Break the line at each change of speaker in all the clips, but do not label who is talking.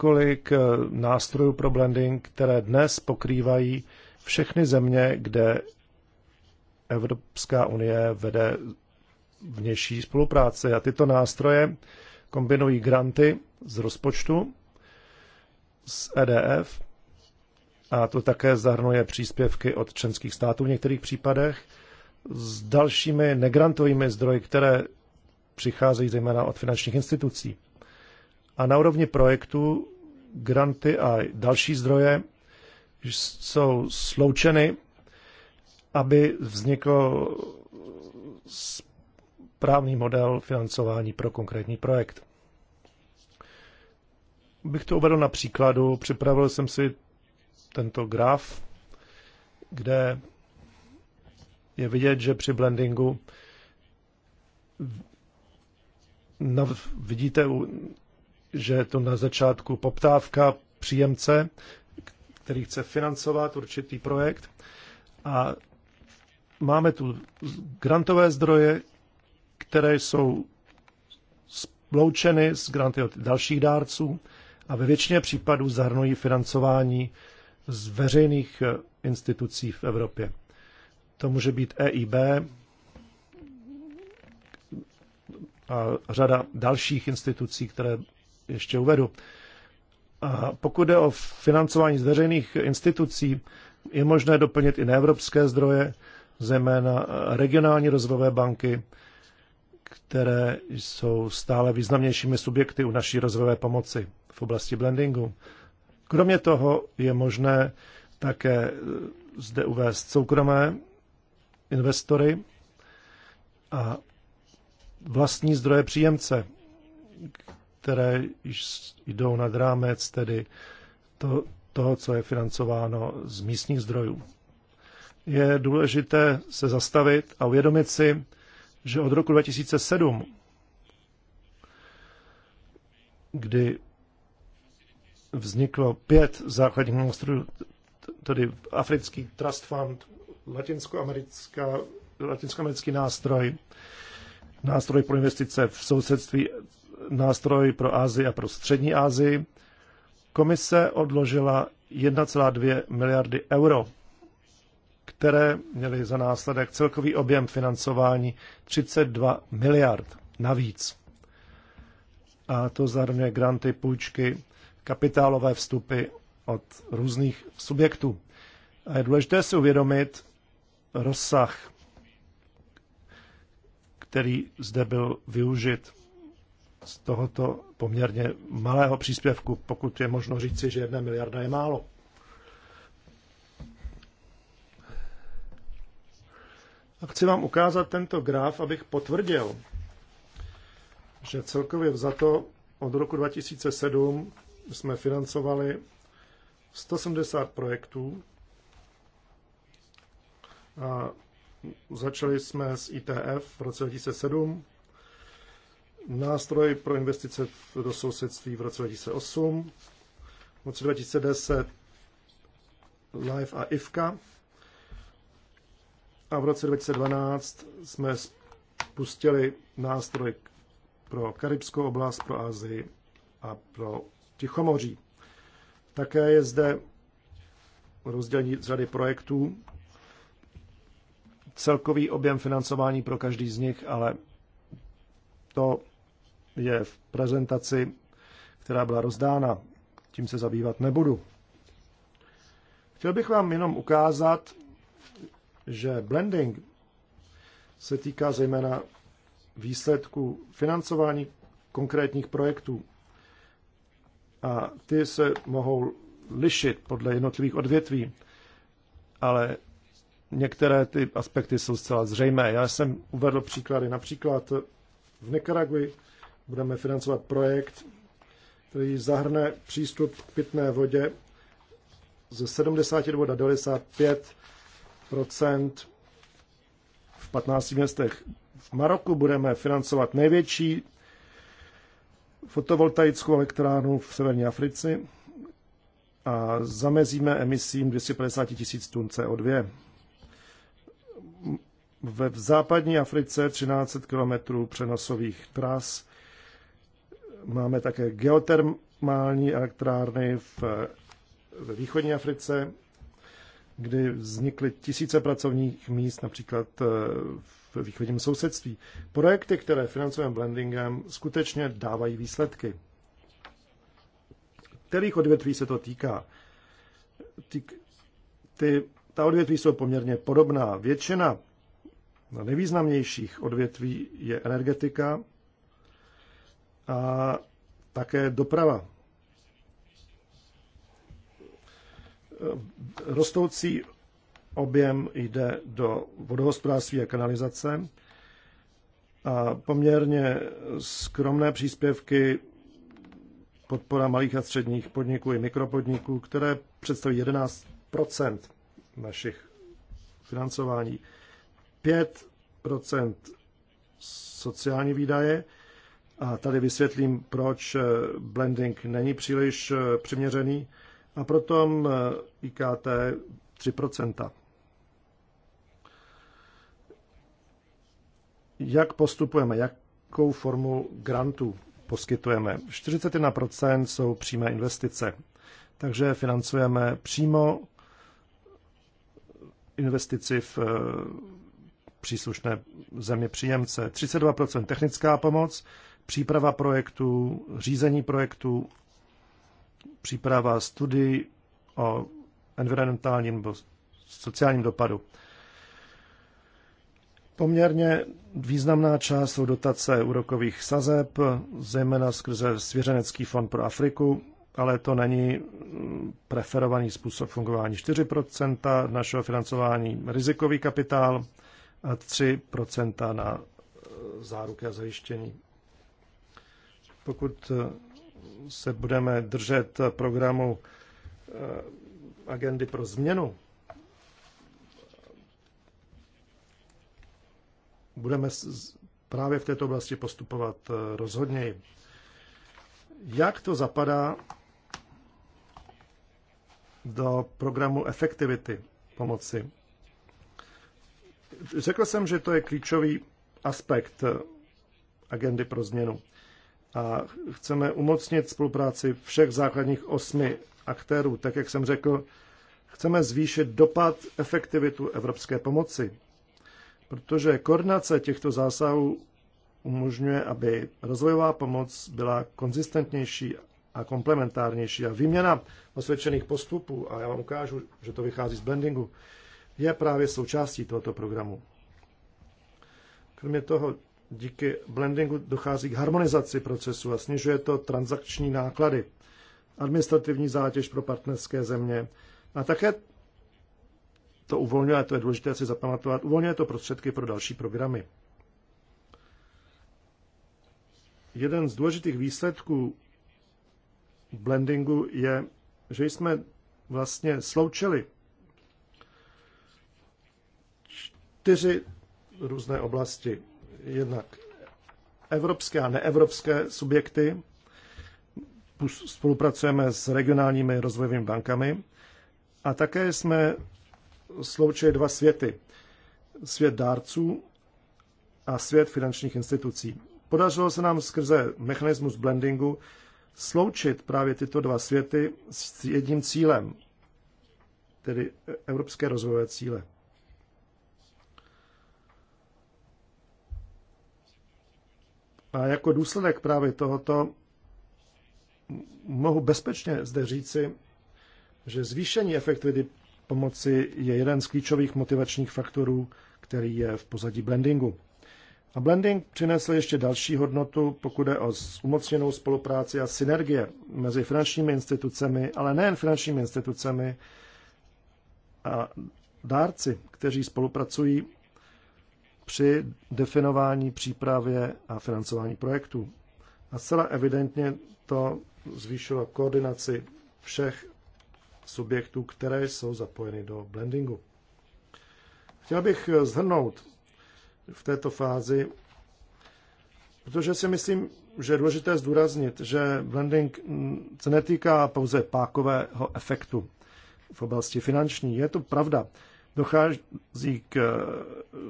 několik eh, nástrojů pro blending, které dnes pokrývají všechny země, kde Evropská unie vede vnější spolupráce. A tyto nástroje kombinují granty z rozpočtu, z EDF, a to také zahrnuje příspěvky od členských států v některých případech, s dalšími negrantovými zdroji, které přicházejí zejména od finančních institucí. A na úrovni projektu granty a další zdroje jsou sloučeny, aby vznikl správný model financování pro konkrétní projekt. Bych to uvedl na příkladu. Připravil jsem si tento graf, kde je vidět, že při blendingu vidíte že je to na začátku poptávka příjemce, který chce financovat určitý projekt. A máme tu grantové zdroje, které jsou sloučeny s granty od dalších dárců a ve většině případů zahrnují financování z veřejných eh, institucí v Evropě. To může být EIB a řada dalších institucí, které ještě uvedu. A pokud jde o financování z veřejných institucí, je možné doplnit i neevropské zdroje, zejména eh, regionální rozvojové banky, které jsou stále významnějšími subjekty u naší rozvojové pomoci v oblasti blendingu. Kromě toho je možné také eh, zde uvést soukromé investory a vlastní zdroje příjemce které jdou nad rámec tedy to, toho, co je financováno z místních zdrojů. Je důležité se zastavit a uvědomit si, že od roku 2007, kdy vzniklo pět základních nástrojů, tedy Africký Trust Fund, latinskoamerický nástroj, nástroj pro investice v sousedství nástroj pro Ázii a pro střední Ázii komise odložila 1,2 miliardy euro, které měly za následek celkový objem financování 32 miliard navíc. A to zahrnuje granty, půjčky, kapitálové vstupy od různých subjektů. A je důležité si uvědomit rozsah, který zde byl využit z tohoto poměrně malého příspěvku, pokud je možno říci, že jedna miliarda je málo. A chci vám ukázat tento graf, abych potvrdil, že celkově vzato od roku 2007 jsme financovali 170 projektů a začali jsme s ITF v roce 2007 nástroj pro investice do sousedství v roce 2008, v roce 2010 LIFE a IFKA a v roce 2012 jsme spustili nástroj pro Karibskou oblast, pro Asii a pro Tichomoří. Také je zde rozdělení řady projektů. Celkový objem financování pro každý z nich, ale to je v prezentaci, která byla rozdána. Tím se zabývat nebudu. Chtěl bych vám jenom ukázat, že blending se týká zejména výsledku financování konkrétních projektů. A ty se mohou lišit podle jednotlivých odvětví, ale některé ty aspekty jsou zcela zřejmé. Já jsem uvedl příklady. Například v Nikaraguji budeme financovat projekt, který zahrne přístup k pitné vodě ze 72 na 95 v 15 městech. V Maroku budeme financovat největší fotovoltaickou elektrárnu v severní Africe a zamezíme emisím 250 tisíc tun CO2. Ve západní Africe 13 km přenosových tras Máme také geotermální elektrárny v, ve východní Africe, kdy vznikly tisíce pracovních míst, například eh, v východním sousedství. Projekty, které financujeme blendingem, skutečně dávají výsledky. Kterých odvětví se to týká? Ty, ty, ta odvětví jsou poměrně podobná. Většina nejvýznamnějších odvětví je energetika, a také doprava. Rostoucí objem jde do vodohospodářství a kanalizace a poměrně skromné příspěvky podpora malých a středních podniků i mikropodniků, které představují 11 našich financování. 5 sociální výdaje a tady vysvětlím, proč eh, blending není příliš eh, přiměřený a proto IKT 3%. Jak postupujeme, jakou formu grantů poskytujeme? 41% jsou přímé investice, takže financujeme přímo investici v eh, příslušné země příjemce. 32% technická pomoc, příprava projektů, řízení projektů, příprava studií o environmentálním nebo sociálním dopadu. Poměrně významná část jsou dotace úrokových sazeb, zejména skrze Svěřenecký fond pro Afriku, ale to není preferovaný způsob fungování. 4% našeho financování rizikový kapitál a 3% na záruky a zajištění pokud eh, se budeme držet programu eh, agendy pro změnu, budeme právě v této oblasti postupovat eh, rozhodněji. Jak to zapadá do programu efektivity pomoci? Řekl jsem, že to je klíčový aspekt agendy pro změnu a chceme umocnit spolupráci všech základních osmi aktérů. Tak, jak jsem řekl, chceme zvýšit dopad, efektivitu evropské pomoci, protože koordinace těchto zásahů umožňuje, aby rozvojová pomoc byla konzistentnější a komplementárnější. A výměna osvědčených postupů, a já vám ukážu, že to vychází z blendingu, je právě součástí tohoto programu. Kromě toho díky blendingu dochází k harmonizaci procesu a snižuje to transakční náklady, administrativní zátěž pro partnerské země a také to uvolňuje, to je důležité si zapamatovat, uvolňuje to prostředky pro další programy. Jeden z důležitých výsledků blendingu je, že jsme vlastně sloučili čtyři různé oblasti jednak evropské a neevropské subjekty. Spolupracujeme s regionálními rozvojovými bankami a také jsme sloučili dva světy. Svět dárců a svět finančních institucí. Podařilo se nám skrze mechanismus blendingu sloučit právě tyto dva světy s jedním cílem, tedy evropské rozvojové cíle. A jako důsledek právě tohoto mohu bezpečně zde říci, že zvýšení efektivity pomoci je jeden z klíčových motivačních faktorů, který je v pozadí blendingu. A blending přinesl ještě další hodnotu, pokud je o umocněnou spolupráci a synergie mezi finančními institucemi, ale nejen finančními institucemi a dárci, kteří spolupracují při definování, přípravě a financování projektů. A zcela evidentně to zvýšilo koordinaci všech subjektů, které jsou zapojeny do blendingu. Chtěl bych zhrnout v této fázi, protože si myslím, že je důležité zdůraznit, že blending se netýká pouze pákového efektu v oblasti finanční. Je to pravda, dochází k eh,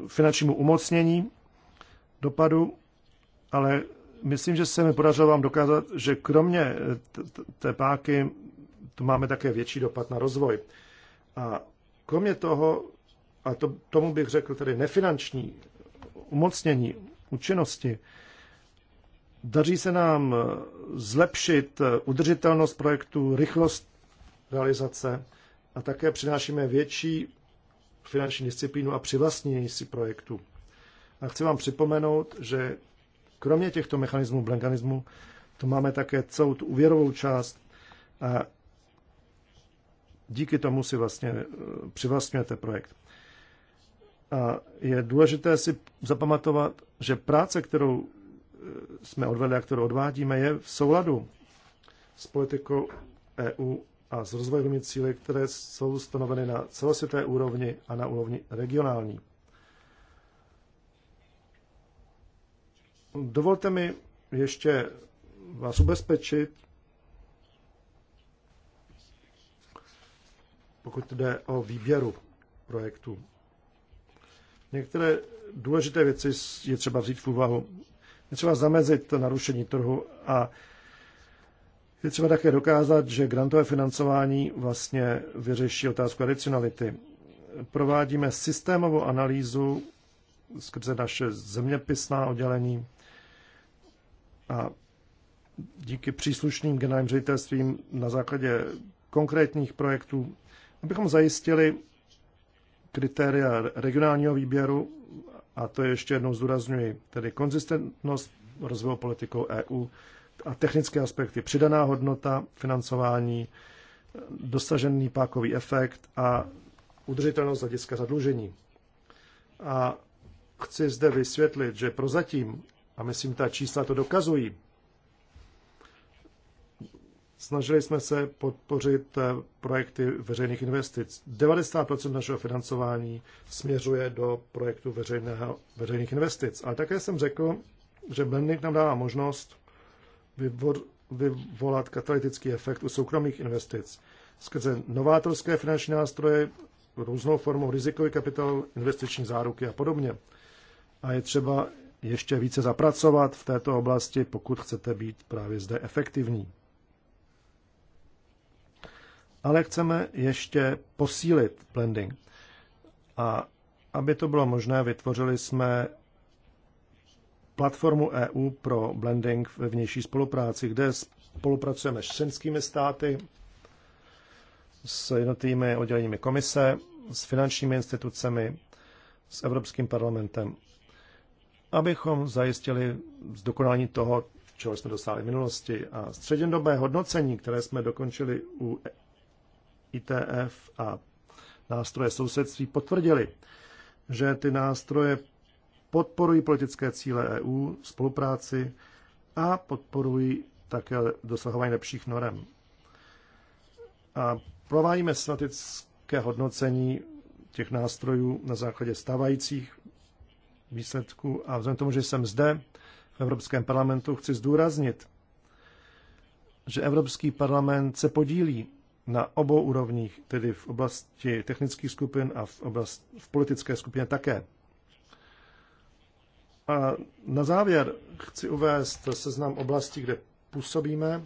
finančnímu umocnění dopadu, ale myslím, že se mi podařilo vám dokázat, že kromě eh, té páky tu máme také větší dopad na rozvoj. A kromě toho, a to, tomu bych řekl tedy nefinanční umocnění účinnosti, daří se nám eh, zlepšit udržitelnost projektu, rychlost realizace a také přinášíme větší finanční disciplínu a přivlastnění si projektu. A chci vám připomenout, že kromě těchto mechanismů blankanismu, to máme také celou tu úvěrovou část a díky tomu si vlastně eh, přivlastňujete projekt. A je důležité si zapamatovat, že práce, kterou eh, jsme odvedli a kterou odvádíme, je v souladu s politikou EU a s rozvojovými cíly, které jsou stanoveny na celosvětové úrovni a na úrovni regionální. Dovolte mi ještě vás ubezpečit, pokud jde o výběru projektu. Některé důležité věci je třeba vzít v úvahu. Je třeba zamezit narušení trhu a je třeba také dokázat, že grantové financování vlastně vyřeší otázku adicionality. Provádíme systémovou analýzu skrze naše zeměpisná oddělení a díky příslušným generálním ředitelstvím na základě konkrétních projektů, abychom zajistili kritéria regionálního výběru, a to ještě jednou zdůraznuju, tedy konzistentnost rozvojovou politikou EU a technické aspekty, přidaná hodnota financování, dosažený pákový efekt a udržitelnost hlediska zadlužení. A chci zde vysvětlit, že prozatím, a myslím, ta čísla to dokazují, snažili jsme se podpořit eh, projekty veřejných investic. 90% našeho financování směřuje do projektu veřejného, veřejných investic. Ale také jsem řekl, že blending nám dává možnost vyvolat katalytický efekt u soukromých investic skrze novátorské finanční nástroje, různou formou rizikový kapitál, investiční záruky a podobně. A je třeba ještě více zapracovat v této oblasti, pokud chcete být právě zde efektivní. Ale chceme ještě posílit blending. A aby to bylo možné, vytvořili jsme platformu EU pro blending ve vnější spolupráci, kde spolupracujeme s členskými státy, s jednotlivými odděleními komise, s finančními institucemi, s Evropským parlamentem, abychom zajistili zdokonalení toho, čeho jsme dosáhli v minulosti. A střednědobé hodnocení, které jsme dokončili u ITF a nástroje sousedství, potvrdili, že ty nástroje podporují politické cíle EU, spolupráci a podporují také dosahování lepších norem. A provádíme statické hodnocení těch nástrojů na základě stávajících výsledků a vzhledem tomu, že jsem zde v Evropském parlamentu, chci zdůraznit, že Evropský parlament se podílí na obou úrovních, tedy v oblasti technických skupin a v, oblast, v politické skupině také. A na závěr chci uvést seznam oblastí, kde působíme.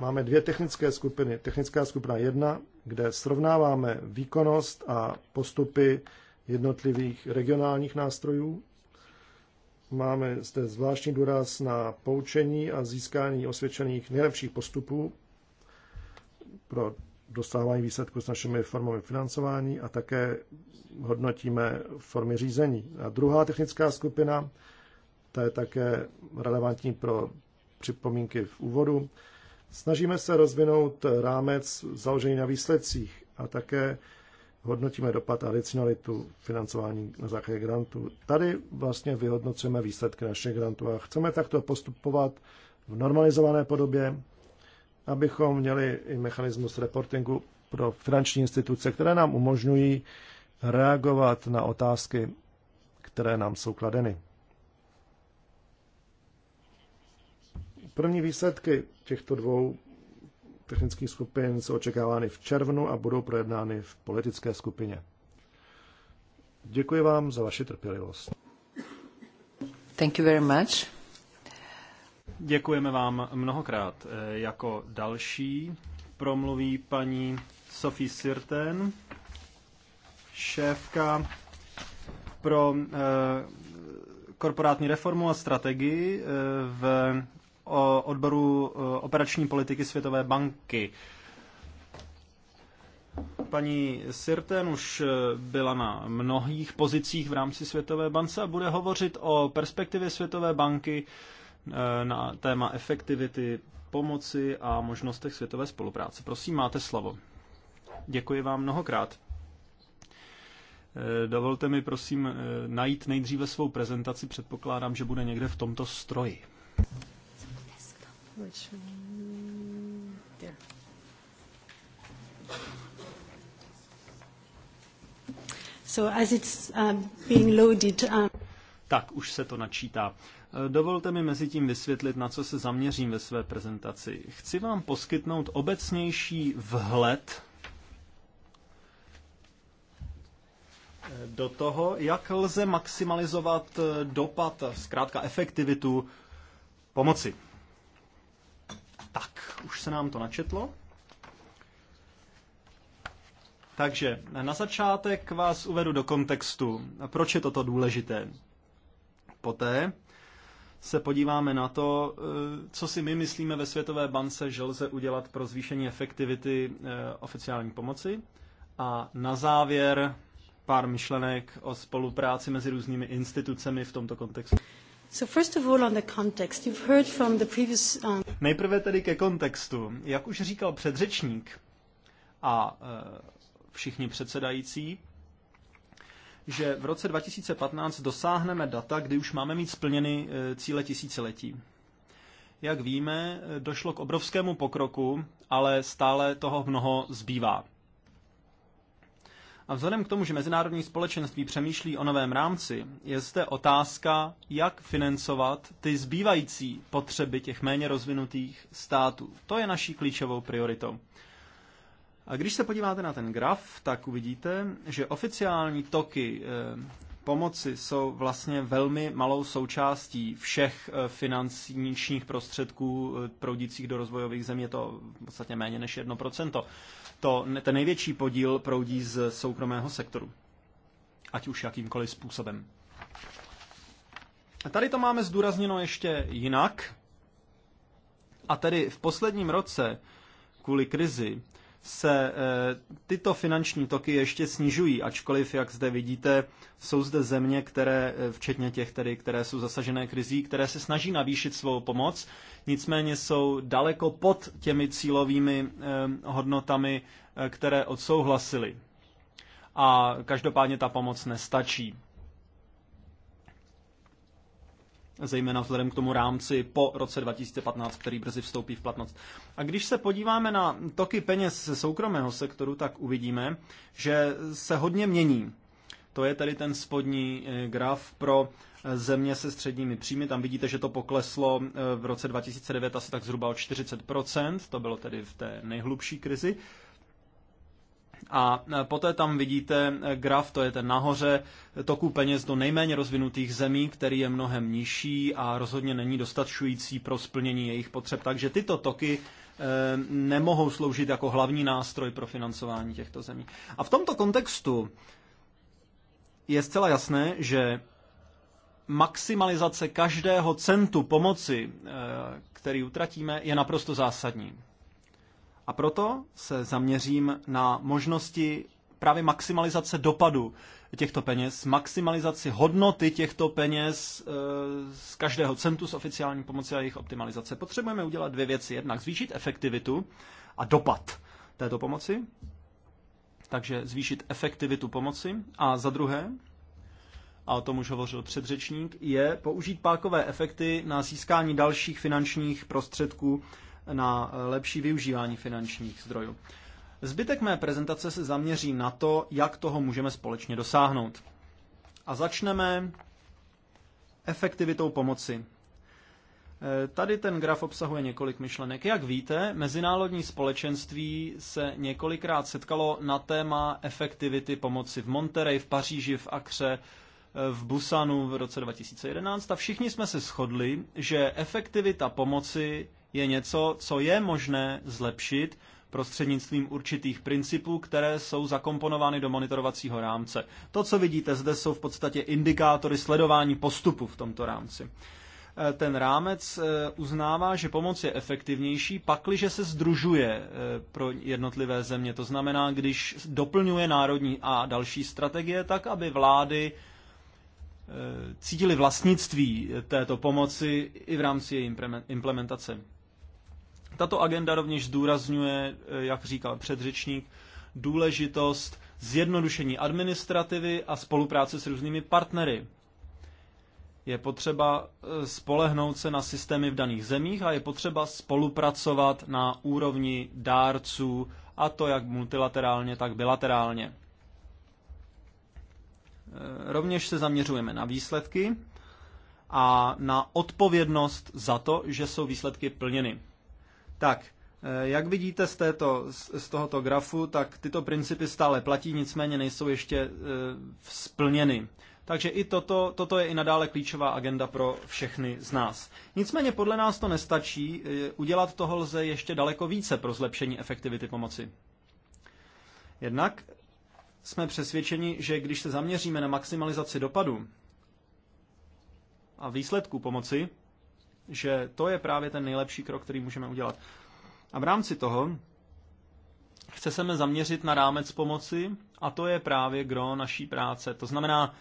Máme dvě technické skupiny. Technická skupina 1, kde srovnáváme výkonnost a postupy jednotlivých regionálních nástrojů. Máme zde zvláštní důraz na poučení a získání osvědčených nejlepších postupů pro dostávání výsledku s našimi formami financování a také hodnotíme formy řízení. A druhá technická skupina, ta je také relevantní pro připomínky v úvodu. Snažíme se rozvinout rámec založený na výsledcích a také hodnotíme dopad a adicionalitu financování na základě grantů. Tady vlastně vyhodnocujeme výsledky našich grantů a chceme takto postupovat v normalizované podobě abychom měli i mechanismus reportingu pro finanční instituce, které nám umožňují reagovat na otázky, které nám jsou kladeny. První výsledky těchto dvou technických skupin jsou očekávány v červnu a budou projednány v politické skupině. Děkuji vám za vaši trpělivost.
Thank you very much.
Děkujeme vám mnohokrát. E, jako další promluví paní Sophie Sirten, šéfka pro e, korporátní reformu a strategii e, v odboru operační politiky Světové banky. Paní Sirten už byla na mnohých pozicích v rámci Světové bance a bude hovořit o perspektivě Světové banky Eh, na téma efektivity pomoci a možnostech světové spolupráce. Prosím, máte slovo. Děkuji vám mnohokrát. Eh, dovolte mi, prosím, eh, najít nejdříve svou prezentaci. Předpokládám, že bude někde v tomto stroji.
So as it's, uh, being loaded, uh,
Tak, už se to načítá. Dovolte mi mezi tím vysvětlit, na co se zaměřím ve své prezentaci. Chci vám poskytnout obecnější vhled do toho, jak lze maximalizovat eh, dopad, zkrátka efektivitu pomoci. Tak, už se nám to načetlo. Takže na začátek vás uvedu do kontextu, proč je toto důležité. Poté se podíváme na to, eh, co si my myslíme ve Světové bance, že lze udělat pro zvýšení efektivity eh, oficiální pomoci. A na závěr pár myšlenek o spolupráci mezi různými institucemi v tomto kontextu.
So first of all on the context. You've heard from the previous, um...
Nejprve tedy ke kontextu. Jak už říkal předřečník a eh, všichni předsedající, že v roce 2015 dosáhneme data, kdy už máme mít splněny e, cíle tisíciletí. Jak víme, e, došlo k obrovskému pokroku, ale stále toho mnoho zbývá. A vzhledem k tomu, že mezinárodní společenství přemýšlí o novém rámci, je zde otázka, jak financovat ty zbývající potřeby těch méně rozvinutých států. To je naší klíčovou prioritou. A když se podíváte na ten graf, tak uvidíte, že oficiální toky eh, pomoci jsou vlastně velmi malou součástí všech eh, finančních prostředků eh, proudících do rozvojových zemí, je to v podstatě méně než 1%. To, ten největší podíl proudí z soukromého sektoru, ať už jakýmkoliv způsobem. A tady to máme zdůrazněno ještě jinak. A tedy v posledním roce kvůli krizi se eh, tyto finanční toky ještě snižují, ačkoliv, jak zde vidíte, jsou zde země, které, eh, včetně těch, tedy, které jsou zasažené krizí, které se snaží navýšit svou pomoc, nicméně jsou daleko pod těmi cílovými eh, hodnotami, které odsouhlasili. A každopádně ta pomoc nestačí. zejména vzhledem k tomu rámci po roce 2015, který brzy vstoupí v platnost. A když se podíváme na toky peněz ze soukromého sektoru, tak uvidíme, že se hodně mění. To je tedy ten spodní eh, graf pro eh, země se středními příjmy. Tam vidíte, že to pokleslo eh, v roce 2009 asi tak zhruba o 40%, to bylo tedy v té nejhlubší krizi. A e, poté tam vidíte e, graf, to je ten nahoře, toku peněz do nejméně rozvinutých zemí, který je mnohem nižší a rozhodně není dostačující pro splnění jejich potřeb. Takže tyto toky e, nemohou sloužit jako hlavní nástroj pro financování těchto zemí. A v tomto kontextu je zcela jasné, že maximalizace každého centu pomoci, který utratíme, je naprosto zásadní. A proto se zaměřím na možnosti právě maximalizace dopadu těchto peněz, maximalizaci hodnoty těchto peněz eh, z každého centu z oficiální pomoci a jejich optimalizace. Potřebujeme udělat dvě věci. Jednak zvýšit efektivitu a dopad této pomoci, takže zvýšit efektivitu pomoci. A za druhé, a o tom už hovořil předřečník, je použít pákové efekty na získání dalších finančních prostředků na lepší využívání finančních zdrojů. Zbytek mé prezentace se zaměří na to, jak toho můžeme společně dosáhnout. A začneme efektivitou pomoci. E, tady ten graf obsahuje několik myšlenek. Jak víte, mezinárodní společenství se několikrát setkalo na téma efektivity pomoci v Monterey, v Paříži, v Akře, e, v Busanu v roce 2011 a všichni jsme se shodli, že efektivita pomoci je něco, co je možné zlepšit prostřednictvím určitých principů, které jsou zakomponovány do monitorovacího rámce. To, co vidíte zde, jsou v podstatě indikátory sledování postupu v tomto rámci. E, ten rámec e, uznává, že pomoc je efektivnější, pakliže se združuje e, pro jednotlivé země. To znamená, když doplňuje národní a další strategie, tak aby vlády cítili vlastnictví této pomoci i v rámci její implementace. Tato agenda rovněž zdůrazňuje, eh, jak říkal předřečník, důležitost zjednodušení administrativy a spolupráce s různými partnery. Je potřeba eh, spolehnout se na systémy v daných zemích a je potřeba spolupracovat na úrovni dárců, a to jak multilaterálně, tak bilaterálně. Eh, rovněž se zaměřujeme na výsledky a na odpovědnost za to, že jsou výsledky plněny. Tak, eh, jak vidíte z, této, z tohoto grafu, tak tyto principy stále platí, nicméně nejsou ještě eh, splněny. Takže i toto, toto je i nadále klíčová agenda pro všechny z nás. Nicméně podle nás to nestačí, eh, udělat toho lze ještě daleko více pro zlepšení efektivity pomoci. Jednak jsme přesvědčeni, že když se zaměříme na maximalizaci dopadu a výsledků pomoci, že to je právě ten nejlepší krok, který můžeme udělat. A v rámci toho chceme zaměřit na rámec pomoci a to je právě gro naší práce. To znamená,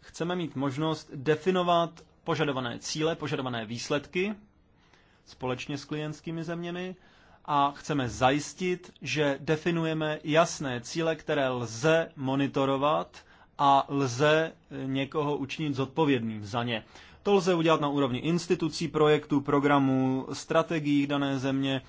chceme mít možnost definovat požadované cíle, požadované výsledky společně s klientskými zeměmi a chceme zajistit, že definujeme jasné cíle, které lze monitorovat a lze někoho učinit zodpovědným za ně. To lze udělat na úrovni institucí, projektů, programů, strategií dané země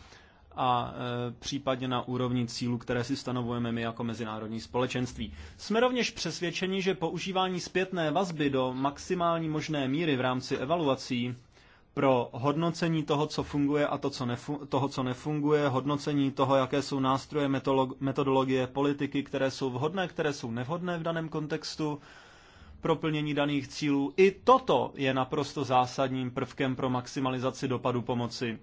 a e, případně na úrovni cílů, které si stanovujeme my jako mezinárodní společenství. Jsme rovněž přesvědčeni, že používání zpětné vazby do maximální možné míry v rámci evaluací pro hodnocení toho, co funguje a to, co nefu- toho, co nefunguje, hodnocení toho, jaké jsou nástroje, metodologie, politiky, které jsou vhodné, které jsou nevhodné v daném kontextu, pro plnění daných cílů. I toto je naprosto zásadním prvkem pro maximalizaci dopadu pomoci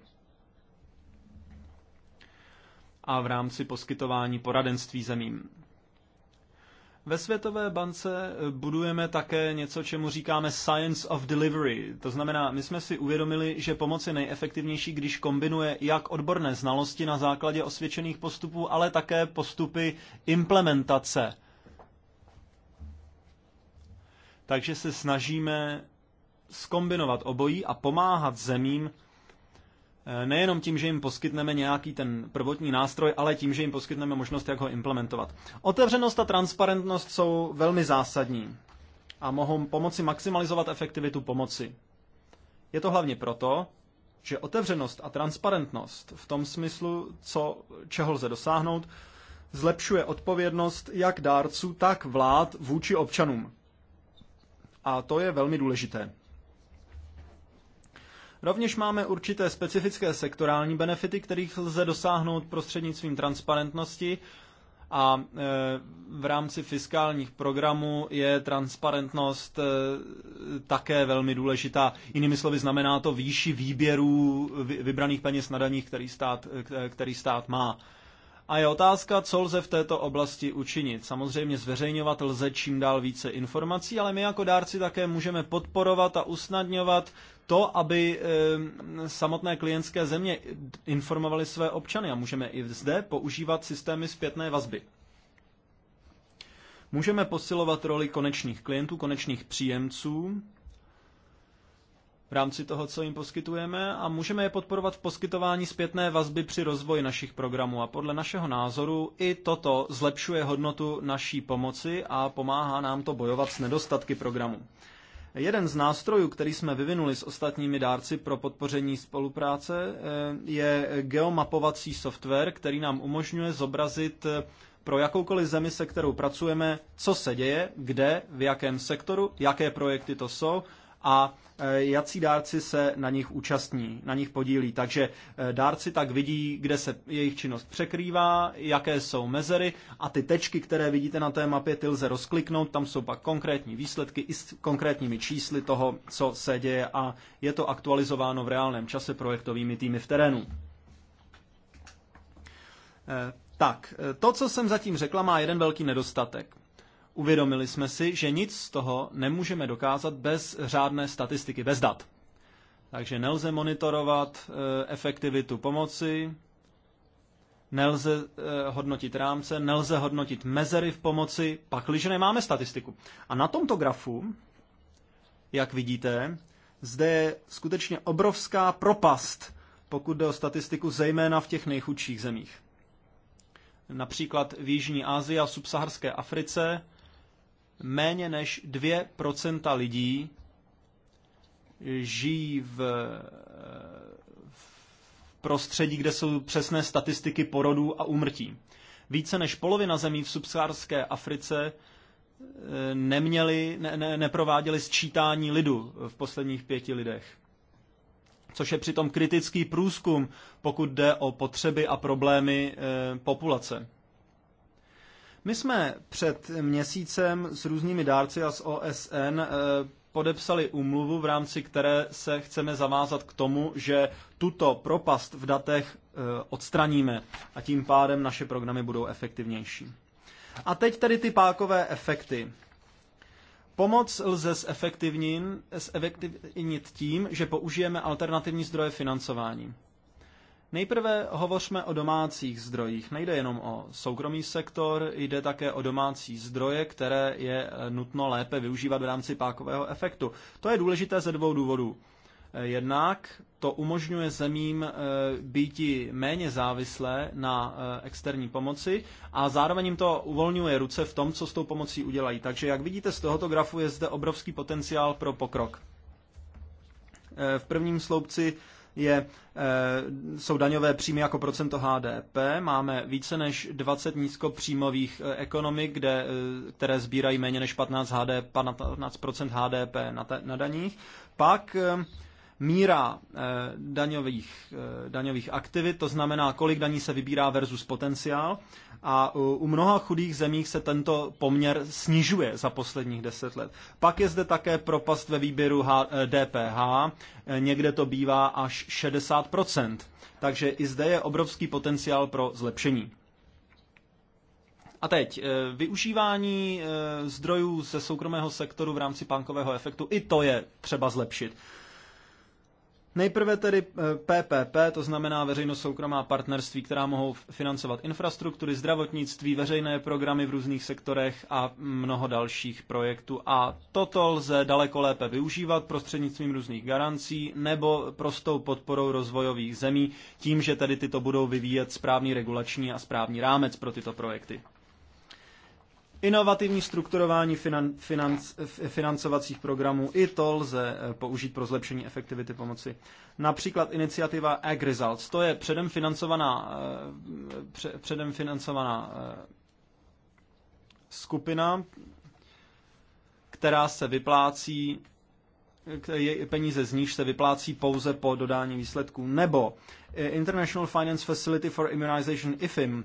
a v rámci poskytování poradenství zemím. Ve Světové bance eh, budujeme také něco, čemu říkáme Science of Delivery. To znamená, my jsme si uvědomili, že pomoc je nejefektivnější, když kombinuje jak odborné znalosti na základě osvědčených postupů, ale také postupy implementace takže se snažíme skombinovat obojí a pomáhat zemím eh, nejenom tím, že jim poskytneme nějaký ten prvotní nástroj, ale tím, že jim poskytneme možnost, jak ho implementovat. Otevřenost a transparentnost jsou velmi zásadní a mohou pomoci maximalizovat efektivitu pomoci. Je to hlavně proto, že otevřenost a transparentnost v tom smyslu, co, čeho lze dosáhnout, zlepšuje odpovědnost jak dárců, tak vlád vůči občanům a to je velmi důležité. Rovněž máme určité specifické sektorální benefity, kterých lze dosáhnout prostřednictvím transparentnosti a e, v rámci fiskálních programů je transparentnost e, také velmi důležitá. Jinými slovy znamená to výši výběrů vybraných peněz na daních, který stát, e, který stát má. A je otázka, co lze v této oblasti učinit. Samozřejmě zveřejňovat lze čím dál více informací, ale my jako dárci také můžeme podporovat a usnadňovat to, aby eh, samotné klientské země informovaly své občany a můžeme i zde používat systémy zpětné vazby. Můžeme posilovat roli konečných klientů, konečných příjemců, v rámci toho, co jim poskytujeme a můžeme je podporovat v poskytování zpětné vazby při rozvoji našich programů. A podle našeho názoru i toto zlepšuje hodnotu naší pomoci a pomáhá nám to bojovat s nedostatky programu. Jeden z nástrojů, který jsme vyvinuli s ostatními dárci pro podpoření spolupráce, eh, je geomapovací software, který nám umožňuje zobrazit eh, pro jakoukoliv zemi, se kterou pracujeme, co se děje, kde, v jakém sektoru, jaké projekty to jsou a e, jací dárci se na nich účastní, na nich podílí. Takže e, dárci tak vidí, kde se jejich činnost překrývá, jaké jsou mezery a ty tečky, které vidíte na té mapě, ty lze rozkliknout, tam jsou pak konkrétní výsledky i s konkrétními čísly toho, co se děje a je to aktualizováno v reálném čase projektovými týmy v terénu. E, tak, to, co jsem zatím řekla, má jeden velký nedostatek. Uvědomili jsme si, že nic z toho nemůžeme dokázat bez řádné statistiky, bez dat. Takže nelze monitorovat eh, efektivitu pomoci, nelze eh, hodnotit rámce, nelze hodnotit mezery v pomoci, pakliže nemáme statistiku. A na tomto grafu, jak vidíte, zde je skutečně obrovská propast, pokud jde o statistiku, zejména v těch nejchudších zemích. Například v Jižní Asii a subsaharské Africe méně než 2% lidí žijí v, v prostředí, kde jsou přesné statistiky porodů a úmrtí. Více než polovina zemí v subsaharské Africe eh, neměli, ne, ne, neprováděli sčítání lidu v posledních pěti lidech. Což je přitom kritický průzkum, pokud jde o potřeby a problémy e, populace. My jsme před měsícem s různými dárci a s OSN eh, podepsali umluvu v rámci které se chceme zavázat k tomu, že tuto propast v datech eh, odstraníme a tím pádem naše programy budou efektivnější. A teď tedy ty pákové efekty. Pomoc lze zefektivnit tím, že použijeme alternativní zdroje financování. Nejprve hovořme o domácích zdrojích. Nejde jenom o soukromý sektor, jde také o domácí zdroje, které je eh, nutno lépe využívat v rámci pákového efektu. To je důležité ze dvou důvodů. Eh, jednak to umožňuje zemím eh, být méně závislé na externí pomoci a zároveň jim to uvolňuje ruce v tom, co s tou pomocí udělají. Takže jak vidíte z tohoto grafu, je zde obrovský potenciál pro pokrok. V prvním sloupci je, eh, jsou daňové příjmy jako procento HDP. Máme více než 20 nízkopříjmových eh, ekonomik, kde, eh, které sbírají méně než 15, HDP, 15 HDP na, te, na daních. Pak míra daňových, daňových aktivit, to znamená, kolik daní se vybírá versus potenciál a u mnoha chudých zemích se tento poměr snižuje za posledních deset let. Pak je zde také propast ve výběru DPH, eh, eh, někde to bývá až 60%, takže i zde je obrovský potenciál pro zlepšení. A teď, eh, využívání zdrojů ze soukromého sektoru v rámci pankového efektu, i to je třeba zlepšit. Nejprve tedy PPP, eh, to znamená veřejno-soukromá partnerství, která mohou financovat infrastruktury, zdravotnictví, veřejné programy v různých sektorech a mnoho dalších projektů. A toto lze daleko lépe využívat prostřednictvím různých garancí nebo prostou podporou rozvojových zemí, tím, že tedy tyto budou vyvíjet správný regulační a správný rámec pro tyto projekty. Inovativní strukturování finan, financ, financovacích programů, i to lze eh, použít pro zlepšení efektivity pomoci. Například iniciativa Ag Results, to je předem financovaná, eh, předem financovaná eh, skupina, která se vyplácí, peníze z níž se vyplácí pouze po dodání výsledků. Nebo International Finance Facility for Immunization IFIM,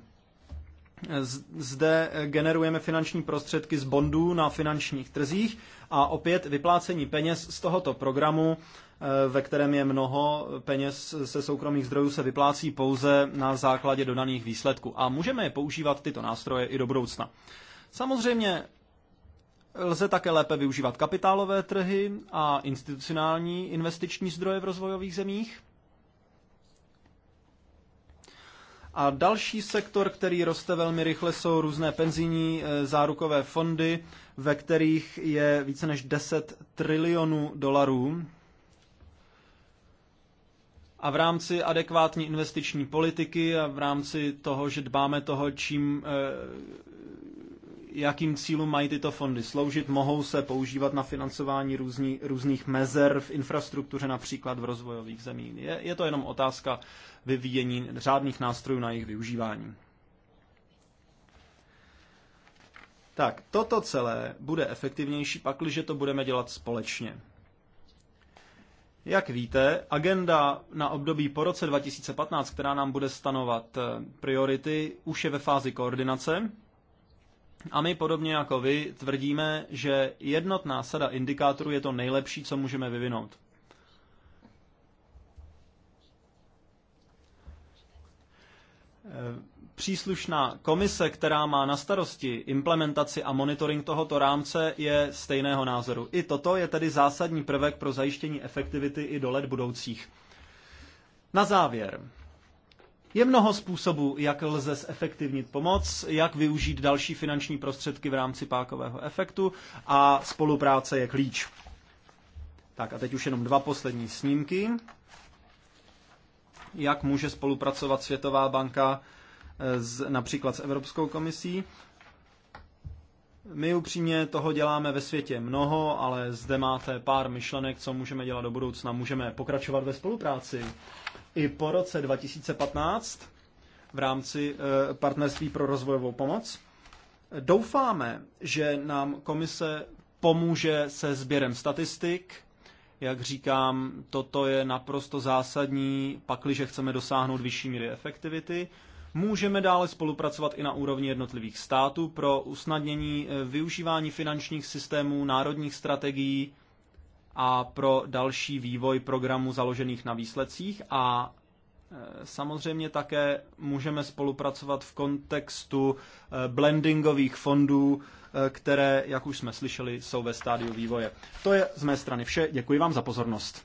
zde generujeme finanční prostředky z bondů na finančních trzích a opět vyplácení peněz z tohoto programu, eh, ve kterém je mnoho peněz se soukromých zdrojů, se vyplácí pouze na základě dodaných výsledků. A můžeme je používat tyto nástroje i do budoucna. Samozřejmě lze také lépe využívat kapitálové trhy a institucionální investiční zdroje v rozvojových zemích. A další sektor, který roste velmi rychle, jsou různé penzijní eh, zárukové fondy, ve kterých je více než 10 trilionů dolarů. A v rámci adekvátní investiční politiky a v rámci toho, že dbáme toho, čím eh, jakým cílům mají tyto fondy sloužit. Mohou se používat na financování různí, různých mezer v infrastruktuře, například v rozvojových zemích. Je, je to jenom otázka vyvíjení řádných nástrojů na jejich využívání. Tak, toto celé bude efektivnější, pakliže to budeme dělat společně. Jak víte, agenda na období po roce 2015, která nám bude stanovat eh, priority, už je ve fázi koordinace a my podobně jako vy tvrdíme, že jednotná sada indikátorů je to nejlepší, co můžeme vyvinout. Příslušná komise, která má na starosti implementaci a monitoring tohoto rámce, je stejného názoru. I toto je tedy zásadní prvek pro zajištění efektivity i do let budoucích. Na závěr. Je mnoho způsobů, jak lze zefektivnit pomoc, jak využít další finanční prostředky v rámci pákového efektu a spolupráce je klíč. Tak a teď už jenom dva poslední snímky. Jak může spolupracovat Světová banka eh, s, například s Evropskou komisí? My upřímně toho děláme ve světě mnoho, ale zde máte pár myšlenek, co můžeme dělat do budoucna. Můžeme pokračovat ve spolupráci. I po roce 2015 v rámci eh, partnerství pro rozvojovou pomoc. Doufáme, že nám komise pomůže se sběrem statistik. Jak říkám, toto je naprosto zásadní, pakliže chceme dosáhnout vyšší míry efektivity. Můžeme dále spolupracovat i na úrovni jednotlivých států pro usnadnění eh, využívání finančních systémů, národních strategií a pro další vývoj programů založených na výsledcích a eh, Samozřejmě také můžeme spolupracovat v kontextu eh, blendingových fondů, které, jak už jsme slyšeli, jsou ve stádiu vývoje. To je z mé strany vše. Děkuji vám za pozornost.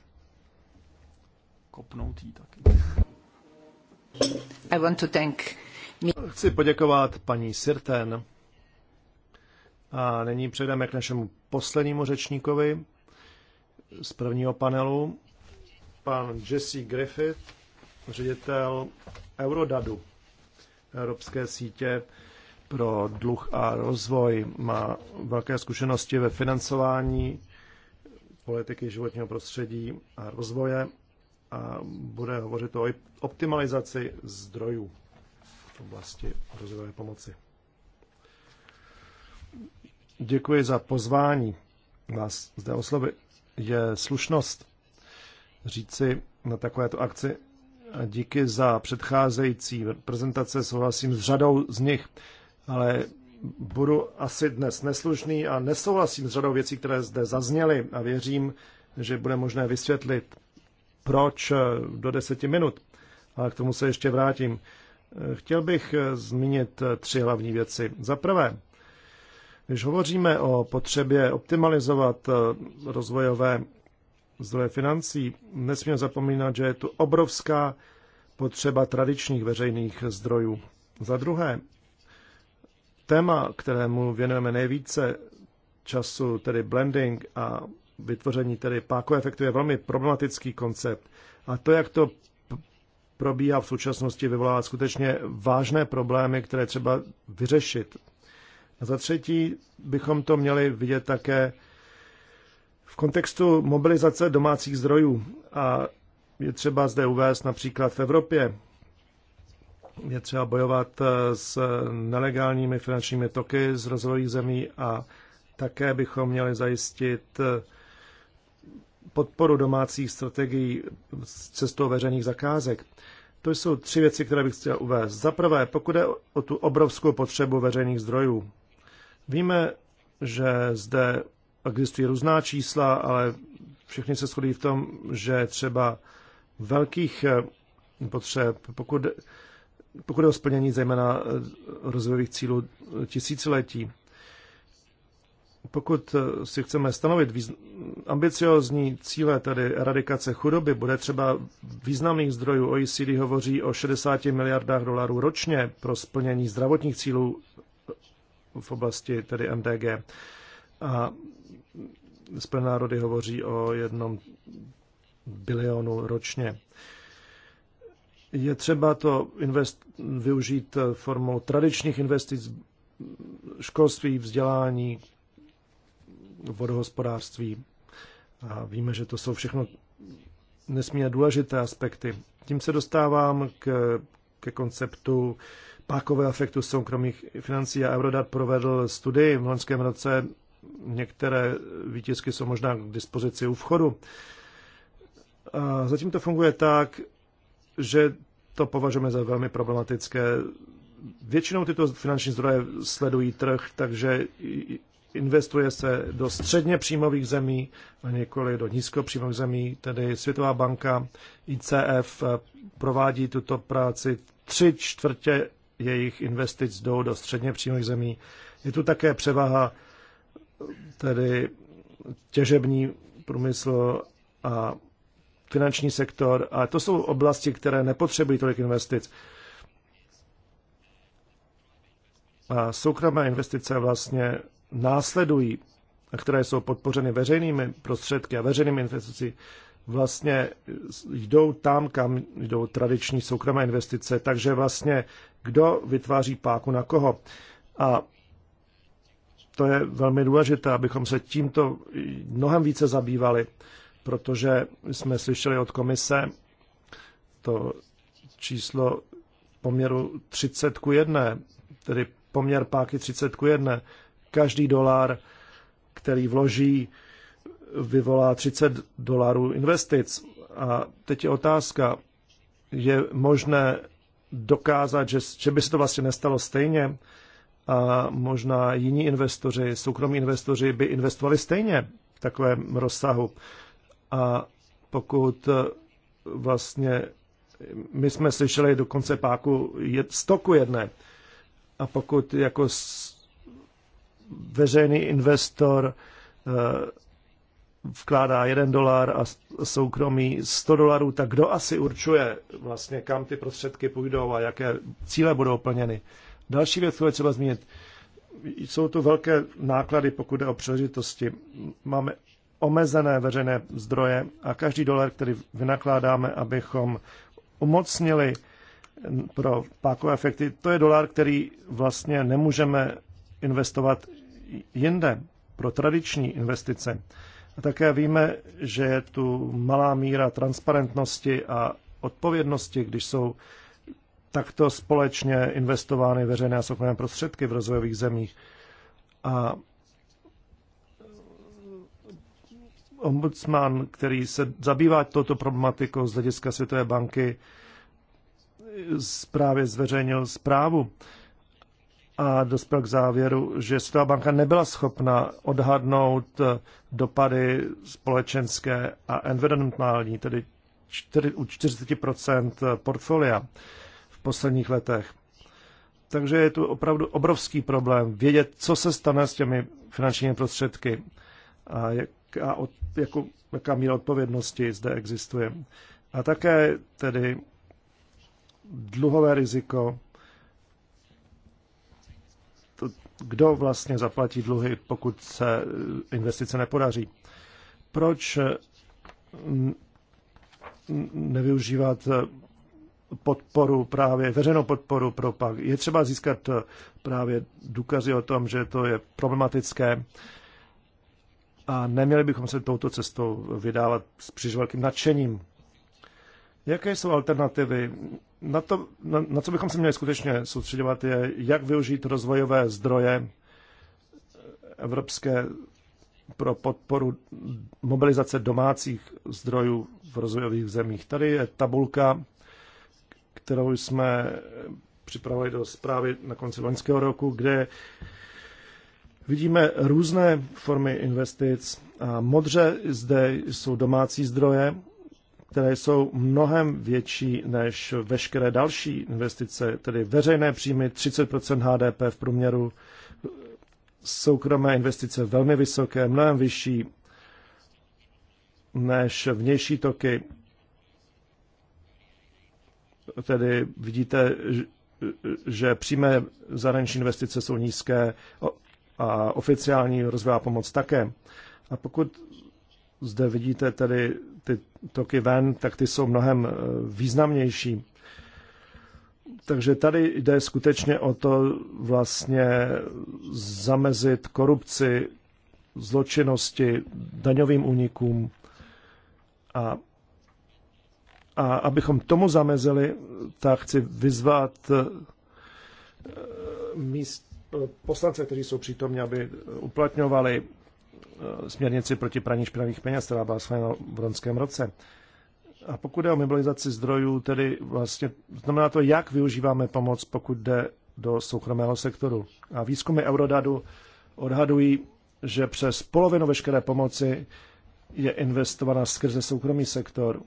Kopnout jí taky. Chci poděkovat paní Sirten. A nyní přejdeme k našemu poslednímu řečníkovi z prvního panelu, pan Jesse Griffith, ředitel Eurodadu, Evropské sítě pro dluh a rozvoj. Má velké zkušenosti ve financování politiky životního prostředí a rozvoje a bude hovořit o optimalizaci zdrojů v oblasti rozvojové pomoci. Děkuji za pozvání vás zde oslovy. Je slušnost říci na takovéto akci díky za předcházející prezentace, souhlasím s řadou z nich, ale budu asi dnes neslušný a nesouhlasím s řadou věcí, které zde zazněly a věřím, že bude možné vysvětlit proč eh, do deseti minut, ale k tomu se ještě vrátím. Eh, chtěl bych eh, zmínit tři hlavní věci. Za prvé, když hovoříme o potřebě optimalizovat rozvojové zdroje financí, nesmíme zapomínat, že je tu obrovská potřeba tradičních veřejných zdrojů. Za druhé, téma, kterému věnujeme nejvíce času, tedy blending a vytvoření tedy pákové efektu je velmi problematický koncept. A to, jak to probíhá v současnosti, vyvolává skutečně vážné problémy, které třeba vyřešit. A za třetí bychom to měli vidět také v kontextu mobilizace domácích zdrojů. A je třeba zde uvést například v Evropě, je třeba bojovat eh, s nelegálními finančními toky z rozvojových zemí a také bychom měli zajistit eh, podporu domácích strategií cestou veřejných zakázek. To jsou tři věci, které bych chtěl uvést. Za prvé, pokud je o tu obrovskou potřebu veřejných zdrojů. Víme, že zde existují různá čísla, ale všechny se shodují v tom, že třeba velkých eh, potřeb, pokud, pokud je o splnění zejména eh, rozvojových cílů tisíciletí, pokud eh, si chceme stanovit ambiciozní cíle, tedy eradikace chudoby, bude třeba významných zdrojů OECD hovoří o 60 miliardách dolarů ročně pro splnění zdravotních cílů eh, v oblasti tedy MDG. A Spojené národy hovoří o jednom bilionu ročně. Je třeba to invest, využít formou tradičních investic, školství, vzdělání, vodohospodářství. A víme, že to jsou všechno nesmírně důležité aspekty. Tím se dostávám k, ke konceptu pákového efektu soukromých financí a Eurodat provedl studii v loňském roce. Některé výtisky jsou možná k dispozici u vchodu. A zatím to funguje tak, že to považujeme za velmi problematické. Většinou tyto finanční zdroje sledují trh, takže investuje se do středně příjmových zemí a nikoli do nízkopříjmových zemí, tedy Světová banka ICF eh, provádí tuto práci. Tři čtvrtě jejich investic jdou do středně příjmových zemí. Je tu také převaha eh, tedy těžební průmysl a finanční sektor a to jsou oblasti, které nepotřebují tolik investic. A soukromé investice vlastně následují a které jsou podpořeny veřejnými prostředky a veřejnými investicemi, vlastně jdou tam, kam jdou tradiční soukromé investice. Takže vlastně kdo vytváří páku na koho. A to je velmi důležité, abychom se tímto mnohem více zabývali, protože jsme slyšeli od komise to číslo poměru 30 k 1, tedy poměr páky 30 k 1 každý dolar, který vloží, vyvolá 30 dolarů investic. A teď je otázka, je možné dokázat, že, že by se to vlastně nestalo stejně a možná jiní investoři, soukromí investoři by investovali stejně v takovém rozsahu. A pokud eh, vlastně my jsme slyšeli dokonce páku je, stoku jedné. A pokud jako veřejný investor eh, vkládá jeden dolar a soukromí 100 dolarů, tak kdo asi určuje vlastně, kam ty prostředky půjdou a jaké cíle budou plněny. Další věc, kterou je třeba zmínit, jsou tu velké náklady, pokud jde o příležitosti. Máme omezené veřejné zdroje a každý dolar, který vynakládáme, abychom umocnili pro pákové efekty, to je dolar, který vlastně nemůžeme investovat jinde pro tradiční investice. A také víme, že je tu malá míra transparentnosti a odpovědnosti, když jsou takto společně investovány veřejné a soukromé prostředky v rozvojových zemích. A ombudsman, který se zabývá touto problematikou z hlediska Světové banky, právě zveřejnil zprávu a dospěl k závěru, že Světová banka nebyla schopna odhadnout eh, dopady společenské a environmentální, tedy u 40 eh, portfolia v posledních letech. Takže je tu opravdu obrovský problém vědět, co se stane s těmi finančními prostředky a jaká, od, jako, jaká míra odpovědnosti zde existuje. A také tedy dluhové riziko kdo vlastně zaplatí dluhy, pokud se eh, investice nepodaří. Proč eh, nevyužívat eh, podporu právě, veřejnou podporu pro pak. Je třeba získat právě důkazy o tom, že to je problematické a neměli bychom se touto cestou vydávat s příliš velkým nadšením. Jaké jsou alternativy? Na, to, na, na co bychom se měli skutečně soustředovat, je, jak využít rozvojové zdroje evropské pro podporu mobilizace domácích zdrojů v rozvojových zemích. Tady je tabulka, kterou jsme připravili do zprávy na konci loňského roku, kde vidíme různé formy investic. A modře zde jsou domácí zdroje které jsou mnohem větší než veškeré další investice, tedy veřejné příjmy 30 HDP v průměru, soukromé investice velmi vysoké, mnohem vyšší než vnější toky. Tedy vidíte, že přímé zahraniční investice jsou nízké a oficiální rozvojová pomoc také. A pokud zde vidíte tedy ty toky ven, tak ty jsou mnohem eh, významnější. Takže tady jde skutečně o to vlastně zamezit korupci, zločinnosti, daňovým únikům a a abychom tomu zamezili, tak chci vyzvat eh, míst, eh, poslance, kteří jsou přítomní, aby uplatňovali Eh, směrnici proti praní špinavých peněz, která byla schválena v loňském roce. A pokud je o mobilizaci zdrojů, tedy vlastně znamená to, jak využíváme pomoc, pokud jde do soukromého sektoru. A výzkumy Eurodadu odhadují, že přes polovinu veškeré pomoci je investovaná skrze soukromý sektor,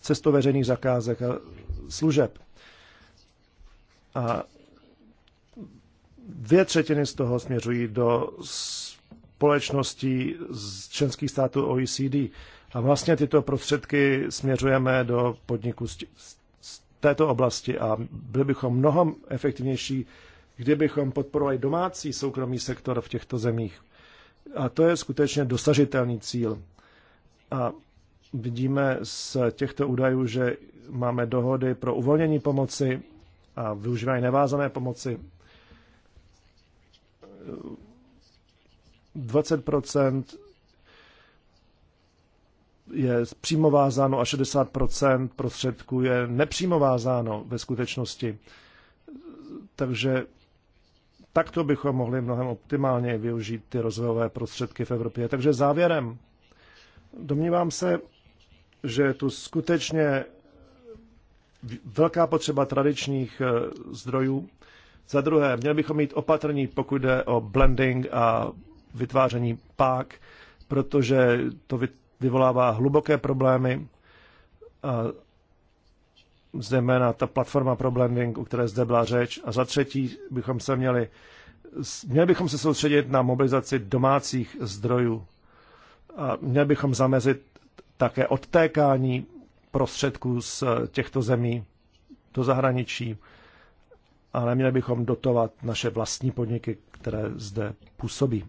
cestou veřejných zakázek a služeb. A dvě třetiny z toho směřují do společností z členských států OECD. A vlastně tyto prostředky směřujeme do podniku z této oblasti a byli bychom mnohem efektivnější, kdybychom podporovali domácí soukromý sektor v těchto zemích. A to je skutečně dosažitelný cíl. A vidíme z těchto údajů, že máme dohody pro uvolnění pomoci a využívání nevázané pomoci 20 je přímo vázáno a 60 prostředků je nepřímo vázáno ve skutečnosti. Takže takto bychom mohli mnohem optimálně využít ty rozvojové prostředky v Evropě. Takže závěrem, domnívám se, že je tu skutečně velká potřeba tradičních eh, zdrojů. Za druhé, měli bychom mít opatrní, pokud jde o blending a vytváření pák, protože to vyvolává hluboké problémy, a zejména ta platforma pro blending, o které zde byla řeč. A za třetí bychom se měli, měli bychom se soustředit na mobilizaci domácích zdrojů. A měli bychom zamezit také odtékání prostředků z těchto zemí do zahraničí a měli bychom dotovat naše vlastní podniky, které zde působí.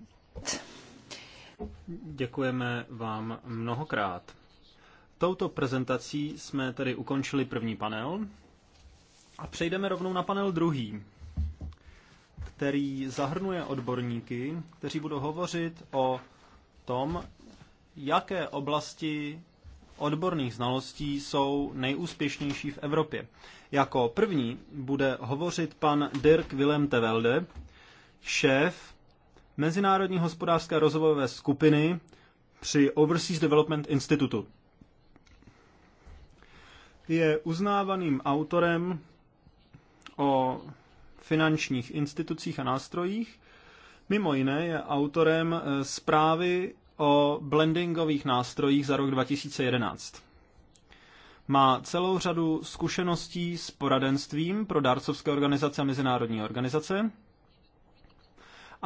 Děkujeme vám mnohokrát. Touto prezentací jsme tedy ukončili první panel a přejdeme rovnou na panel druhý, který zahrnuje odborníky, kteří budou hovořit o tom, jaké oblasti odborných znalostí jsou nejúspěšnější v Evropě. Jako první bude hovořit pan Dirk Willem Tevelde, šéf Mezinárodní hospodářské rozvojové skupiny při Overseas Development Institute. Je uznávaným autorem o finančních institucích a nástrojích. Mimo jiné je autorem eh, zprávy o blendingových nástrojích za rok 2011. Má celou řadu zkušeností s poradenstvím pro dárcovské organizace a mezinárodní organizace,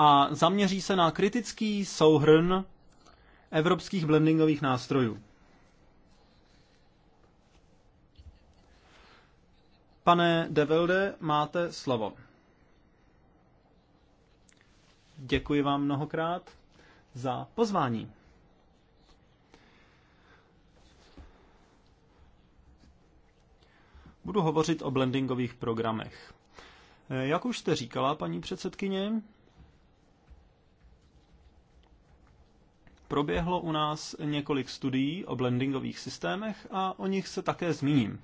a zaměří se na kritický souhrn evropských blendingových nástrojů. Pane Develde, máte slovo. Děkuji vám mnohokrát za pozvání. Budu hovořit o blendingových programech. Jak už jste říkala, paní předsedkyně, Proběhlo u nás několik studií o blendingových systémech a o nich se také zmíním.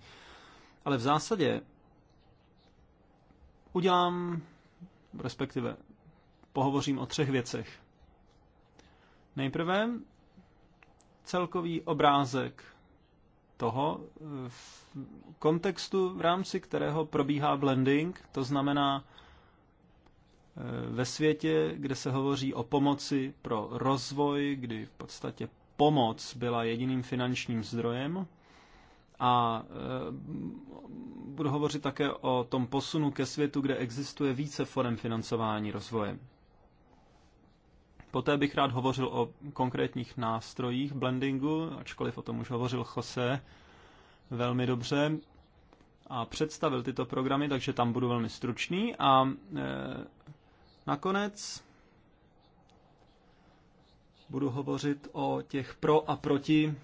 Ale v zásadě udělám, respektive pohovořím o třech věcech. Nejprve celkový obrázek toho v kontextu, v rámci kterého probíhá blending, to znamená ve světě, kde se hovoří o pomoci pro rozvoj, kdy v podstatě pomoc byla jediným finančním zdrojem. A e, budu hovořit také o tom posunu ke světu, kde existuje více forem financování rozvoje. Poté bych rád hovořil o konkrétních nástrojích blendingu, ačkoliv o tom už hovořil Jose velmi dobře a představil tyto programy, takže tam budu velmi stručný a e, Nakonec budu hovořit o těch pro a proti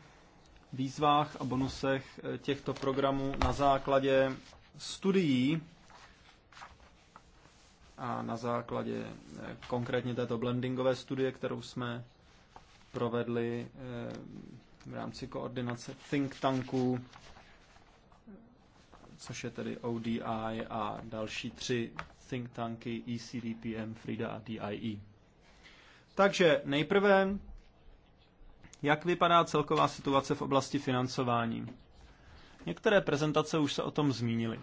výzvách a bonusech eh, těchto programů na základě studií a na základě eh, konkrétně této blendingové studie, kterou jsme provedli eh, v rámci koordinace think tanků, což je tedy ODI a další tři think tanky ECDPM, FRIDA a DIE. Takže nejprve, jak vypadá celková situace v oblasti financování? Některé prezentace už se o tom zmínily.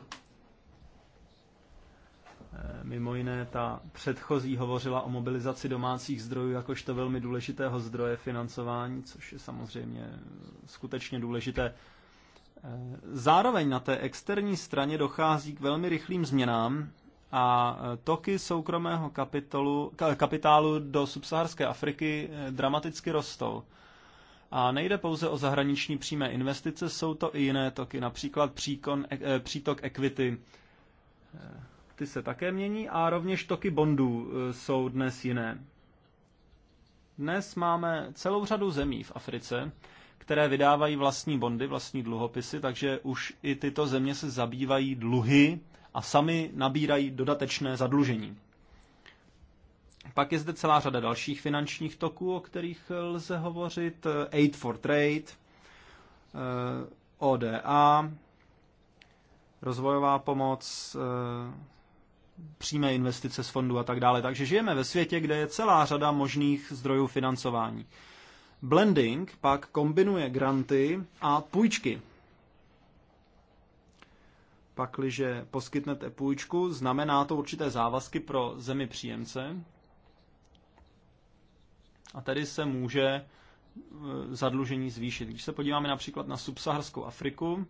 Eh, mimo jiné, ta předchozí hovořila o mobilizaci domácích zdrojů jakožto velmi důležitého zdroje financování, což je samozřejmě skutečně důležité. Eh, zároveň na té externí straně dochází k velmi rychlým změnám a e, toky soukromého kapitolu, kapitálu do subsaharské Afriky e, dramaticky rostou. A nejde pouze o zahraniční přímé investice, jsou to i jiné toky, například příkon, e, přítok equity. Ty se také mění a rovněž toky bondů jsou dnes jiné. Dnes máme celou řadu zemí v Africe, které vydávají vlastní bondy, vlastní dluhopisy, takže už i tyto země se zabývají dluhy a sami nabírají dodatečné zadlužení. Pak je zde celá řada dalších finančních toků, o kterých lze hovořit. Aid for Trade, eh, ODA, rozvojová pomoc, eh, přímé investice z fondu a tak dále. Takže žijeme ve světě, kde je celá řada možných zdrojů financování. Blending pak kombinuje granty a půjčky. Pakliže poskytnete půjčku, znamená to určité závazky pro zemi příjemce. A tady se může e, zadlužení zvýšit. Když se podíváme například na subsaharskou Afriku,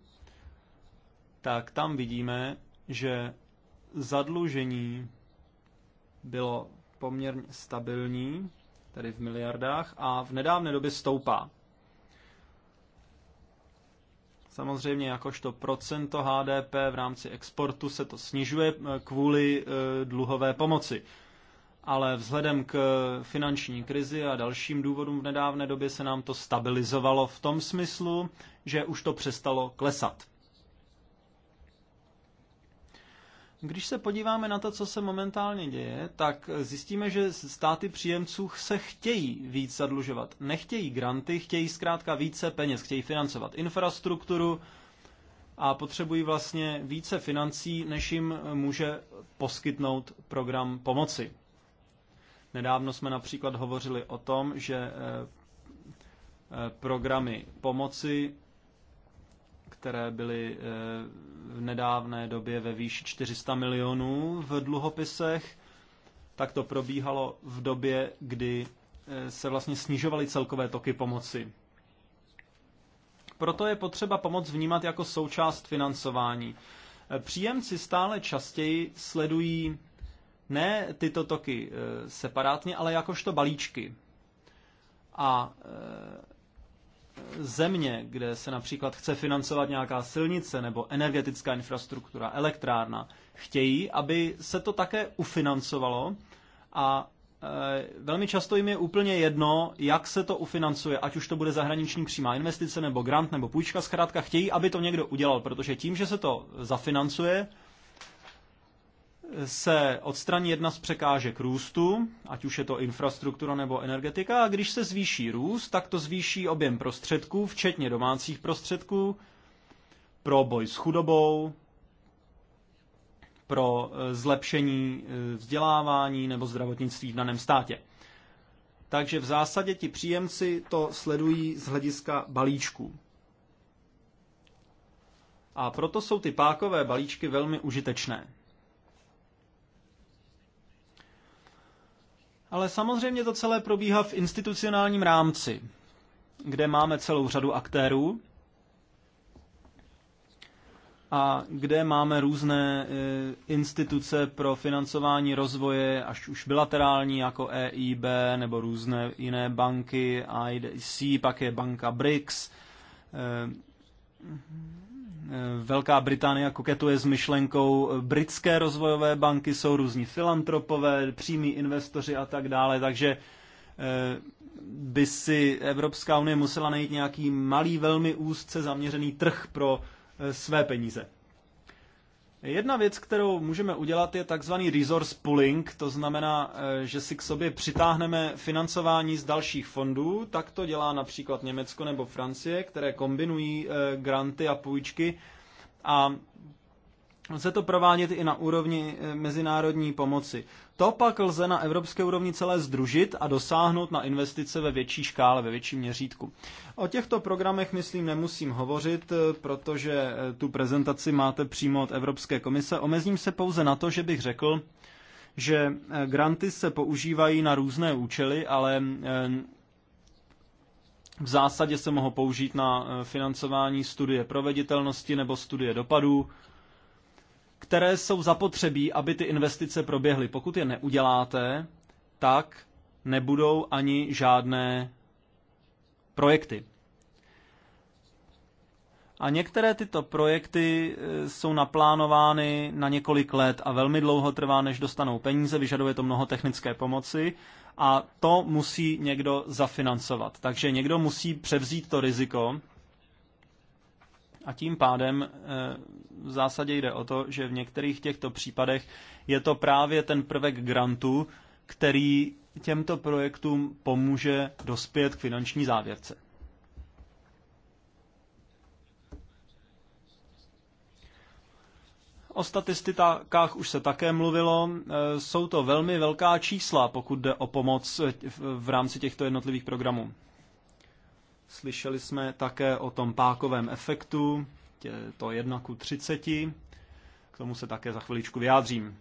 tak tam vidíme, že zadlužení bylo poměrně stabilní, tedy v miliardách, a v nedávné době stoupá. Samozřejmě jakožto procento HDP v rámci exportu se to snižuje eh, kvůli eh, dluhové pomoci. Ale vzhledem k eh, finanční krizi a dalším důvodům v nedávné době se nám to stabilizovalo v tom smyslu, že už to přestalo klesat. Když se podíváme na to, co se momentálně děje, tak zjistíme, že státy příjemců se chtějí víc zadlužovat. Nechtějí granty, chtějí zkrátka více peněz, chtějí financovat infrastrukturu a potřebují vlastně více financí, než jim může poskytnout program pomoci. Nedávno jsme například hovořili o tom, že eh, eh, programy pomoci které byly eh, v nedávné době ve výši 400 milionů v dluhopisech, tak to probíhalo v době, kdy eh, se vlastně snižovaly celkové toky pomoci. Proto je potřeba pomoc vnímat jako součást financování. Eh, příjemci stále častěji sledují ne tyto toky separátně, ale jakožto balíčky. A země, kde se například chce financovat nějaká silnice nebo energetická infrastruktura, elektrárna, chtějí, aby se to také ufinancovalo a e, velmi často jim je úplně jedno, jak se to ufinancuje, ať už to bude zahraniční přímá investice nebo grant nebo půjčka, zkrátka chtějí, aby to někdo udělal, protože tím, že se to zafinancuje, se odstraní jedna z překážek růstu, ať už je to infrastruktura nebo energetika, a když se zvýší růst, tak to zvýší objem prostředků, včetně domácích prostředků, pro boj s chudobou, pro e, zlepšení e, vzdělávání nebo zdravotnictví v daném státě. Takže v zásadě ti příjemci to sledují z hlediska balíčků. A proto jsou ty pákové balíčky velmi užitečné. Ale samozřejmě to celé probíhá v institucionálním rámci, kde máme celou řadu aktérů a kde máme různé eh, instituce pro financování rozvoje, až už bilaterální, jako EIB nebo různé jiné banky, IDC, pak je banka BRICS, eh, Velká Británie koketuje s myšlenkou eh, britské rozvojové banky, jsou různí filantropové, přímí investoři a tak dále, takže eh, by si Evropská unie musela najít nějaký malý, velmi úzce zaměřený trh pro eh, své peníze. Jedna věc, kterou můžeme udělat, je takzvaný resource pooling, to znamená, že si k sobě přitáhneme financování z dalších fondů, tak to dělá například Německo nebo Francie, které kombinují granty a půjčky a Lze to provádět i na úrovni eh, mezinárodní pomoci. To pak lze na evropské úrovni celé združit a dosáhnout na investice ve větší škále, ve větším měřítku. O těchto programech, myslím, nemusím hovořit, eh, protože eh, tu prezentaci máte přímo od Evropské komise. Omezím se pouze na to, že bych řekl, že granty se používají na různé účely, ale v zásadě se mohou použít na eh, financování studie proveditelnosti nebo studie dopadů, které jsou zapotřebí, aby ty investice proběhly. Pokud je neuděláte, tak nebudou ani žádné projekty. A některé tyto projekty eh, jsou naplánovány na několik let a velmi dlouho trvá, než dostanou peníze, vyžaduje to mnoho technické pomoci a to musí někdo zafinancovat. Takže někdo musí převzít to riziko a tím pádem eh, v zásadě jde o to, že v některých těchto případech je to právě ten prvek grantu, který těmto projektům pomůže dospět k finanční závěrce. O statistikách už se také mluvilo. E, jsou to velmi velká čísla, pokud jde o pomoc e, v rámci těchto jednotlivých programů. Slyšeli jsme také o tom pákovém efektu, tě, to 1 ku 30. K tomu se také za chviličku vyjádřím.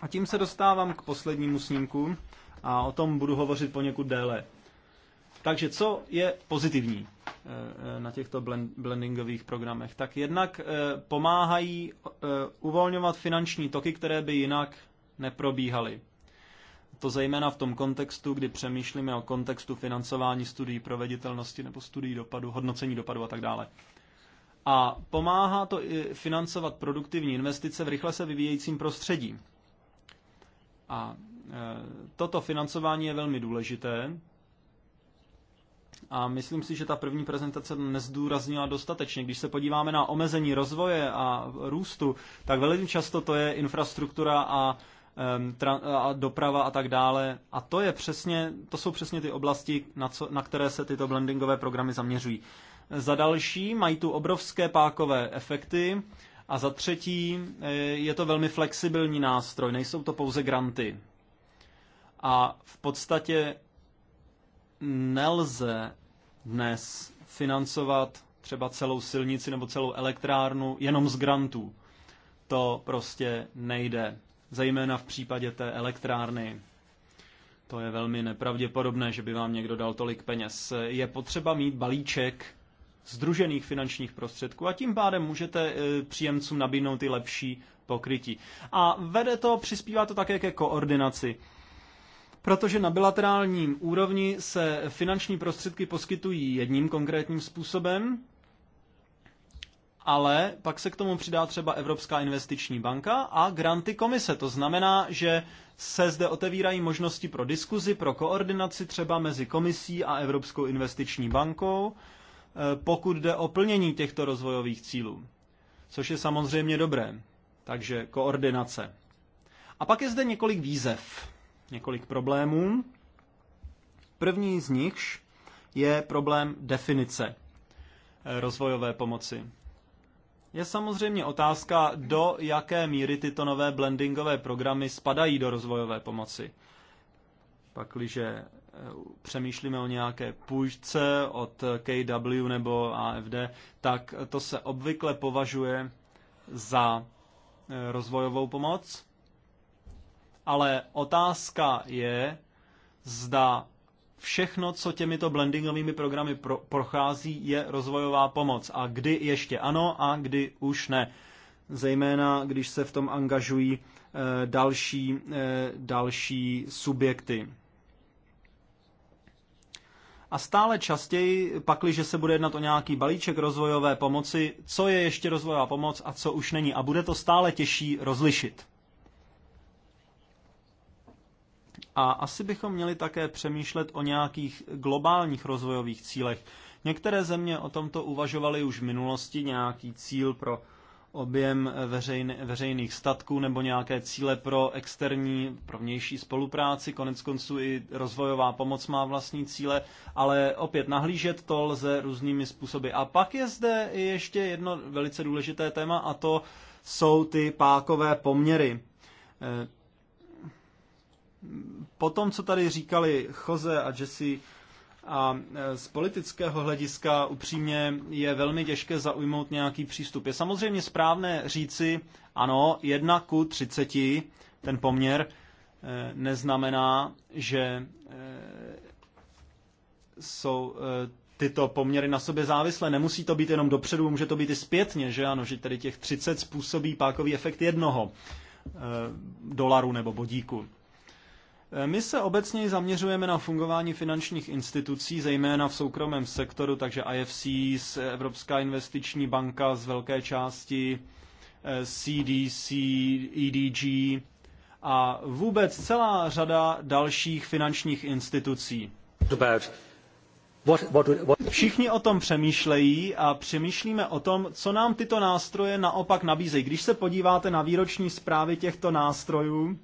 A tím se dostávám k poslednímu snímku a o tom budu hovořit poněkud déle. Takže co je pozitivní? na těchto blendingových programech, tak jednak eh, pomáhají eh, uvolňovat finanční toky, které by jinak neprobíhaly. To zejména v tom kontextu, kdy přemýšlíme o kontextu financování studií proveditelnosti nebo studií dopadu, hodnocení dopadu a tak dále. A pomáhá to i financovat produktivní investice v rychle se vyvíjejícím prostředí. A eh, toto financování je velmi důležité, a myslím si, že ta první prezentace nezdůraznila dostatečně. Když se podíváme na omezení rozvoje a růstu, tak velmi často to je infrastruktura a, a doprava a tak dále. A to, je přesně, to jsou přesně ty oblasti, na, co, na které se tyto blendingové programy zaměřují. Za další mají tu obrovské pákové efekty. A za třetí e, je to velmi flexibilní nástroj, nejsou to pouze granty. A v podstatě nelze dnes financovat třeba celou silnici nebo celou elektrárnu jenom z grantů. To prostě nejde, zejména v případě té elektrárny. To je velmi nepravděpodobné, že by vám někdo dal tolik peněz. Je potřeba mít balíček združených finančních prostředků a tím pádem můžete e, příjemcům nabídnout i lepší pokrytí. A vede to, přispívá to také ke koordinaci protože na bilaterálním úrovni se finanční prostředky poskytují jedním konkrétním způsobem, ale pak se k tomu přidá třeba Evropská investiční banka a granty komise. To znamená, že se zde otevírají možnosti pro diskuzi, pro koordinaci třeba mezi komisí a Evropskou investiční bankou, eh, pokud jde o plnění těchto rozvojových cílů, což je samozřejmě dobré. Takže koordinace. A pak je zde několik výzev několik problémů. První z nich je problém definice eh, rozvojové pomoci. Je samozřejmě otázka, do jaké míry tyto nové blendingové programy spadají do rozvojové pomoci. Pakliže eh, přemýšlíme o nějaké půjčce od KW nebo AFD, tak to se obvykle považuje za eh, rozvojovou pomoc ale otázka je, zda všechno, co těmito blendingovými programy pro, prochází, je rozvojová pomoc. A kdy ještě ano a kdy už ne. Zejména, když se v tom angažují e, další, e, další subjekty. A stále častěji, pakliže se bude jednat o nějaký balíček rozvojové pomoci, co je ještě rozvojová pomoc a co už není. A bude to stále těžší rozlišit. A asi bychom měli také přemýšlet o nějakých globálních rozvojových cílech. Některé země o tomto uvažovaly už v minulosti, nějaký cíl pro objem veřejn, veřejných statků nebo nějaké cíle pro externí, pro vnější spolupráci. Konec konců i rozvojová pomoc má vlastní cíle, ale opět nahlížet to lze různými způsoby. A pak je zde ještě jedno velice důležité téma a to jsou ty pákové poměry po tom, co tady říkali Jose a Jesse, a e, z politického hlediska upřímně je velmi těžké zaujmout nějaký přístup. Je samozřejmě správné říci, ano, 1 ku 30, ten poměr, e, neznamená, že e, jsou tyto poměry na sobě závislé. Nemusí to být jenom dopředu, může to být i zpětně, že ano, že tady těch 30 způsobí pákový efekt jednoho dolaru nebo bodíku. Eh, my se obecně zaměřujeme na fungování finančních institucí, zejména v soukromém sektoru, takže IFC, Evropská investiční banka z velké části, eh, CDC, EDG a vůbec celá řada dalších finančních institucí. Všichni o tom přemýšlejí a přemýšlíme o tom, co nám tyto nástroje naopak nabízejí. Když se podíváte na výroční zprávy těchto nástrojů,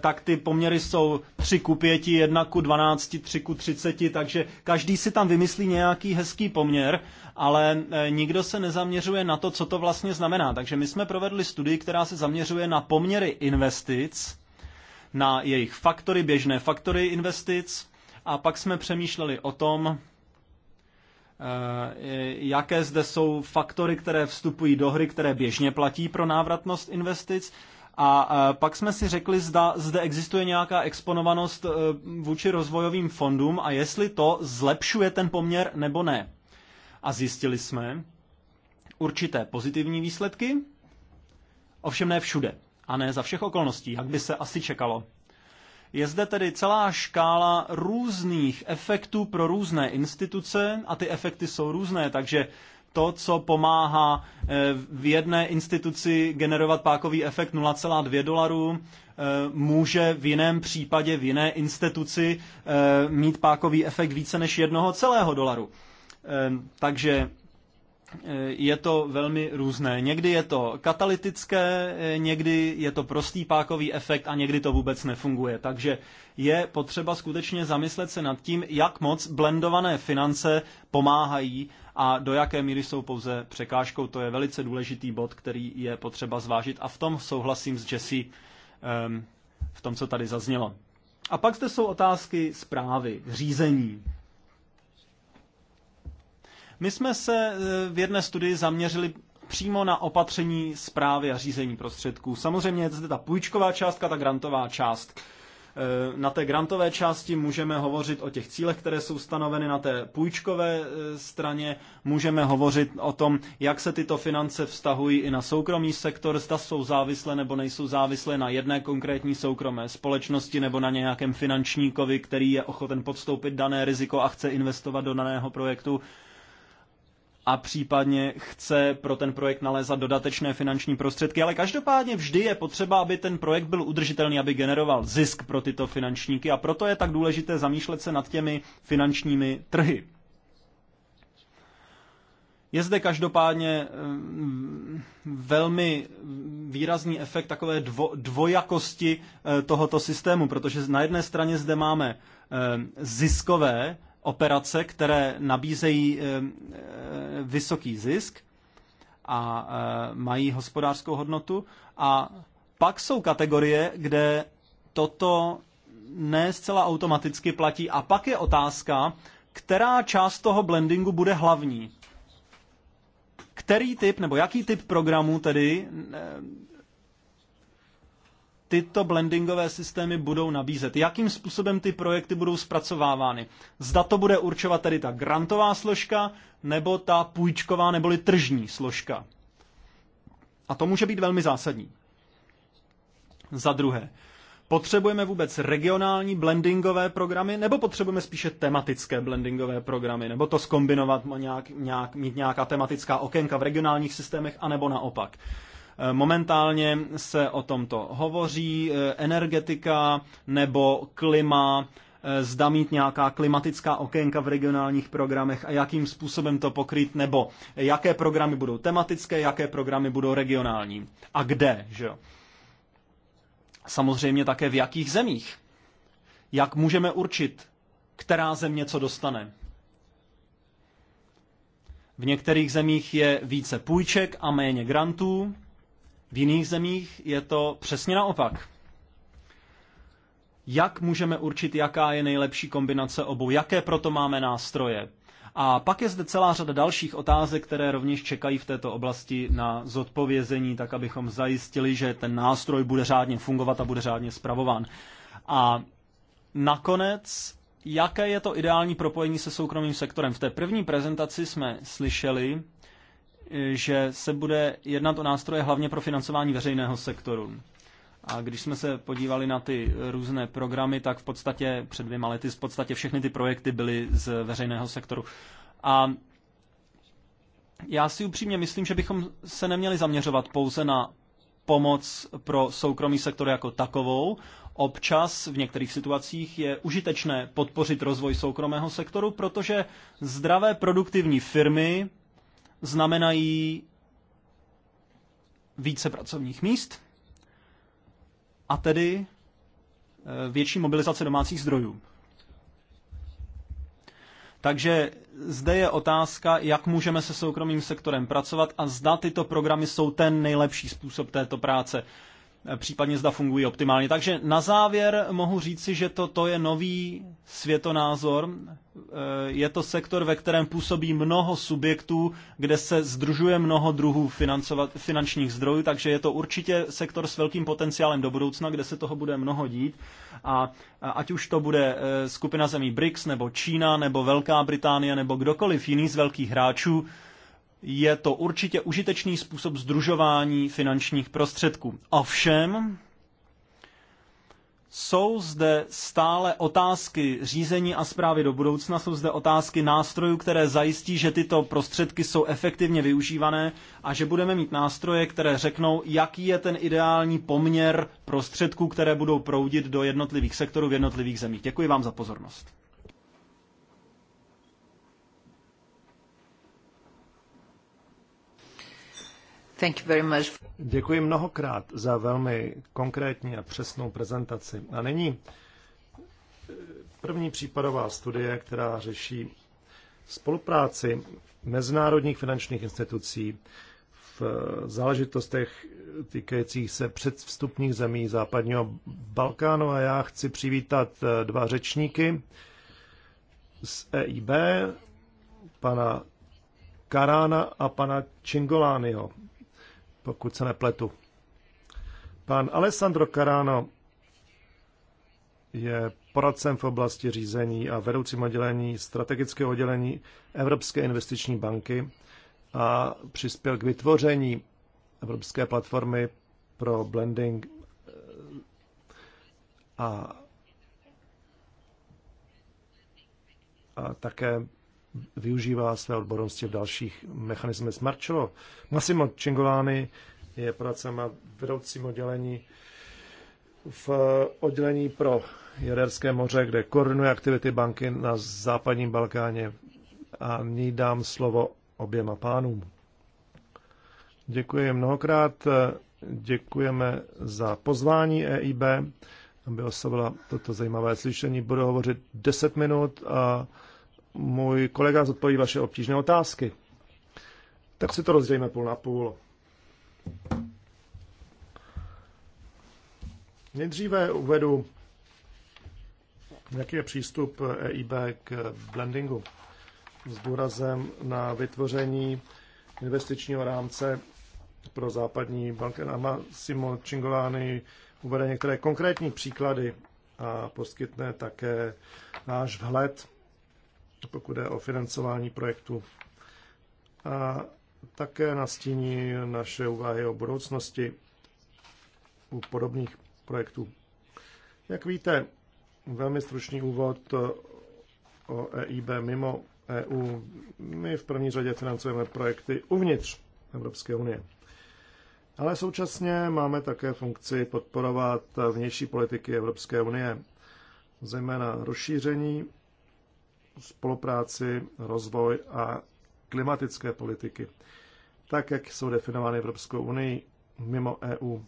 tak ty poměry jsou 3 ku 5, 1 ku 12, 3 ku 30, takže každý si tam vymyslí nějaký hezký poměr, ale e, nikdo se nezaměřuje na to, co to vlastně znamená. Takže my jsme provedli studii, která se zaměřuje na poměry investic, na jejich faktory, běžné faktory investic, a pak jsme přemýšleli o tom, e, jaké zde jsou faktory, které vstupují do hry, které běžně platí pro návratnost investic a e, pak jsme si řekli, zda zde existuje nějaká exponovanost e, vůči rozvojovým fondům a jestli to zlepšuje ten poměr nebo ne. A zjistili jsme určité pozitivní výsledky, ovšem ne všude a ne za všech okolností, jak by se asi čekalo. Je zde tedy celá škála různých efektů pro různé instituce a ty efekty jsou různé, takže to, co pomáhá eh, v jedné instituci generovat pákový efekt 0,2 dolarů, eh, může v jiném případě v jiné instituci eh, mít pákový efekt více než jednoho celého dolaru. Takže je to velmi různé. Někdy je to katalytické, někdy je to prostý pákový efekt a někdy to vůbec nefunguje. Takže je potřeba skutečně zamyslet se nad tím, jak moc blendované finance pomáhají a do jaké míry jsou pouze překážkou. To je velice důležitý bod, který je potřeba zvážit a v tom souhlasím s Jesse ehm, v tom, co tady zaznělo. A pak zde jsou otázky zprávy, řízení. My jsme se eh, v jedné studii zaměřili přímo na opatření zprávy a řízení prostředků. Samozřejmě je zde ta půjčková částka, ta grantová část. Eh, na té grantové části můžeme hovořit o těch cílech, které jsou stanoveny na té půjčkové eh, straně, můžeme hovořit o tom, jak se tyto finance vztahují i na soukromý sektor, zda jsou závislé nebo nejsou závislé na jedné konkrétní soukromé společnosti nebo na nějakém finančníkovi, který je ochoten podstoupit dané riziko a chce investovat do daného projektu a případně chce pro ten projekt nalézat dodatečné finanční prostředky, ale každopádně vždy je potřeba, aby ten projekt byl udržitelný, aby generoval zisk pro tyto finančníky a proto je tak důležité zamýšlet se nad těmi finančními trhy. Je zde každopádně mm, velmi výrazný efekt takové dvo, dvojakosti eh, tohoto systému, protože na jedné straně zde máme eh, ziskové operace, které nabízejí eh, eh, vysoký zisk a eh, mají hospodářskou hodnotu. A pak jsou kategorie, kde toto ne zcela automaticky platí. A pak je otázka, která část toho blendingu bude hlavní. Který typ nebo jaký typ programů tedy tyto blendingové systémy budou nabízet. Jakým způsobem ty projekty budou zpracovávány? Zda to bude určovat tedy ta grantová složka, nebo ta půjčková, neboli tržní složka. A to může být velmi zásadní. Za druhé, potřebujeme vůbec regionální blendingové programy, nebo potřebujeme spíše tematické blendingové programy, nebo to skombinovat, nějak, nějak, mít nějaká tematická okénka v regionálních systémech, anebo naopak. Momentálně se o tomto hovoří eh, energetika nebo klima, eh, zda mít nějaká klimatická okénka v regionálních programech a jakým způsobem to pokryt, nebo jaké programy budou tematické, jaké programy budou regionální a kde, že Samozřejmě také v jakých zemích. Jak můžeme určit, která země co dostane. V některých zemích je více půjček a méně grantů, v jiných zemích je to přesně naopak. Jak můžeme určit, jaká je nejlepší kombinace obou, jaké proto máme nástroje? A pak je zde celá řada dalších otázek, které rovněž čekají v této oblasti na zodpovězení, tak abychom zajistili, že ten nástroj bude řádně fungovat a bude řádně spravován. A nakonec, jaké je to ideální propojení se soukromým sektorem? V té první prezentaci jsme slyšeli, že se bude jednat o nástroje hlavně pro financování veřejného sektoru. A když jsme se podívali na ty různé programy, tak v podstatě před dvěma lety v podstatě všechny ty projekty byly z veřejného sektoru. A já si upřímně myslím, že bychom se neměli zaměřovat pouze na pomoc pro soukromý sektor jako takovou. Občas v některých situacích je užitečné podpořit rozvoj soukromého sektoru, protože zdravé produktivní firmy znamenají více pracovních míst a tedy eh, větší mobilizace domácích zdrojů. Takže zde je otázka, jak můžeme se soukromým sektorem pracovat a zda tyto programy jsou ten nejlepší způsob této práce případně zda fungují optimálně. Takže na závěr mohu říci, že to to je nový světonázor. Eh, je to sektor, ve kterém působí mnoho subjektů, kde se združuje mnoho druhů finančních zdrojů, takže je to určitě sektor s velkým potenciálem do budoucna, kde se toho bude mnoho dít. A ať už to bude eh, skupina zemí BRICS, nebo Čína, nebo Velká Británie, nebo kdokoliv jiný z velkých hráčů, je to určitě užitečný způsob združování finančních prostředků. Ovšem, jsou zde stále otázky řízení a zprávy do budoucna, jsou zde otázky nástrojů, které zajistí, že tyto prostředky jsou efektivně využívané a že budeme mít nástroje, které řeknou, jaký je ten ideální poměr prostředků, které budou proudit do jednotlivých sektorů v jednotlivých zemích. Děkuji vám za pozornost.
Thank you very much. Děkuji mnohokrát za velmi konkrétní a přesnou prezentaci. A nyní eh, první případová studie, která řeší spolupráci mezinárodních finančních institucí v eh, záležitostech týkajících se předvstupních zemí západního Balkánu. A já chci přivítat eh, dva řečníky z EIB, pana Karána a pana Čingolányho pokud se nepletu. Pán Alessandro Carano je poradcem v oblasti řízení a vedoucím oddělení strategického oddělení Evropské investiční banky a přispěl k vytvoření Evropské platformy pro blending eh, a, a také využívá své odbornosti v dalších mechanismech. Marčelo Massimo Cingolani je a vedoucím oddělení v eh, oddělení pro Jaderské moře, kde koordinuje aktivity banky na západním Balkáně. A ní dám slovo oběma pánům. Děkuji mnohokrát. Děkujeme za pozvání EIB, aby oslovila toto zajímavé slyšení. Budu hovořit 10 minut a můj kolega zodpoví vaše obtížné otázky. Tak si to rozdělíme půl na půl. Nejdříve uvedu, jaký je přístup EIB k blendingu s důrazem na vytvoření investičního rámce pro západní banky. A Massimo Cingolani uvede některé konkrétní příklady a poskytne také náš vhled pokud je o financování projektu. A také nastíní naše úvahy o budoucnosti u podobných projektů. Jak víte, velmi stručný úvod o EIB mimo EU. My v první řadě financujeme projekty uvnitř Evropské unie. Ale současně máme také funkci podporovat vnější politiky Evropské unie, zejména rozšíření spolupráci, rozvoj a klimatické politiky, tak jak jsou definovány Evropskou unii mimo EU.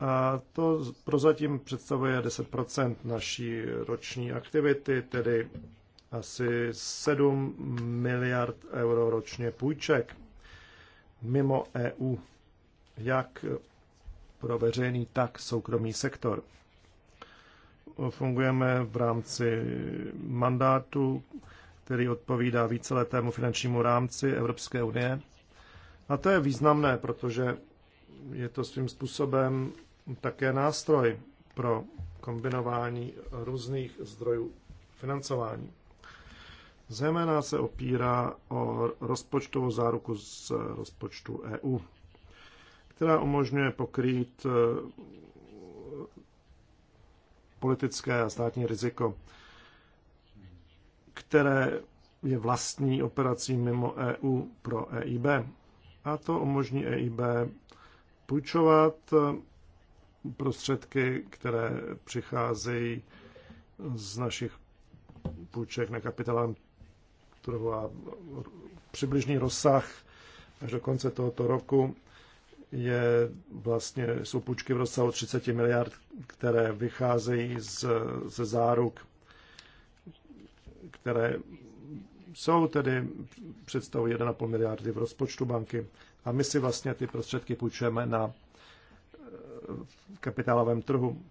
A to prozatím představuje 10 naší roční aktivity, tedy asi 7 miliard euro ročně půjček mimo EU, jak pro veřejný, tak soukromý sektor fungujeme v rámci mandátu, který odpovídá víceletému finančnímu rámci Evropské unie. A to je významné, protože je to svým způsobem také nástroj pro kombinování různých zdrojů financování. Zejména se opírá o rozpočtovou záruku z rozpočtu EU, která umožňuje pokrýt politické a státní riziko, které je vlastní operací mimo EU pro EIB. A to umožní EIB půjčovat prostředky, které přicházejí z našich půjček na kapitálovém trhu a přibližný rozsah až do konce tohoto roku je vlastně, jsou půjčky v rozsahu 30 miliard, které vycházejí z, ze záruk, které jsou tedy, představují 1,5 miliardy v rozpočtu banky. A my si vlastně ty prostředky půjčujeme na eh, kapitálovém trhu.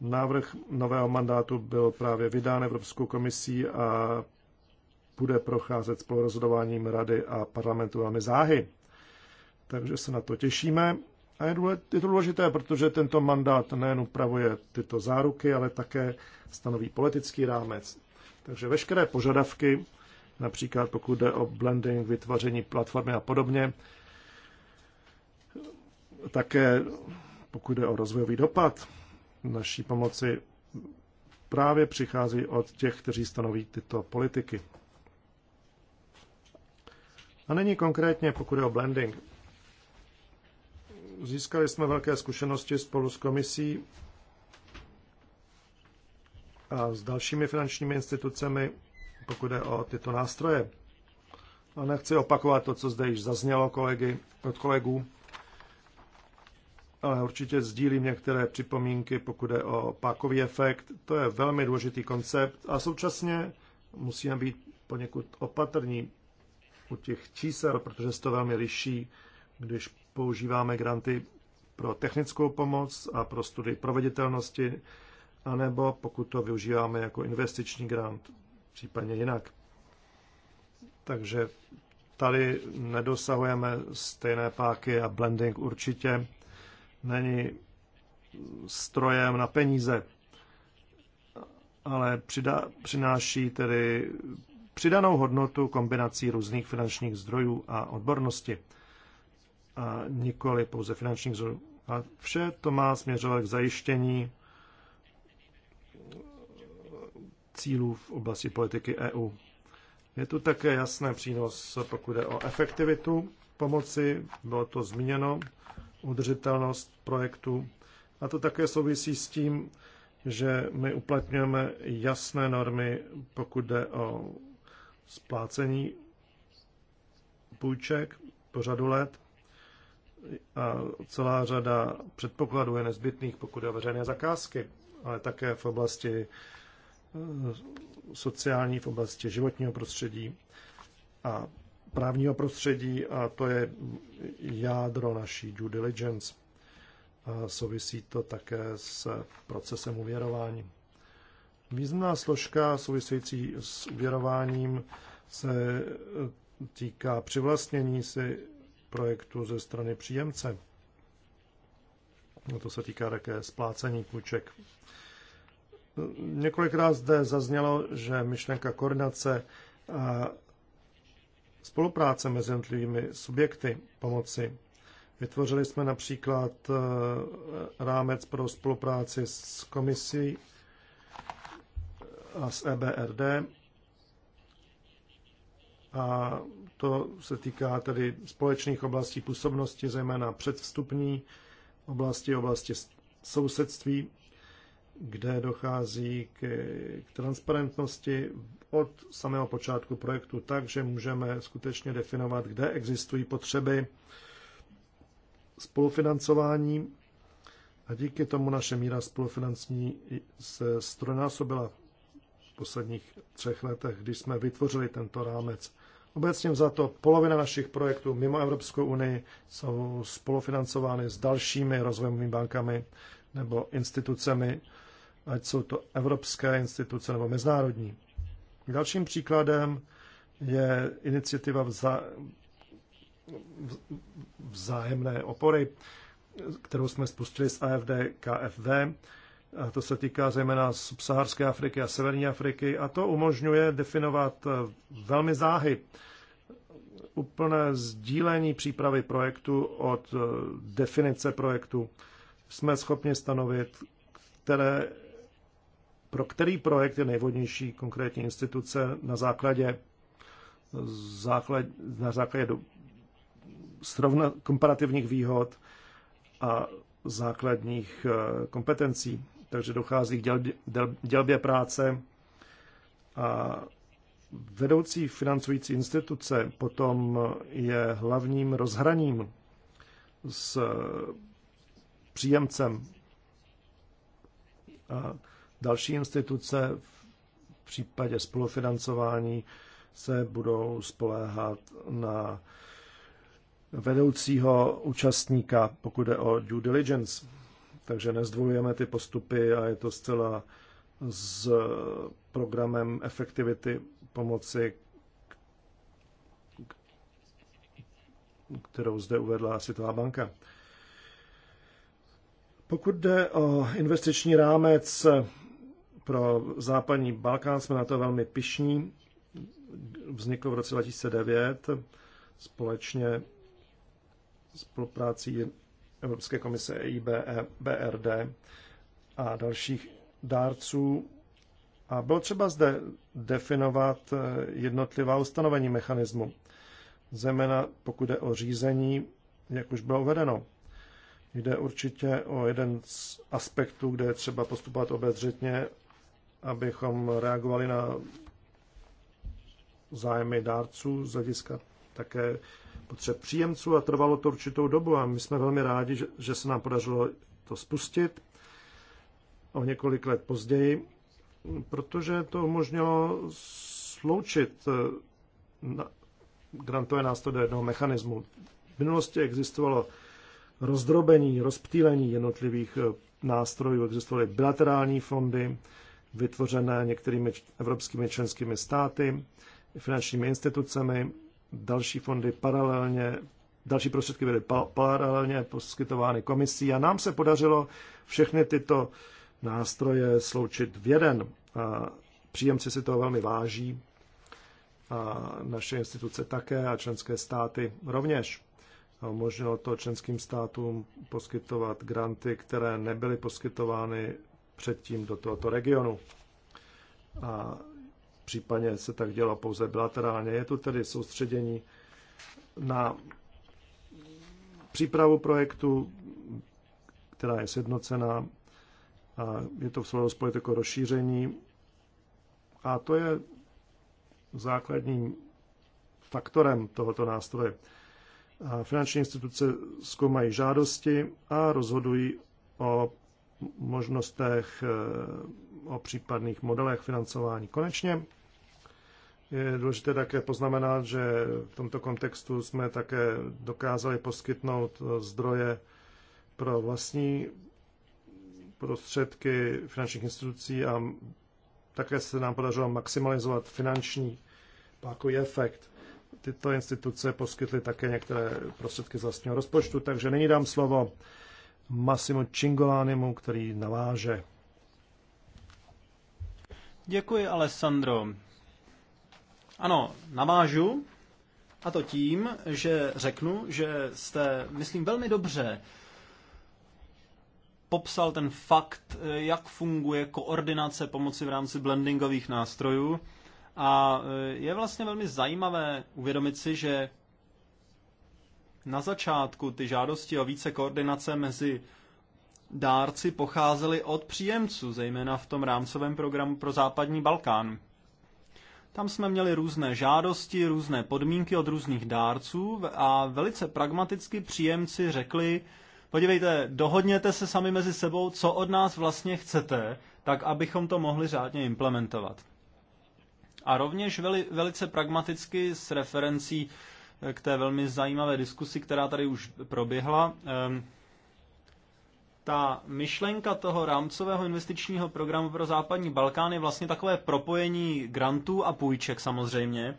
Návrh nového mandátu byl právě vydán Evropskou komisí a bude procházet spolurozhodováním Rady a parlamentu velmi záhy takže se na to těšíme. A je to důležité, protože tento mandát nejen upravuje tyto záruky, ale také stanoví politický rámec. Takže veškeré požadavky, například pokud jde o blending, vytvoření platformy a podobně, také pokud jde o rozvojový dopad naší pomoci, právě přichází od těch, kteří stanoví tyto politiky. A není konkrétně, pokud je o blending. Získali jsme velké zkušenosti spolu s komisí a s dalšími finančními institucemi, pokud je o tyto nástroje. A nechci opakovat to, co zde již zaznělo kolegy, od kolegů, ale určitě sdílím některé připomínky, pokud je o pákový efekt. To je velmi důležitý koncept a současně musíme být poněkud opatrní u těch čísel, protože se to velmi liší, když používáme granty pro technickou pomoc a pro studii proveditelnosti, anebo pokud to využíváme jako investiční grant, případně jinak. Takže tady nedosahujeme stejné páky a blending určitě není strojem na peníze, ale přidá, přináší tedy přidanou hodnotu kombinací různých finančních zdrojů a odbornosti a nikoli pouze finančních zdrojů. A vše to má směřovat k zajištění cílů v oblasti politiky EU. Je tu také jasný přínos, pokud jde o efektivitu pomoci, bylo to zmíněno, udržitelnost projektu. A to také souvisí s tím, že my uplatňujeme jasné normy, pokud jde o splácení půjček po řadu let a celá řada předpokladů je nezbytných, pokud je veřejné zakázky, ale také v oblasti eh, sociální, v oblasti životního prostředí a právního prostředí a to je jádro naší due diligence. A souvisí to také s procesem uvěrování. Významná složka související s uvěrováním se eh, týká přivlastnění si projektu ze strany příjemce. A to se týká také splácení půjček. Několikrát zde zaznělo, že myšlenka koordinace a spolupráce mezi jednotlivými subjekty pomoci. Vytvořili jsme například eh, rámec pro spolupráci s komisí a s EBRD a to se týká tedy společných oblastí působnosti, zejména předvstupní oblasti, oblasti sousedství, kde dochází k, k transparentnosti od samého počátku projektu, takže můžeme skutečně definovat, kde existují potřeby spolufinancování a díky tomu naše míra spolufinancní se strojnásobila v posledních třech letech, když jsme vytvořili tento rámec. Obecně za to polovina našich projektů mimo Evropskou unii jsou spolufinancovány s dalšími rozvojovými bankami nebo institucemi, ať jsou to evropské instituce nebo mezinárodní. Dalším příkladem je iniciativa vzá, vzájemné opory, kterou jsme spustili s AFD KFV to se týká zejména subsaharské Afriky a severní Afriky a to umožňuje definovat eh, velmi záhy úplné sdílení přípravy projektu od eh, definice projektu. Jsme schopni stanovit, které, pro který projekt je nejvhodnější konkrétní instituce na základě, základ, na základě do, srovna, komparativních výhod a základních eh, kompetencí takže dochází k dělbě, dělbě práce a vedoucí financující instituce potom je hlavním rozhraním s příjemcem a další instituce v případě spolufinancování se budou spoléhat na vedoucího účastníka, pokud jde o due diligence takže nezdvojujeme ty postupy a je to zcela s programem efektivity pomoci, kterou zde uvedla Světová banka. Pokud jde o investiční rámec pro západní Balkán, jsme na to velmi pišní. Vznikl v roce 2009 společně spoluprácí Evropské komise EIB, e, BRD a dalších dárců. A bylo třeba zde definovat eh, jednotlivá ustanovení mechanismu, zejména pokud jde o řízení, jak už bylo uvedeno. Jde určitě o jeden z aspektů, kde je třeba postupovat obezřetně, abychom reagovali na zájmy dárců z hlediska také potřeb příjemců a trvalo to určitou dobu a my jsme velmi rádi, že, že se nám podařilo to spustit o několik let později, protože to umožnilo sloučit eh, grantové nástroje do jednoho mechanismu. V minulosti existovalo rozdrobení, rozptýlení jednotlivých eh, nástrojů, existovaly bilaterální fondy, vytvořené některými evropskými členskými státy, finančními institucemi další fondy paralelně, další prostředky byly paralelně poskytovány komisí a nám se podařilo všechny tyto nástroje sloučit v jeden. A příjemci si toho velmi váží a naše instituce také a členské státy rovněž. A umožnilo to členským státům poskytovat granty, které nebyly poskytovány předtím do tohoto regionu. A Případně se tak dělá pouze bilaterálně. Je to tedy soustředění na přípravu projektu, která je sjednocená a je to v souladu s politikou rozšíření. A to je základním faktorem tohoto nástroje. A finanční instituce zkoumají žádosti a rozhodují o možnostech o případných modelech financování. Konečně je důležité také poznamenat, že v tomto kontextu jsme také dokázali poskytnout zdroje pro vlastní prostředky finančních institucí a také se nám podařilo maximalizovat finanční pákový efekt. Tyto instituce poskytly také některé prostředky z vlastního rozpočtu, takže nyní dám slovo Massimo Cingolánimu, který naváže.
Děkuji, Alessandro. Ano, navážu, a to tím, že řeknu, že jste, myslím, velmi dobře popsal ten fakt, jak funguje koordinace pomoci v rámci blendingových nástrojů. A e, je vlastně velmi zajímavé uvědomit si, že na začátku ty žádosti o více koordinace mezi dárci pocházeli od příjemců, zejména v tom rámcovém programu pro západní Balkán. Tam jsme měli různé žádosti, různé podmínky od různých dárců a velice pragmaticky příjemci řekli, podívejte, dohodněte se sami mezi sebou, co od nás vlastně chcete, tak abychom to mohli řádně implementovat. A rovněž veli, velice pragmaticky s referencí eh, k té velmi zajímavé diskusi, která tady už proběhla, ehm, ta myšlenka toho rámcového investičního programu pro západní Balkán je vlastně takové propojení grantů a půjček samozřejmě,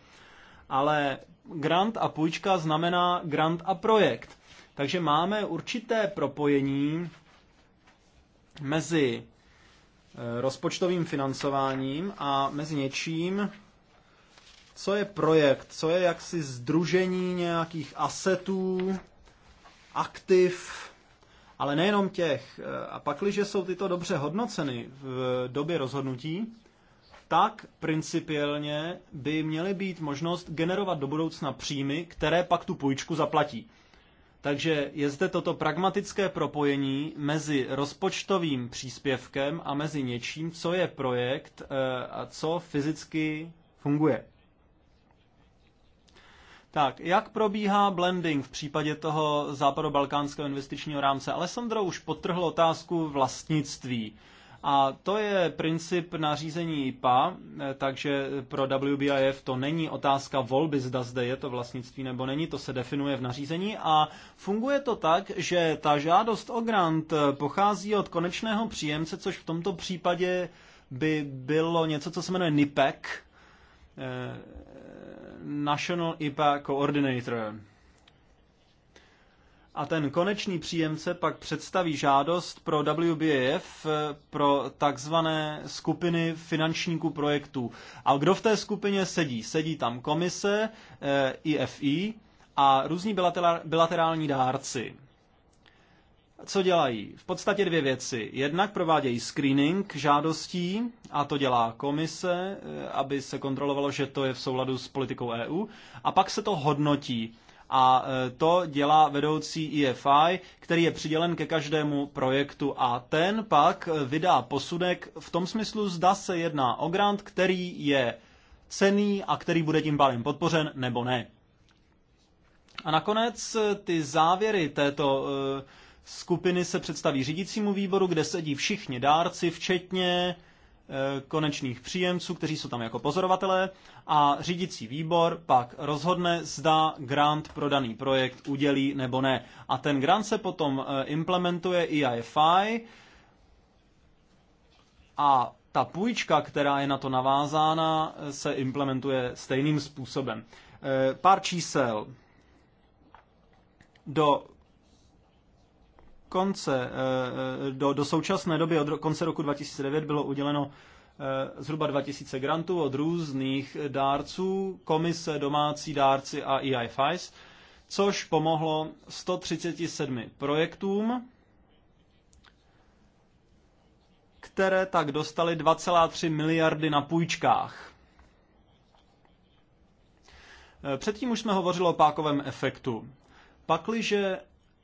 ale grant a půjčka znamená grant a projekt. Takže máme určité propojení mezi eh, rozpočtovým financováním a mezi něčím, co je projekt, co je jaksi združení nějakých asetů, aktiv, ale nejenom těch. E, a pakliže jsou tyto dobře hodnoceny v době rozhodnutí, tak principiálně by měly být možnost generovat do budoucna příjmy, které pak tu půjčku zaplatí. Takže je zde toto pragmatické propojení mezi rozpočtovým příspěvkem a mezi něčím, co je projekt e, a co fyzicky funguje. Tak, jak probíhá blending v případě toho západobalkánského investičního rámce? Alessandro už potrhl otázku vlastnictví. A to je princip nařízení IPA, eh, takže pro WBIF to není otázka volby, zda zde je to vlastnictví nebo není, to se definuje v nařízení a funguje to tak, že ta žádost o grant eh, pochází od konečného příjemce, což v tomto případě by bylo něco, co se jmenuje NIPEC, eh, National IPA Coordinator. A ten konečný příjemce pak představí žádost pro WBF eh, pro takzvané skupiny finančníků projektů. A kdo v té skupině sedí? Sedí tam komise, IFI eh, a různí bilaterální dárci co dělají? V podstatě dvě věci. Jednak provádějí screening žádostí, a to dělá komise, eh, aby se kontrolovalo, že to je v souladu s politikou EU, a pak se to hodnotí. A eh, to dělá vedoucí EFI, který je přidělen ke každému projektu a ten pak eh, vydá posudek v tom smyslu, zda se jedná o grant, který je cený a který bude tím pádem podpořen nebo ne. A nakonec ty závěry této uh, Skupiny se představí řídícímu výboru, kde sedí všichni dárci, včetně e, konečných příjemců, kteří jsou tam jako pozorovatelé a řídící výbor pak rozhodne, zda grant pro daný projekt udělí nebo ne. A ten grant se potom e, implementuje EIFI a ta půjčka, která je na to navázána, e, se implementuje stejným způsobem. Pár čísel. Do konce, eh, eh, do, do současné doby, od konce roku 2009 bylo uděleno eh, zhruba 2000 grantů od různých dárců, komise, domácí dárci a EIFIs, což pomohlo 137 projektům, které tak dostali 2,3 miliardy na půjčkách. Předtím už jsme hovořili o pákovém efektu. Pakliže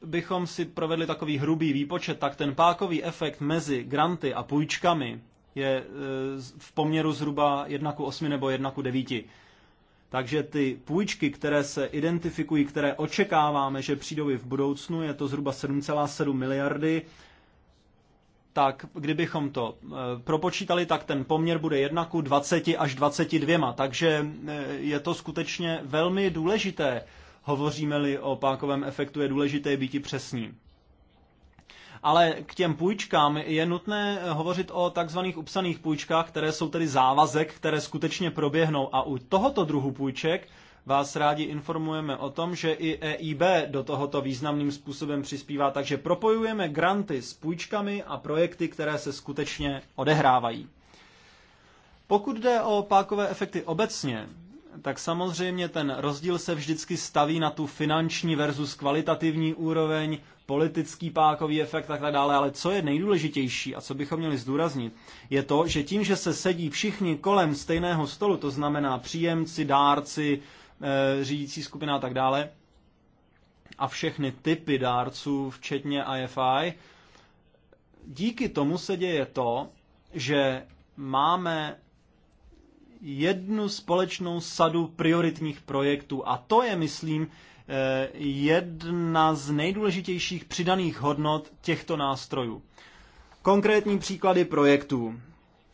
bychom si provedli takový hrubý výpočet, tak ten pákový efekt mezi granty a půjčkami je e, v poměru zhruba 1 k 8 nebo 1 k 9. Takže ty půjčky, které se identifikují, které očekáváme, že přijdou i v budoucnu, je to zhruba 7,7 miliardy, tak kdybychom to e, propočítali, tak ten poměr bude 1 k 20 až 22. Takže e, je to skutečně velmi důležité Hovoříme-li o pákovém efektu, je důležité být přesní. Ale k těm půjčkám je nutné hovořit o takzvaných upsaných půjčkách, které jsou tedy závazek, které skutečně proběhnou. A u tohoto druhu půjček vás rádi informujeme o tom, že i EIB do tohoto významným způsobem přispívá, takže propojujeme granty s půjčkami a projekty, které se skutečně odehrávají. Pokud jde o pákové efekty obecně, tak samozřejmě ten rozdíl se vždycky staví na tu finanční versus kvalitativní úroveň, politický pákový efekt a tak dále, ale co je nejdůležitější a co bychom měli zdůraznit, je to, že tím, že se sedí všichni kolem stejného stolu, to znamená příjemci, dárci, eh, řídící skupina a tak dále, a všechny typy dárců, včetně IFI, díky tomu se děje to, že máme jednu společnou sadu prioritních projektů a to je, myslím, eh, jedna z nejdůležitějších přidaných hodnot těchto nástrojů. Konkrétní příklady projektů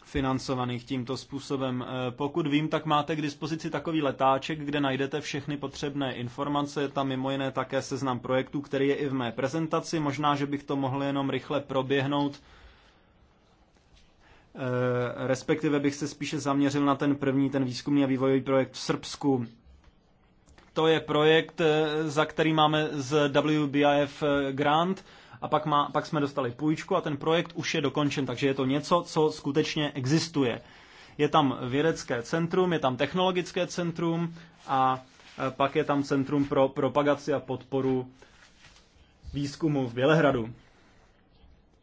financovaných tímto způsobem. Eh, pokud vím, tak máte k dispozici takový letáček, kde najdete všechny potřebné informace. Je tam mimo jiné také seznam projektů, který je i v mé prezentaci. Možná, že bych to mohl jenom rychle proběhnout Eh, respektive bych se spíše zaměřil na ten první, ten výzkumný a vývojový projekt v Srbsku. To je projekt, eh, za který máme z WBIF eh, grant a pak, má, pak jsme dostali půjčku a ten projekt už je dokončen, takže je to něco, co skutečně existuje. Je tam vědecké centrum, je tam technologické centrum a pak je tam centrum pro propagaci a podporu výzkumu v Bělehradu.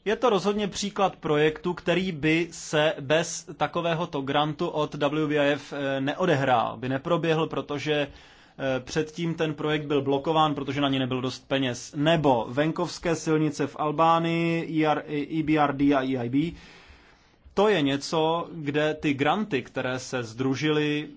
Je to rozhodně příklad projektu, který by se bez takovéhoto grantu od WWF eh, neodehrál, by neproběhl, protože eh, předtím ten projekt byl blokován, protože na ně nebyl dost peněz. Nebo venkovské silnice v Albánii, ER, EBRD eh, e a EIB. To je něco, kde ty granty, které se združily,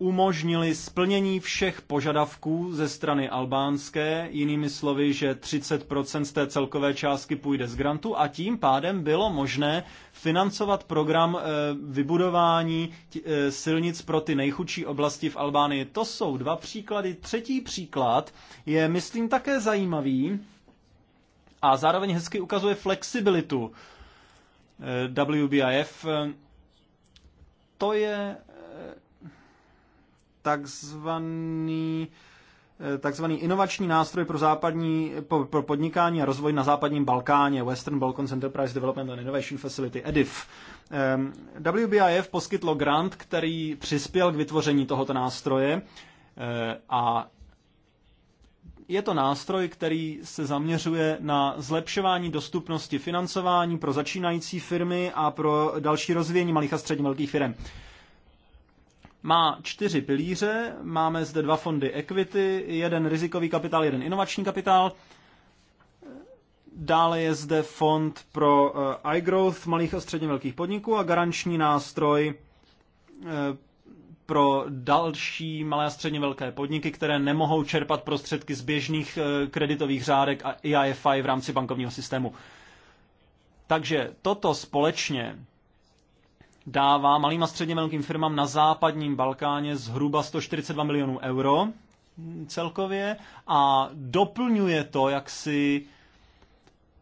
umožnili splnění všech požadavků ze strany albánské, jinými slovy, že 30% z té celkové částky půjde z grantu a tím pádem bylo možné financovat program eh, vybudování eh, silnic pro ty nejchudší oblasti v Albánii. To jsou dva příklady. Třetí příklad je, myslím, také zajímavý a zároveň hezky ukazuje flexibilitu eh, WBIF. To je takzvaný eh, takzvaný inovační nástroj pro, západní, pro podnikání a rozvoj na západním Balkáně, Western Balkans Enterprise Development and Innovation Facility, EDIF. Ehm, WBIF poskytlo grant, který přispěl k vytvoření tohoto nástroje eh, a je to nástroj, který se zaměřuje na zlepšování dostupnosti financování pro začínající firmy a pro další rozvíjení malých a středně velkých firm má čtyři pilíře, máme zde dva fondy equity, jeden rizikový kapitál, jeden inovační kapitál. Dále je zde fond pro eh, iGrowth malých a středně velkých podniků a garanční nástroj eh, pro další malé a středně velké podniky, které nemohou čerpat prostředky z běžných eh, kreditových řádek a IFI e v rámci bankovního systému. Takže toto společně dává malým a středně velkým firmám na západním Balkáně zhruba 142 milionů euro celkově a doplňuje to, jak si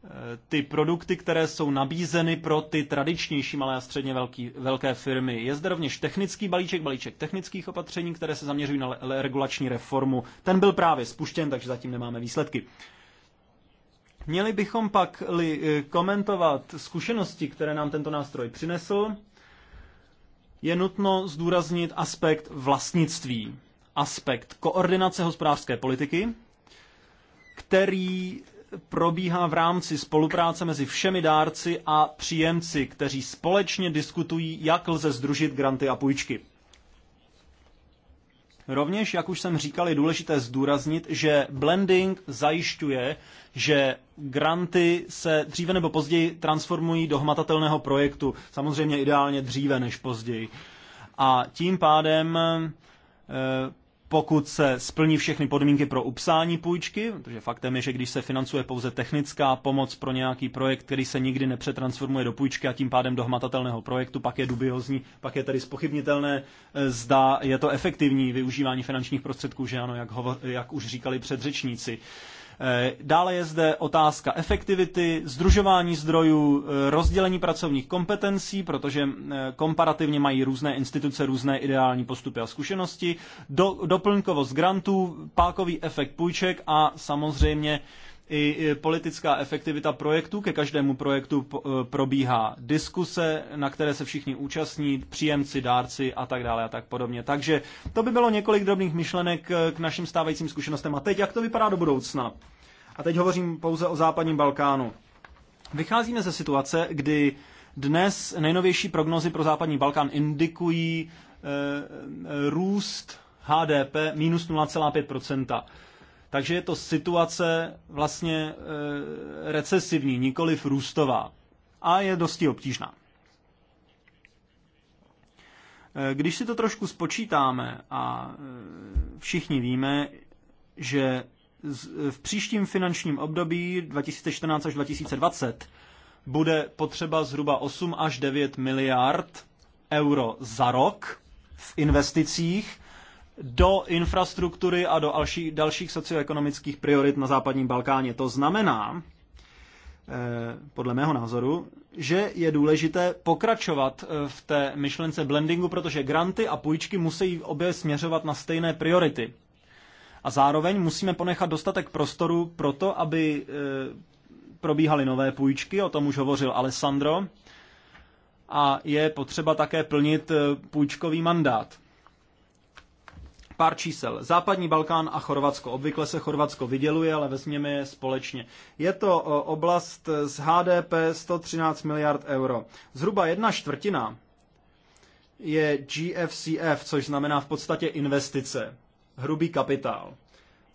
eh, ty produkty, které jsou nabízeny pro ty tradičnější malé a středně velký, velké firmy. Je zde rovněž technický balíček, balíček technických opatření, které se zaměřují na regulační reformu. Ten byl právě spuštěn, takže zatím nemáme výsledky. Měli bychom pak li eh, komentovat zkušenosti, které nám tento nástroj přinesl, je nutno zdůraznit aspekt vlastnictví, aspekt koordinace hospodářské politiky, který probíhá v rámci spolupráce mezi všemi dárci a příjemci, kteří společně diskutují, jak lze združit granty a půjčky. Rovněž, jak už jsem říkal, je důležité zdůraznit, že blending zajišťuje, že granty se dříve nebo později transformují do hmatatelného projektu, samozřejmě ideálně dříve než později. A tím pádem eh, pokud se splní všechny podmínky pro upsání půjčky, protože faktem je, že když se financuje pouze technická pomoc pro nějaký projekt, který se nikdy nepřetransformuje do půjčky a tím pádem do hmatatelného projektu, pak je dubiozní, pak je tady spochybnitelné, eh, zda je to efektivní využívání finančních prostředků, že ano, jak, hovo- jak už říkali předřečníci. Eh, dále je zde otázka efektivity, združování zdrojů, eh, rozdělení pracovních kompetencí, protože eh, komparativně mají různé instituce různé ideální postupy a zkušenosti, do, doplňkovost grantů, pákový efekt půjček a samozřejmě i politická efektivita projektu ke každému projektu e, probíhá diskuse, na které se všichni účastní, příjemci, dárci a tak dále a tak podobně. Takže to by bylo několik drobných myšlenek e, k našim stávajícím zkušenostem. A teď, jak to vypadá do budoucna? A teď hovořím pouze o západním Balkánu. Vycházíme ze situace, kdy dnes nejnovější prognozy pro západní Balkán indikují e, e růst HDP minus 0,5 takže je to situace vlastně e, recesivní, nikoliv růstová. A je dosti obtížná. E, když si to trošku spočítáme a e, všichni víme, že z, e, v příštím finančním období 2014 až 2020 bude potřeba zhruba 8 až 9 miliard euro za rok v investicích, do infrastruktury a do další, dalších socioekonomických priorit na západním Balkáně. To znamená, eh, podle mého názoru, že je důležité pokračovat eh, v té myšlence blendingu, protože granty a půjčky musí obě směřovat na stejné priority. A zároveň musíme ponechat dostatek prostoru pro to, aby eh, probíhaly nové půjčky, o tom už hovořil Alessandro, a je potřeba také plnit půjčkový mandát. Pár čísel. Západní Balkán a Chorvatsko. Obvykle se Chorvatsko vyděluje, ale vezměme je společně. Je to oblast s HDP 113 miliard euro. Zhruba jedna čtvrtina je GFCF, což znamená v podstatě investice, hrubý kapitál.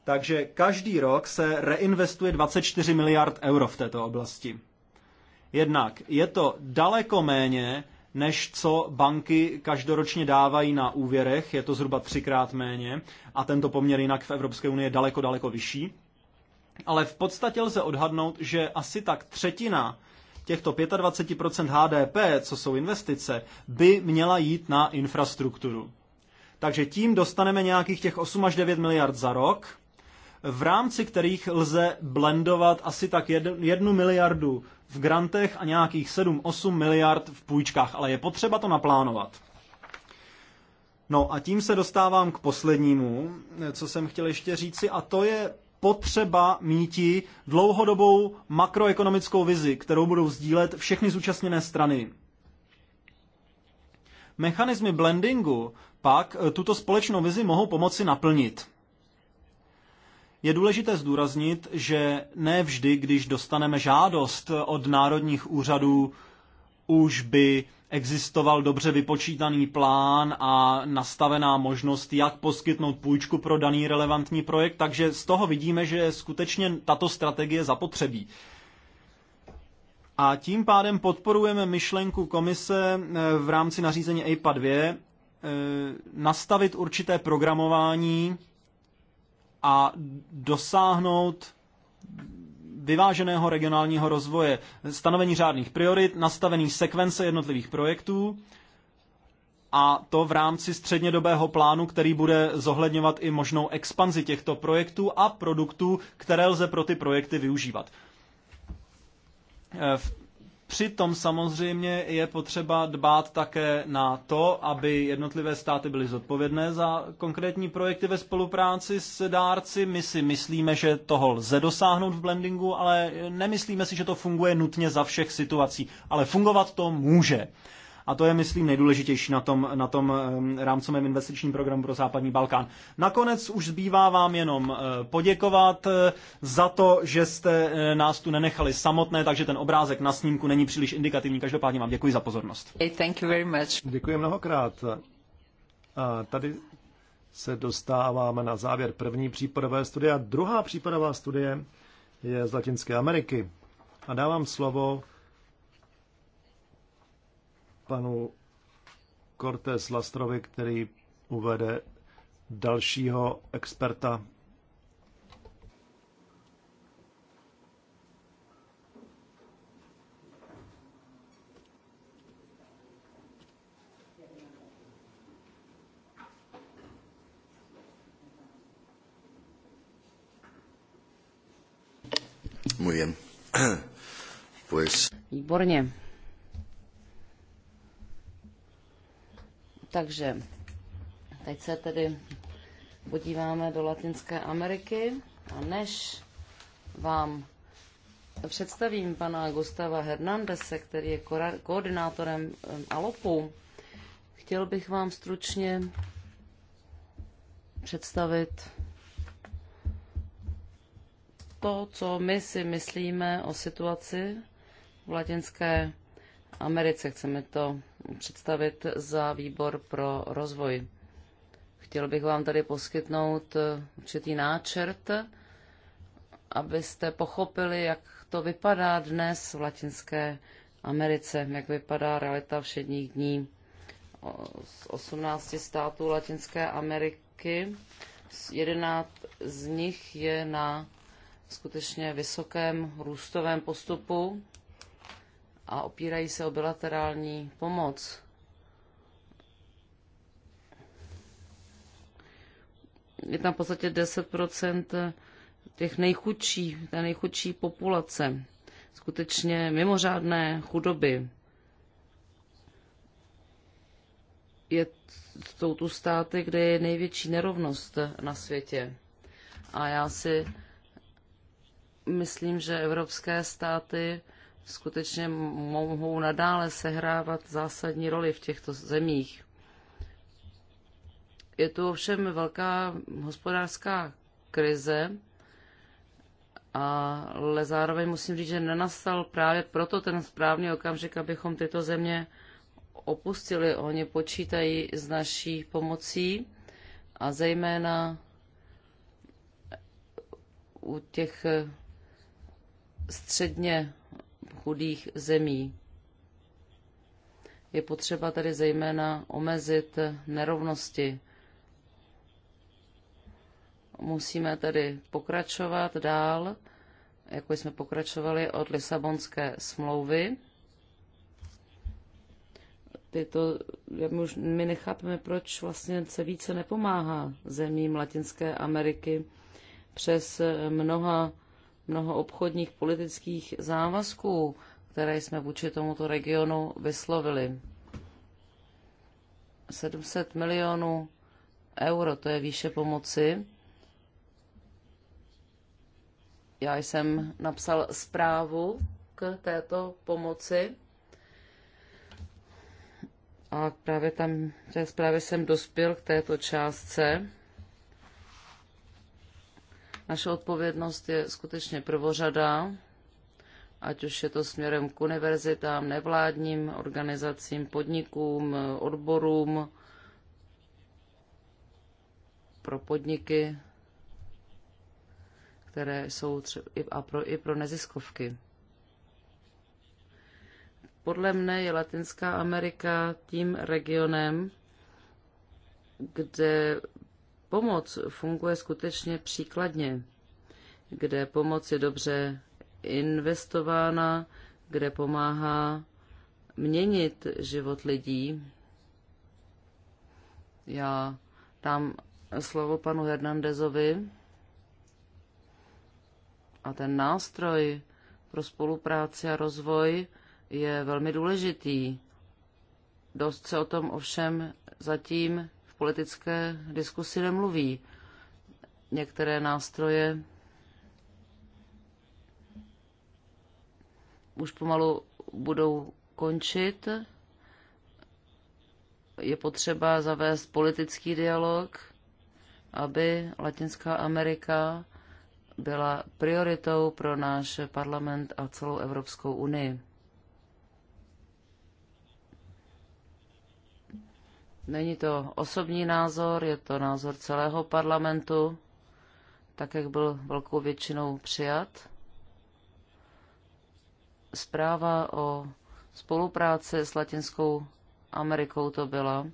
Takže každý rok se reinvestuje 24 miliard euro v této oblasti. Jednak je to daleko méně, než co banky každoročně dávají na úvěrech, je to zhruba třikrát méně a tento poměr jinak v Evropské unii je daleko, daleko vyšší. Ale v podstatě lze odhadnout, že asi tak třetina těchto 25% HDP, co jsou investice, by měla jít na infrastrukturu. Takže tím dostaneme nějakých těch 8 až 9 miliard za rok, v rámci kterých lze blendovat asi tak jednu miliardu v grantech a nějakých 7-8 miliard v půjčkách, ale je potřeba to naplánovat. No a tím se dostávám k poslednímu, co jsem chtěl ještě říci, a to je potřeba míti dlouhodobou makroekonomickou vizi, kterou budou sdílet všechny zúčastněné strany. Mechanismy blendingu pak eh, tuto společnou vizi mohou pomoci naplnit. Je důležité zdůraznit, že ne vždy, když dostaneme žádost od národních úřadů, už by existoval dobře vypočítaný plán a nastavená možnost, jak poskytnout půjčku pro daný relevantní projekt, takže z toho vidíme, že skutečně tato strategie zapotřebí. A tím pádem podporujeme myšlenku komise eh, v rámci nařízení EIPA 2 eh, nastavit určité programování a dosáhnout vyváženého regionálního rozvoje, stanovení řádných priorit, nastavení sekvence jednotlivých projektů a to v rámci střednědobého plánu, který bude zohledňovat i možnou expanzi těchto projektů a produktů, které lze pro ty projekty využívat. Eh, Přitom samozřejmě je potřeba dbát také na to, aby jednotlivé státy byly zodpovědné za konkrétní projekty ve spolupráci s dárci. My si myslíme, že toho lze dosáhnout v blendingu, ale nemyslíme si, že to funguje nutně za všech situací. Ale fungovat to může. A to je, myslím, nejdůležitější na tom, na tom eh, rámcovém investičním programu pro západní Balkán. Nakonec už zbývá vám jenom eh, poděkovat eh, za to, že jste nás tu nenechali samotné, takže ten obrázek na snímku není příliš indikativní. Každopádně vám děkuji za pozornost.
Thank you very much.
Děkuji mnohokrát. A tady se dostáváme na závěr první případové studie a druhá případová studie je z Latinské Ameriky. A dávám slovo panu Cortés Lastrovi, který uvede dalšího experta
Výborně. Takže teď se tedy podíváme do Latinské Ameriky a než vám představím pana Gustava Hernandese, který je koordinátorem eh, ALOPu, chtěl bych vám stručně představit to, co my si myslíme o situaci v Latinské Americe. Chceme to představit za výbor pro rozvoj. Chtěl bych vám tady poskytnout určitý náčrt, abyste pochopili, jak to vypadá dnes v Latinské Americe, jak vypadá realita všedních dní z 18 států Latinské Ameriky. 11 z nich je na skutečně vysokém růstovém postupu a opírají se o bilaterální pomoc. Je tam v podstatě 10% těch nejchudší, ta nejchudší populace, skutečně mimořádné chudoby. Je, to tu státy, kde je největší nerovnost na světě. A já si myslím, že evropské státy skutečně mohou nadále sehrávat zásadní roli v těchto zemích. Je tu ovšem velká hospodářská krize, ale zároveň musím říct, že nenastal právě proto ten správný okamžik, abychom tyto země opustili. Oni počítají s naší pomocí a zejména u těch středně chudých zemí. Je potřeba tedy zejména omezit nerovnosti. Musíme tedy pokračovat dál, jako jsme pokračovali od Lisabonské smlouvy. Tyto, my nechápeme, proč vlastně se více nepomáhá zemím Latinské Ameriky přes mnoha mnoho obchodních politických závazků, které jsme vůči tomuto regionu vyslovili. 700 milionů euro, to je výše pomoci. Já jsem napsal zprávu k této pomoci a právě tam v té zprávě jsem dospěl k této částce. Naše odpovědnost je skutečně prvořadá, ať už je to směrem k univerzitám, nevládním organizacím, podnikům, odborům, pro podniky, které jsou třeba a pro, i pro neziskovky. Podle mne je Latinská Amerika tím regionem, kde pomoc funguje skutečně příkladně, kde pomoc je dobře investována, kde pomáhá měnit život lidí. Já dám slovo panu Hernandezovi a ten nástroj pro spolupráci a rozvoj je velmi důležitý. Dost se o tom ovšem zatím v politické diskusi nemluví. Některé nástroje už pomalu budou končit. Je potřeba zavést politický dialog, aby Latinská Amerika byla prioritou pro náš parlament a celou Evropskou unii. Není to osobní názor, je to názor celého parlamentu, tak jak byl velkou většinou přijat. Zpráva o spolupráci s Latinskou Amerikou to byla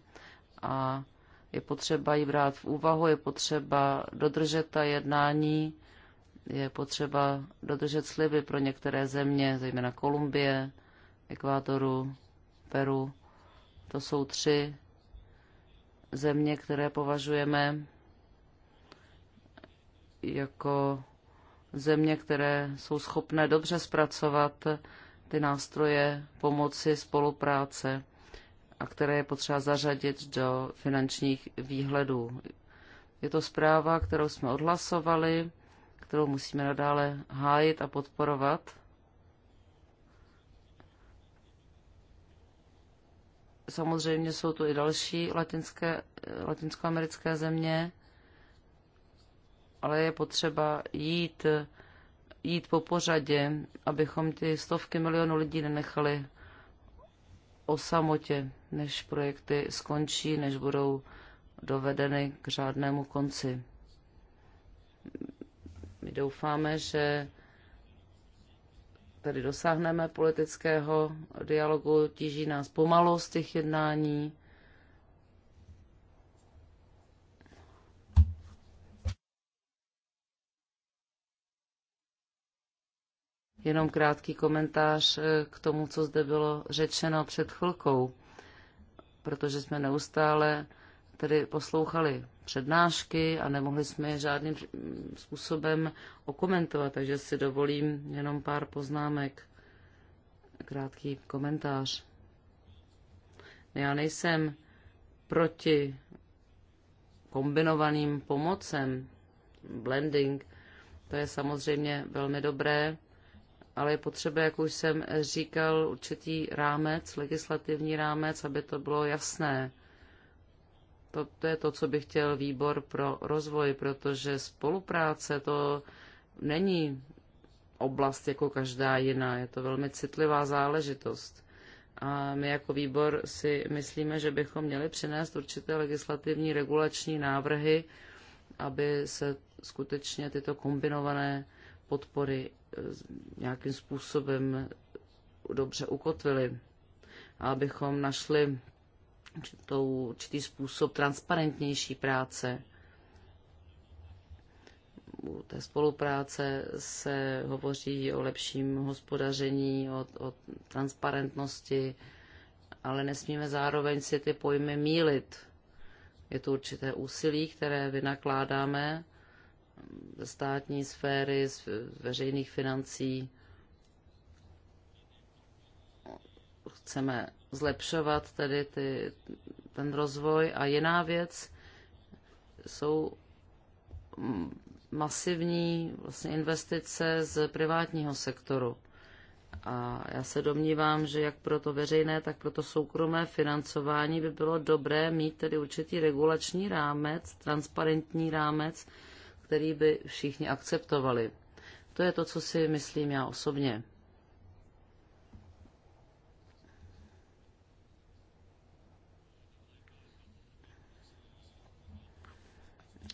a je potřeba ji brát v úvahu, je potřeba dodržet ta jednání, je potřeba dodržet sliby pro některé země, zejména Kolumbie, Ekvádoru, Peru. To jsou tři země, které považujeme jako země, které jsou schopné dobře zpracovat ty nástroje pomoci, spolupráce a které je potřeba zařadit do finančních výhledů. Je to zpráva, kterou jsme odhlasovali, kterou musíme nadále hájit a podporovat. samozřejmě jsou tu i další latinské, latinskoamerické země, ale je potřeba jít, jít po pořadě, abychom ty stovky milionů lidí nenechali o samotě, než projekty skončí, než budou dovedeny k řádnému konci. My doufáme, že tedy dosáhneme politického dialogu, tíží nás pomalost těch jednání. Jenom krátký komentář eh, k tomu, co zde bylo řečeno před chvilkou, protože jsme neustále tedy poslouchali přednášky a nemohli jsme je žádným způsobem okomentovat, takže si dovolím jenom pár poznámek, krátký komentář. Já nejsem proti kombinovaným pomocem, blending, to je samozřejmě velmi dobré, ale je potřeba, jak už jsem říkal, určitý rámec, legislativní rámec, aby to bylo jasné to, to je to, co by chtěl výbor pro rozvoj, protože spolupráce to není oblast jako každá jiná. Je to velmi citlivá záležitost. A my jako výbor si myslíme, že bychom měli přinést určité legislativní regulační návrhy, aby se skutečně tyto kombinované podpory e, nějakým způsobem dobře ukotvily. A abychom našli určitou, určitý způsob transparentnější práce. U té spolupráce se hovoří o lepším hospodaření, o, o transparentnosti, ale nesmíme zároveň si ty pojmy mílit. Je to určité úsilí, které vynakládáme ze státní sféry, z veřejných financí chceme zlepšovat tedy ty, ten rozvoj. A jiná věc jsou masivní vlastně investice z privátního sektoru. A já se domnívám, že jak pro to veřejné, tak pro to soukromé financování by bylo dobré mít tedy určitý regulační rámec, transparentní rámec, který by všichni akceptovali. To je to, co si myslím já osobně.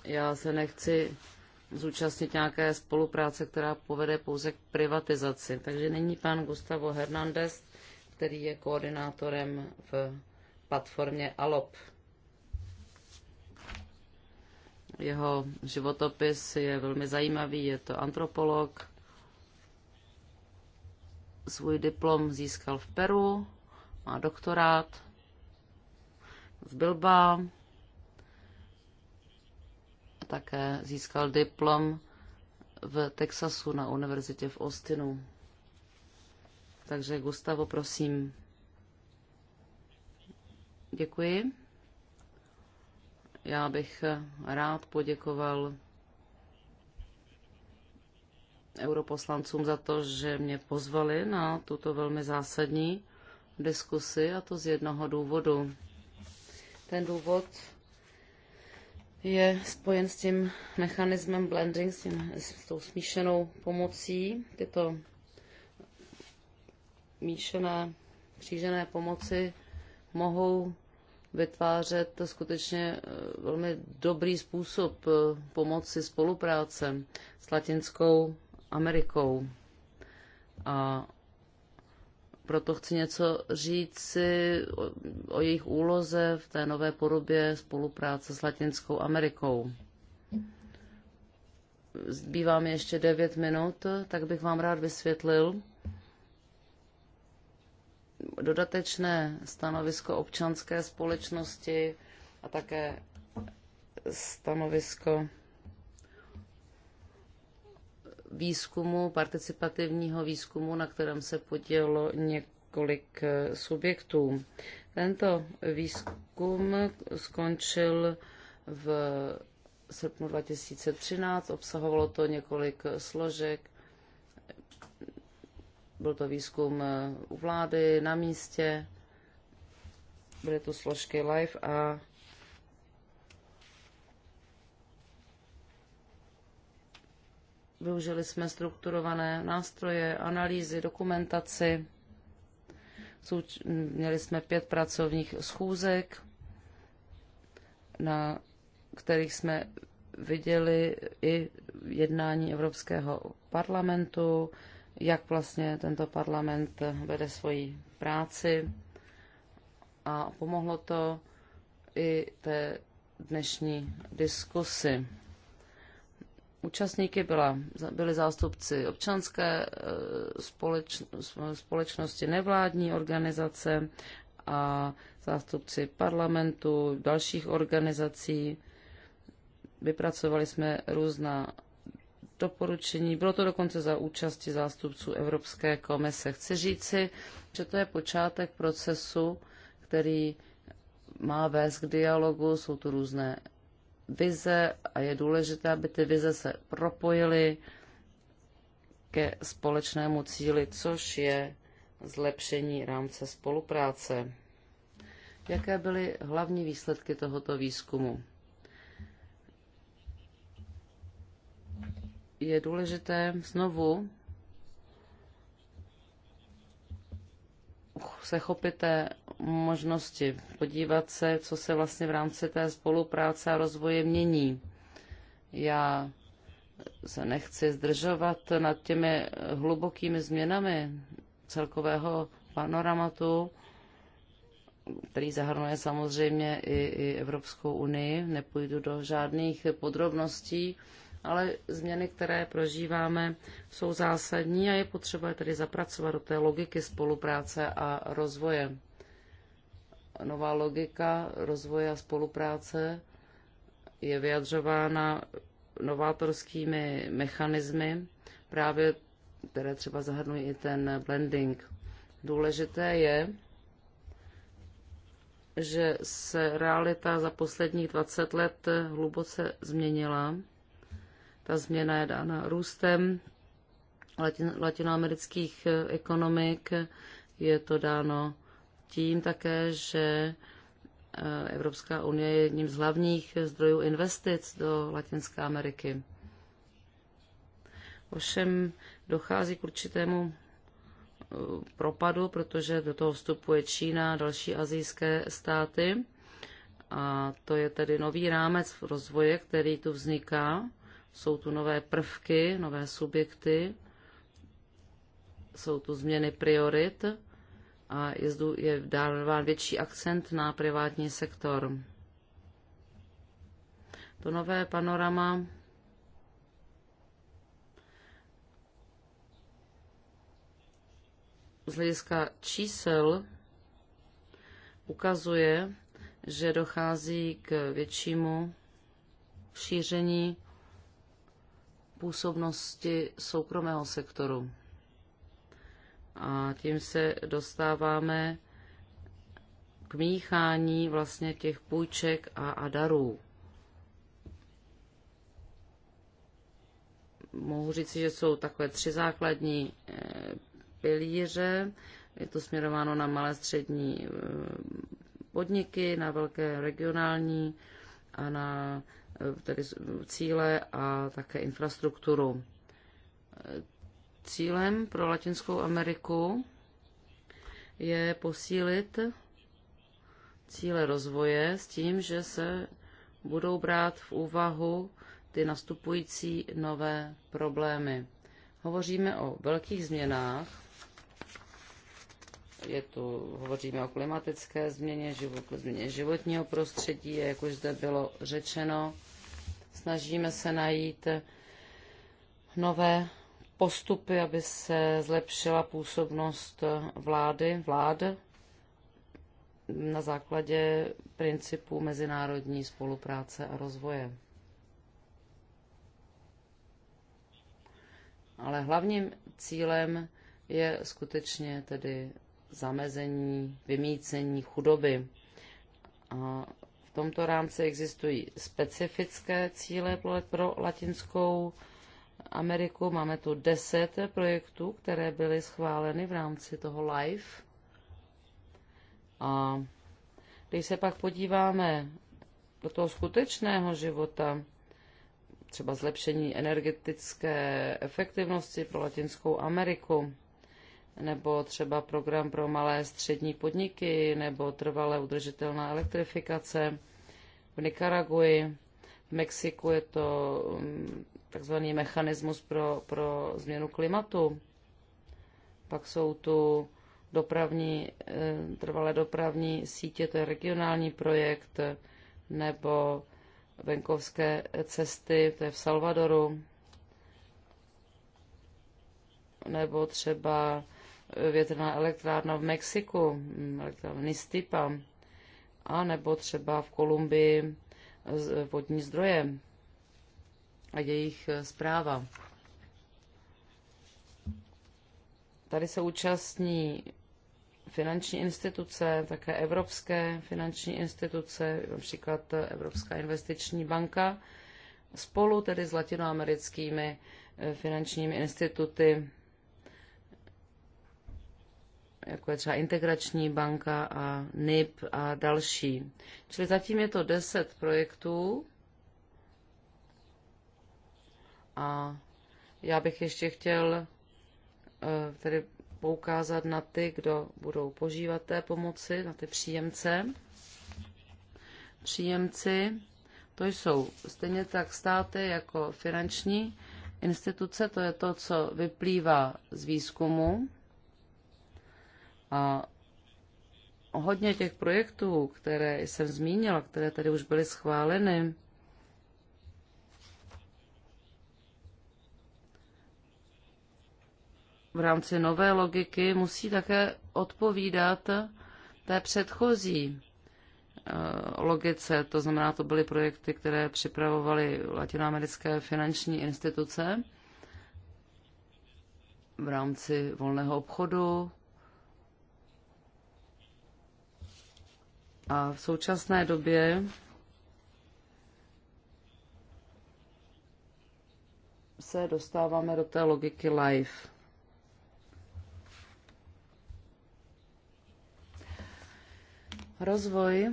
Já se nechci zúčastnit nějaké spolupráce, která povede pouze k privatizaci. Takže není pan Gustavo Hernández, který je koordinátorem v platformě ALOP. Jeho životopis je velmi zajímavý, je to antropolog. Svůj diplom získal v Peru, má doktorát v Bilbao také získal diplom v Texasu na univerzitě v Austinu. Takže Gustavo, prosím. Děkuji. Já bych rád poděkoval europoslancům za to, že mě pozvali na tuto velmi zásadní diskusi a to z jednoho důvodu. Ten důvod je spojen s tím mechanismem blending, s, tím, s tou smíšenou pomocí. Tyto míšené, křížené pomoci mohou vytvářet skutečně eh, velmi dobrý způsob eh, pomoci spolupráce s Latinskou Amerikou. A proto chci něco říct o, o jejich úloze v té nové podobě spolupráce s Latinskou Amerikou. Zbývá mi ještě 9 minut, tak bych vám rád vysvětlil dodatečné stanovisko občanské společnosti a také stanovisko výzkumu, participativního výzkumu, na kterém se podělo několik eh, subjektů. Tento výzkum skončil v srpnu 2013, obsahovalo to několik eh, složek. Byl to výzkum eh, u vlády, na místě, byly to složky live a Využili jsme strukturované nástroje, analýzy, dokumentaci. Měli jsme pět pracovních schůzek, na kterých jsme viděli i jednání Evropského parlamentu, jak vlastně tento parlament vede svoji práci. A pomohlo to i té dnešní diskusi účastníky byla, byli zástupci občanské eh, společ, společnosti, nevládní organizace a zástupci parlamentu, dalších organizací. Vypracovali jsme různá doporučení. Bylo to dokonce za účasti zástupců Evropské komise. Chci říci, že to je počátek procesu, který má vést k dialogu. Jsou tu různé vize a je důležité, aby ty vize se propojily ke společnému cíli, což je zlepšení rámce spolupráce. Jaké byly hlavní výsledky tohoto výzkumu? Je důležité znovu se chopíte možnosti podívat se, co se vlastně v rámci té spolupráce a rozvoje mění. Já se nechci zdržovat nad těmi hlubokými změnami celkového panoramatu, který zahrnuje samozřejmě i, i Evropskou unii. Nepůjdu do žádných podrobností ale změny, které prožíváme, jsou zásadní a je potřeba je tedy zapracovat do té logiky spolupráce a rozvoje. Nová logika rozvoje a spolupráce je vyjadřována novátorskými mechanismy, právě které třeba zahrnují i ten blending. Důležité je, že se realita za posledních 20 let hluboce změnila ta změna je dána růstem latin, latinoamerických eh, ekonomik. Je to dáno tím také, že eh, Evropská unie je jedním z hlavních zdrojů investic do Latinské Ameriky. Ovšem dochází k určitému eh, propadu, protože do toho vstupuje Čína a další azijské státy. A to je tedy nový rámec v rozvoje, který tu vzniká. Jsou tu nové prvky, nové subjekty, jsou tu změny priorit a je, je dáván větší akcent na privátní sektor. To nové panorama z hlediska čísel ukazuje, že dochází k většímu šíření působnosti soukromého sektoru. A tím se dostáváme k míchání vlastně těch půjček a, a darů. Mohu říci, že jsou takové tři základní eh, pilíře. Je to směrováno na malé střední eh, podniky, na velké regionální a na Eh, tedy cíle a také infrastrukturu. Cílem pro Latinskou Ameriku je posílit cíle rozvoje s tím, že se budou brát v úvahu ty nastupující nové problémy. Hovoříme o velkých změnách, je tu, hovoříme o klimatické změně, život, změně životního prostředí, jak už zde bylo řečeno, Snažíme se najít eh, nové postupy, aby se zlepšila působnost eh, vlády, vlád na základě principů mezinárodní spolupráce a rozvoje. Ale hlavním cílem je skutečně tedy zamezení, vymícení chudoby a tomto rámci existují specifické cíle pro Latinskou Ameriku. Máme tu deset projektů, které byly schváleny v rámci toho LIFE. A když se pak podíváme do toho skutečného života, třeba zlepšení energetické efektivnosti pro Latinskou Ameriku, nebo třeba program pro malé střední podniky, nebo trvalé udržitelná elektrifikace. V Nikaraguji, v Mexiku je to mm, takzvaný mechanismus pro, pro změnu klimatu. Pak jsou tu dopravní, eh, trvalé dopravní sítě, to je regionální projekt, nebo venkovské cesty, to je v Salvadoru, nebo třeba větrná elektrárna v Mexiku, elektrárny a nebo třeba v Kolumbii vodní zdroje a jejich zpráva. Eh, Tady se účastní finanční instituce, také evropské finanční instituce, například eh, Evropská investiční banka, spolu tedy s latinoamerickými eh, finančními instituty jako je třeba Integrační banka a NIP a další. Čili zatím je to 10 projektů a já bych ještě chtěl eh, tedy poukázat na ty, kdo budou požívat té pomoci, na ty příjemce. Příjemci, to jsou stejně tak státy jako finanční instituce, to je to, co vyplývá z výzkumu. A hodně těch projektů, které jsem zmínila, které tady už byly schváleny, v rámci nové logiky musí také odpovídat té předchozí eh, logice, to znamená, to byly projekty, které připravovaly latinoamerické finanční instituce v rámci volného obchodu, A v současné době se dostáváme do té logiky live. Rozvoj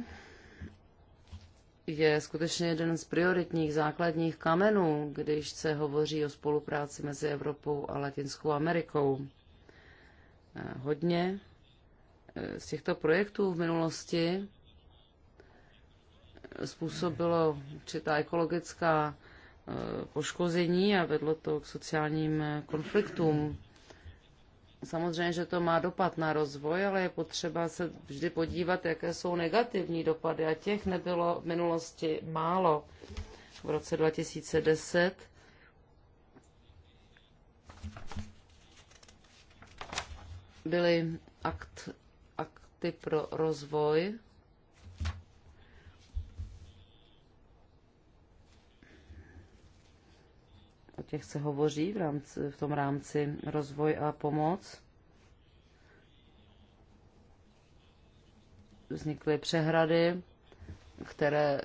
je skutečně jeden z prioritních základních kamenů, když se hovoří o spolupráci mezi Evropou a Latinskou Amerikou. Eh, hodně eh, z těchto projektů v minulosti způsobilo určitá ekologická eh, poškození a vedlo to k sociálním eh, konfliktům. Samozřejmě, že to má dopad na rozvoj, ale je potřeba se vždy podívat, jaké jsou negativní dopady a těch nebylo v minulosti málo. V roce 2010 byly akt, akty pro rozvoj o těch se hovoří v, rámci, v tom rámci rozvoj a pomoc. Vznikly přehrady, které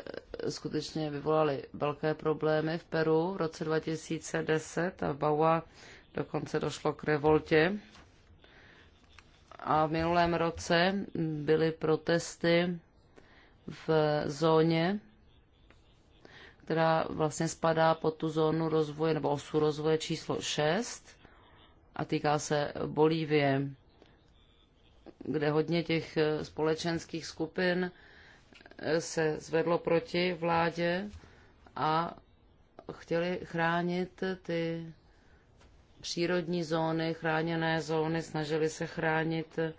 skutečně vyvolaly velké problémy v Peru v roce 2010 a v Baua dokonce došlo k revoltě. A v minulém roce byly protesty v zóně která vlastně spadá pod tu zónu rozvoje nebo osu rozvoje číslo 6 a týká se Bolívie, kde hodně těch eh, společenských skupin eh, se zvedlo proti vládě a chtěli chránit ty přírodní zóny, chráněné zóny, snažili se chránit eh,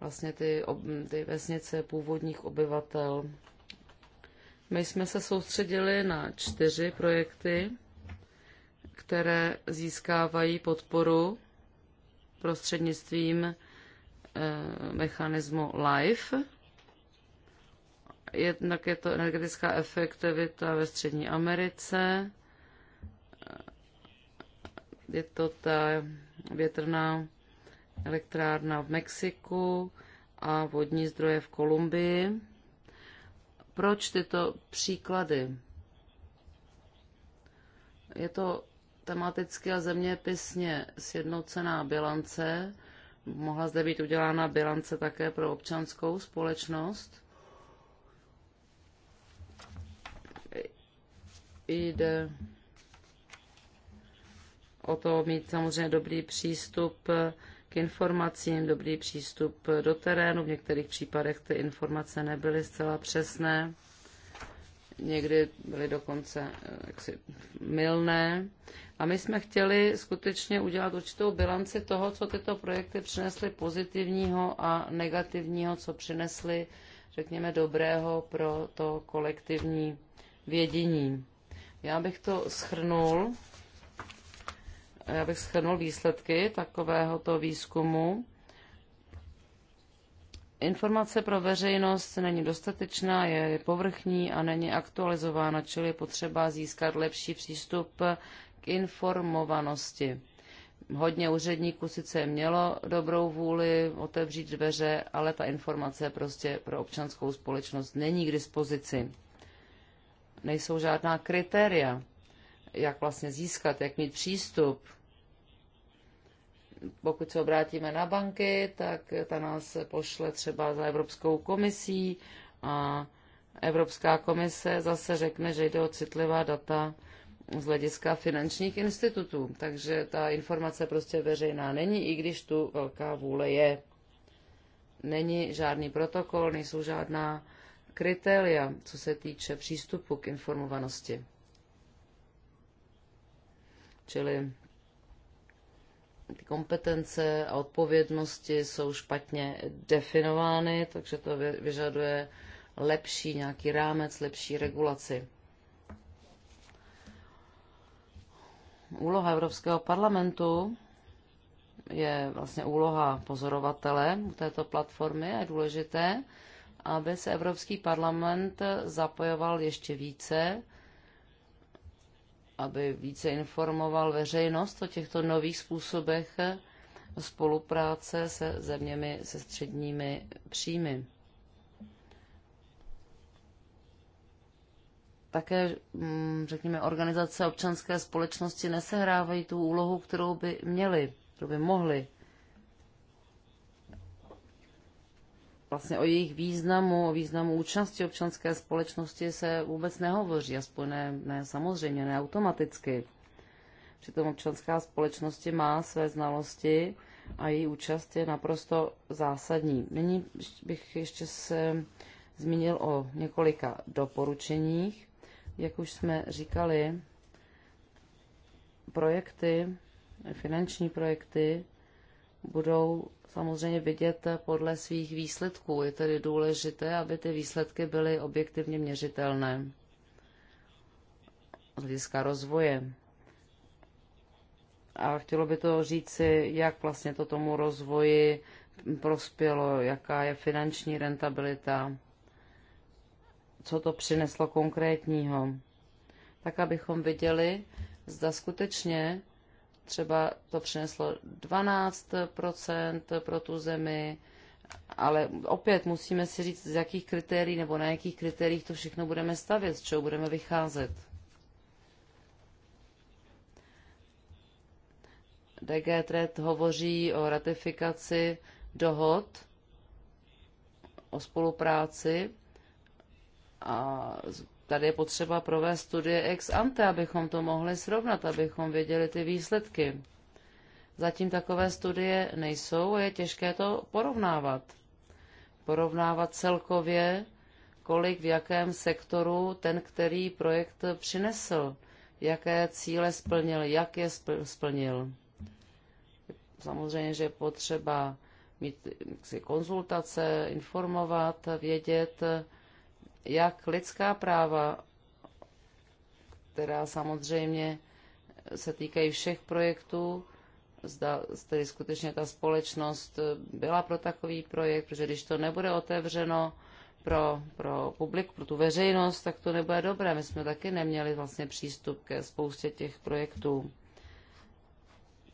vlastně ty, ty vesnice původních obyvatel. My jsme se soustředili na čtyři projekty, které získávají podporu prostřednictvím eh, mechanismu LIFE. Jednak je to energetická efektivita ve Střední Americe, eh, je to ta větrná elektrárna v Mexiku a vodní zdroje v Kolumbii. Proč tyto příklady? Je to tematicky a zeměpisně sjednocená bilance. Mohla zde být udělána bilance také pro občanskou společnost. Jde o to mít samozřejmě dobrý přístup k informacím, dobrý přístup do terénu. V některých případech ty informace nebyly zcela přesné, někdy byly dokonce eh, jaksi mylné. A my jsme chtěli skutečně udělat určitou bilanci toho, co tyto projekty přinesly pozitivního a negativního, co přinesly, řekněme, dobrého pro to kolektivní vědění. Já bych to schrnul já bych schrnul výsledky takovéhoto výzkumu. Informace pro veřejnost není dostatečná, je povrchní a není aktualizována, čili je potřeba získat lepší přístup k informovanosti. Hodně úředníků sice mělo dobrou vůli otevřít dveře, ale ta informace prostě pro občanskou společnost není k dispozici. Nejsou žádná kritéria, jak vlastně získat, jak mít přístup pokud se obrátíme na banky, tak ta nás pošle třeba za Evropskou komisí a Evropská komise zase řekne, že jde o citlivá data z hlediska finančních institutů. Takže ta informace prostě veřejná není, i když tu velká vůle je. Není žádný protokol, nejsou žádná kritéria, co se týče přístupu k informovanosti. Čili ty kompetence a odpovědnosti jsou špatně definovány, takže to vyžaduje lepší nějaký rámec, lepší regulaci. Úloha Evropského parlamentu je vlastně úloha pozorovatele této platformy a je důležité, aby se Evropský parlament zapojoval ještě více aby více informoval veřejnost o těchto nových způsobech spolupráce se zeměmi se středními příjmy. Také, mm, řekněme, organizace občanské společnosti nesehrávají tu úlohu, kterou by měly, kterou by mohly vlastně o jejich významu, o významu účasti občanské společnosti se vůbec nehovoří, aspoň ne, ne samozřejmě, ne automaticky. Přitom občanská společnost má své znalosti a její účast je naprosto zásadní. Nyní bych ještě se zmínil o několika doporučeních. Jak už jsme říkali, projekty, finanční projekty budou samozřejmě vidět podle svých výsledků. Je tedy důležité, aby ty výsledky byly objektivně měřitelné z hlediska rozvoje. A chtělo by to říci, jak vlastně to tomu rozvoji prospělo, jaká je finanční rentabilita, co to přineslo konkrétního. Tak, abychom viděli, zda skutečně třeba to přineslo 12% pro tu zemi, ale opět musíme si říct, z jakých kritérií nebo na jakých kritériích to všechno budeme stavět, z čeho budeme vycházet. DG Tret hovoří o ratifikaci dohod o spolupráci a tady je potřeba provést studie ex ante, abychom to mohli srovnat, abychom věděli ty výsledky. Zatím takové studie nejsou a je těžké to porovnávat. Porovnávat celkově, kolik v jakém sektoru ten který projekt přinesl, jaké cíle splnil, jak je splnil. Samozřejmě, že je potřeba mít si konzultace, informovat, vědět, jak lidská práva, která samozřejmě se týkají všech projektů, zda tedy skutečně ta společnost byla pro takový projekt, protože když to nebude otevřeno pro, pro publik, pro tu veřejnost, tak to nebude dobré. My jsme taky neměli vlastně přístup ke spoustě těch projektů.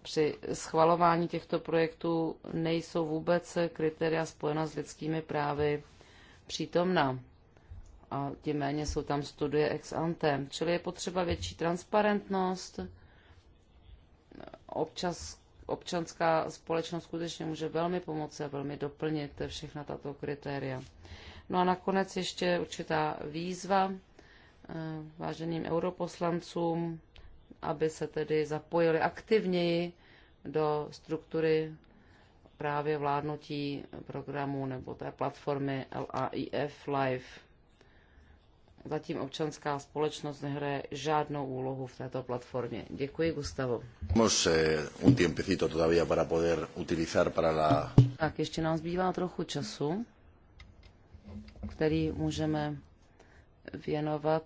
Při schvalování těchto projektů nejsou vůbec kritéria spojena s lidskými právy přítomna a tím méně jsou tam studie ex ante. Čili je potřeba větší transparentnost. Občas, občanská společnost skutečně může velmi pomoci a velmi doplnit všechna tato kritéria. No a nakonec ještě určitá výzva eh, váženým europoslancům, aby se tedy zapojili aktivněji do struktury právě vládnutí programu nebo té platformy LAIF Live zatím občanská společnost nehraje žádnou úlohu v této platformě. Děkuji, Gustavo.
Eh,
tak ještě nám zbývá trochu času, který můžeme věnovat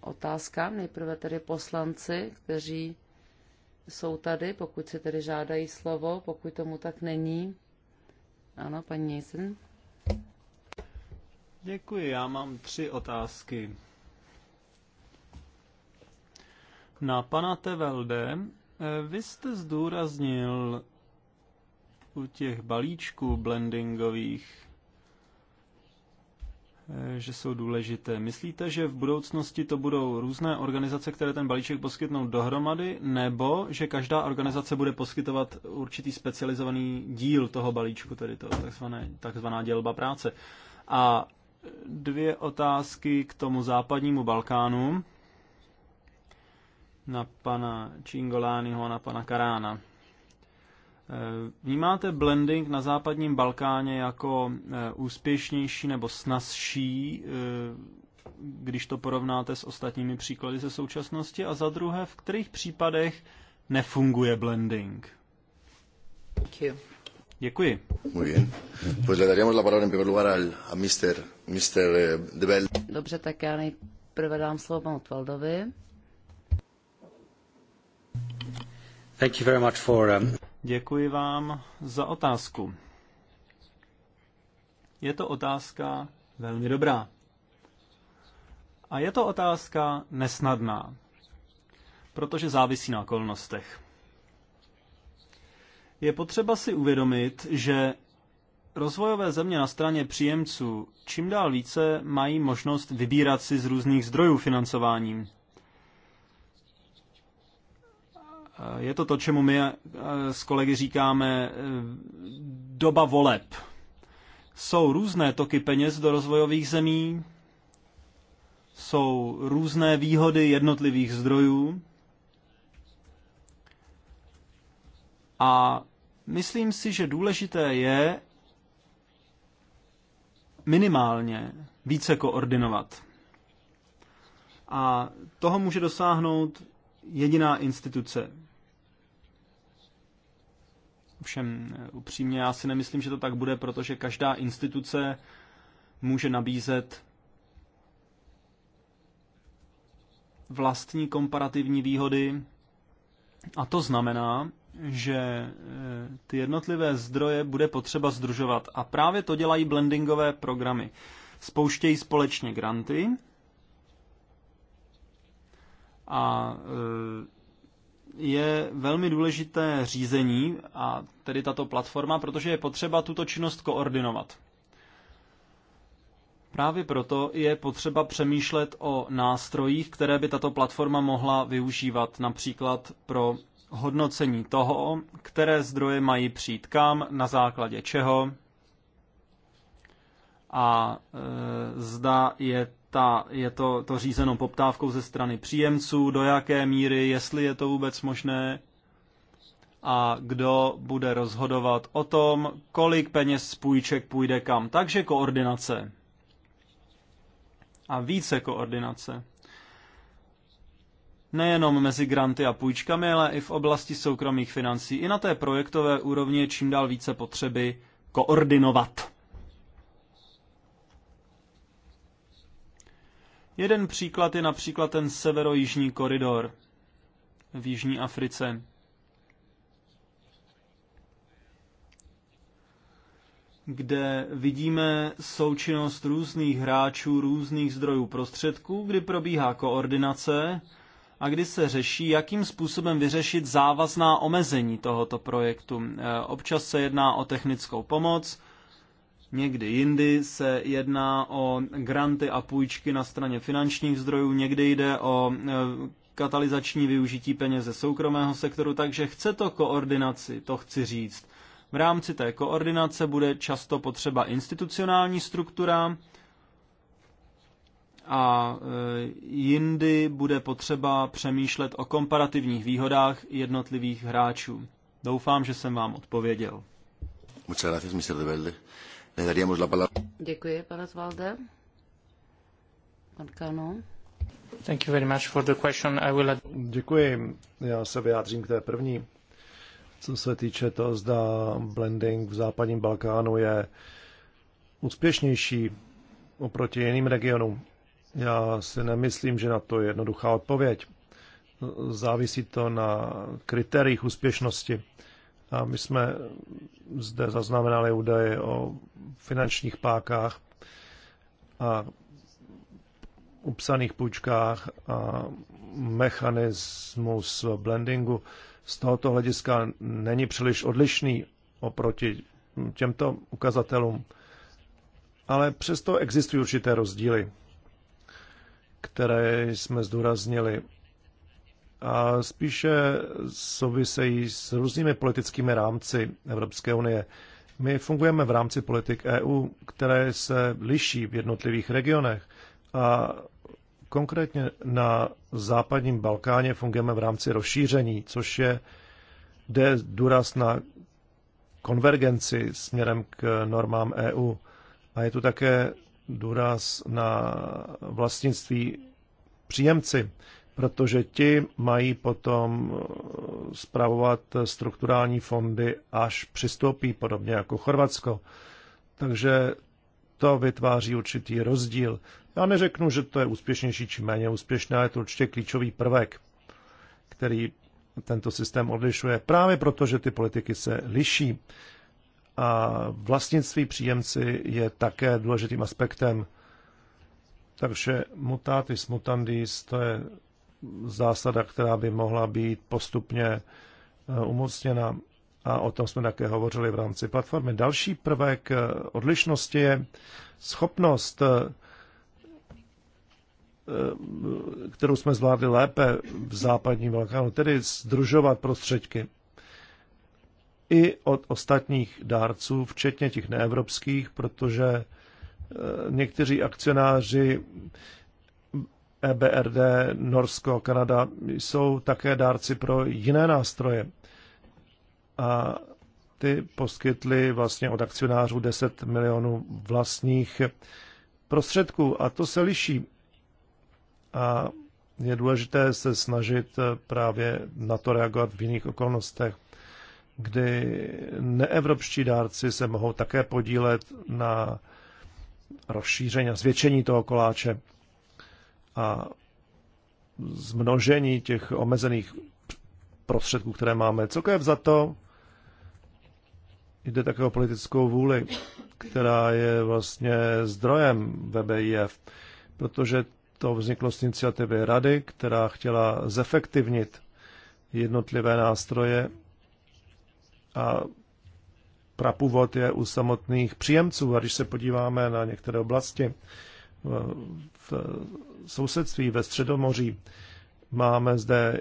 otázkám. Nejprve tedy poslanci, kteří jsou tady, pokud si tedy žádají slovo, pokud tomu tak není. Ano, paní Nejsen.
Děkuji, já mám tři otázky. Na pana Tevelde, eh, vy jste zdůraznil u těch balíčků blendingových, eh, že jsou důležité. Myslíte, že v budoucnosti to budou různé organizace, které ten balíček poskytnou dohromady, nebo že každá organizace bude poskytovat určitý specializovaný díl toho balíčku, tedy to takzvané, takzvaná dělba práce? A dvě otázky k tomu západnímu Balkánu na pana Čingolányho a na pana Karána. Eh, vnímáte blending na západním Balkáně jako eh, úspěšnější nebo snazší, eh, když to porovnáte s ostatními příklady ze současnosti? A za druhé, v kterých případech nefunguje blending?
Děkuji.
Děkuji. Muy bien. Pues le daríamos la palabra en primer lugar al, a Mr. Mr. Eh, de Bell.
Dobře, tak já nejprve dám slovo panu Tvaldovi.
Thank you very much for, um... Děkuji vám za otázku. Je to otázka velmi dobrá. A je to otázka nesnadná, protože závisí na okolnostech. Je potřeba si uvědomit, že rozvojové země na straně příjemců čím dál více mají možnost vybírat si z různých zdrojů financování. Je to to, čemu my eh, s kolegy říkáme eh, doba voleb. Jsou různé toky peněz do rozvojových zemí, jsou různé výhody jednotlivých zdrojů a Myslím si, že důležité je minimálně více koordinovat. A toho může dosáhnout jediná instituce. Ovšem, upřímně já si nemyslím, že to tak bude, protože každá instituce může nabízet vlastní komparativní výhody. A to znamená, že e, ty jednotlivé zdroje bude potřeba združovat. A právě to dělají blendingové programy. Spouštějí společně granty a e, je velmi důležité řízení a tedy tato platforma, protože je potřeba tuto činnost koordinovat. Právě proto je potřeba přemýšlet o nástrojích, které by tato platforma mohla využívat například pro hodnocení toho, které zdroje mají přijít kam, na základě čeho a e, zda je, ta, je to, to řízeno poptávkou ze strany příjemců, do jaké míry, jestli je to vůbec možné a kdo bude rozhodovat o tom, kolik peněz z půjček půjde kam. Takže koordinace. A více koordinace nejenom mezi granty a půjčkami, ale i v oblasti soukromých financí. I na té projektové úrovni je čím dál více potřeby koordinovat. Jeden příklad je například ten severojižní koridor v Jižní Africe. kde vidíme součinnost různých hráčů, různých zdrojů prostředků, kdy probíhá koordinace a kdy se řeší, jakým způsobem vyřešit závazná omezení tohoto projektu. Eh, občas se jedná o technickou pomoc, někdy jindy se jedná o granty a půjčky na straně finančních zdrojů, někdy jde o eh, katalyzační využití peněz ze soukromého sektoru, takže chce to koordinaci, to chci říct. V rámci té koordinace bude často potřeba institucionální struktura, a e, jindy bude potřeba přemýšlet o komparativních výhodách jednotlivých hráčů. Doufám, že jsem vám odpověděl.
Děkuji, pane Zvalde. Pan
Thank you very much for the question. I will... Děkuji. Já se vyjádřím k té první. Co se týče to, zda blending v západním Balkánu je úspěšnější oproti jiným regionům. Já si nemyslím, že na to je jednoduchá odpověď. Závisí to na kritériích úspěšnosti. A my jsme zde zaznamenali údaje o finančních pákách a upsaných půjčkách a mechanismus blendingu z tohoto hlediska není příliš odlišný oproti těmto ukazatelům. Ale přesto existují určité rozdíly které jsme zdůraznili a spíše souvisejí s různými politickými rámci Evropské unie. My fungujeme v rámci politik EU, které se liší v jednotlivých regionech a konkrétně na západním Balkáně fungujeme v rámci rozšíření, což je, jde důraz na konvergenci směrem k normám EU. A je tu také důraz na vlastnictví příjemci, protože ti mají potom zpravovat eh, strukturální fondy, až přistoupí, podobně jako Chorvatsko. Takže to vytváří určitý rozdíl. Já neřeknu, že to je úspěšnější či méně úspěšné, ale je to určitě klíčový prvek, který tento systém odlišuje právě proto, že ty politiky se liší a vlastnictví příjemci je také důležitým aspektem. Takže mutatis mutandis to je zásada, která by mohla být postupně e, umocněna a o tom jsme také hovořili v rámci platformy. Další prvek e, odlišnosti je schopnost, e, kterou jsme zvládli lépe v západním Balkánu, tedy združovat prostředky i od ostatních dárců, včetně těch neevropských, protože eh, někteří akcionáři EBRD, Norsko, Kanada jsou také dárci pro jiné nástroje. A ty poskytly vlastně od akcionářů 10 milionů vlastních prostředků a to se liší. A je důležité se snažit eh, právě na to reagovat v jiných okolnostech kdy neevropští dárci se mohou také podílet na rozšíření a zvětšení toho koláče a zmnožení těch omezených prostředků, které máme. Co je za to jde také o politickou vůli, která je vlastně zdrojem VBIF, protože to vzniklo z iniciativy Rady, která chtěla zefektivnit jednotlivé nástroje a prapůvod je u samotných příjemců. A když se podíváme na některé oblasti eh, v sousedství ve Středomoří, máme zde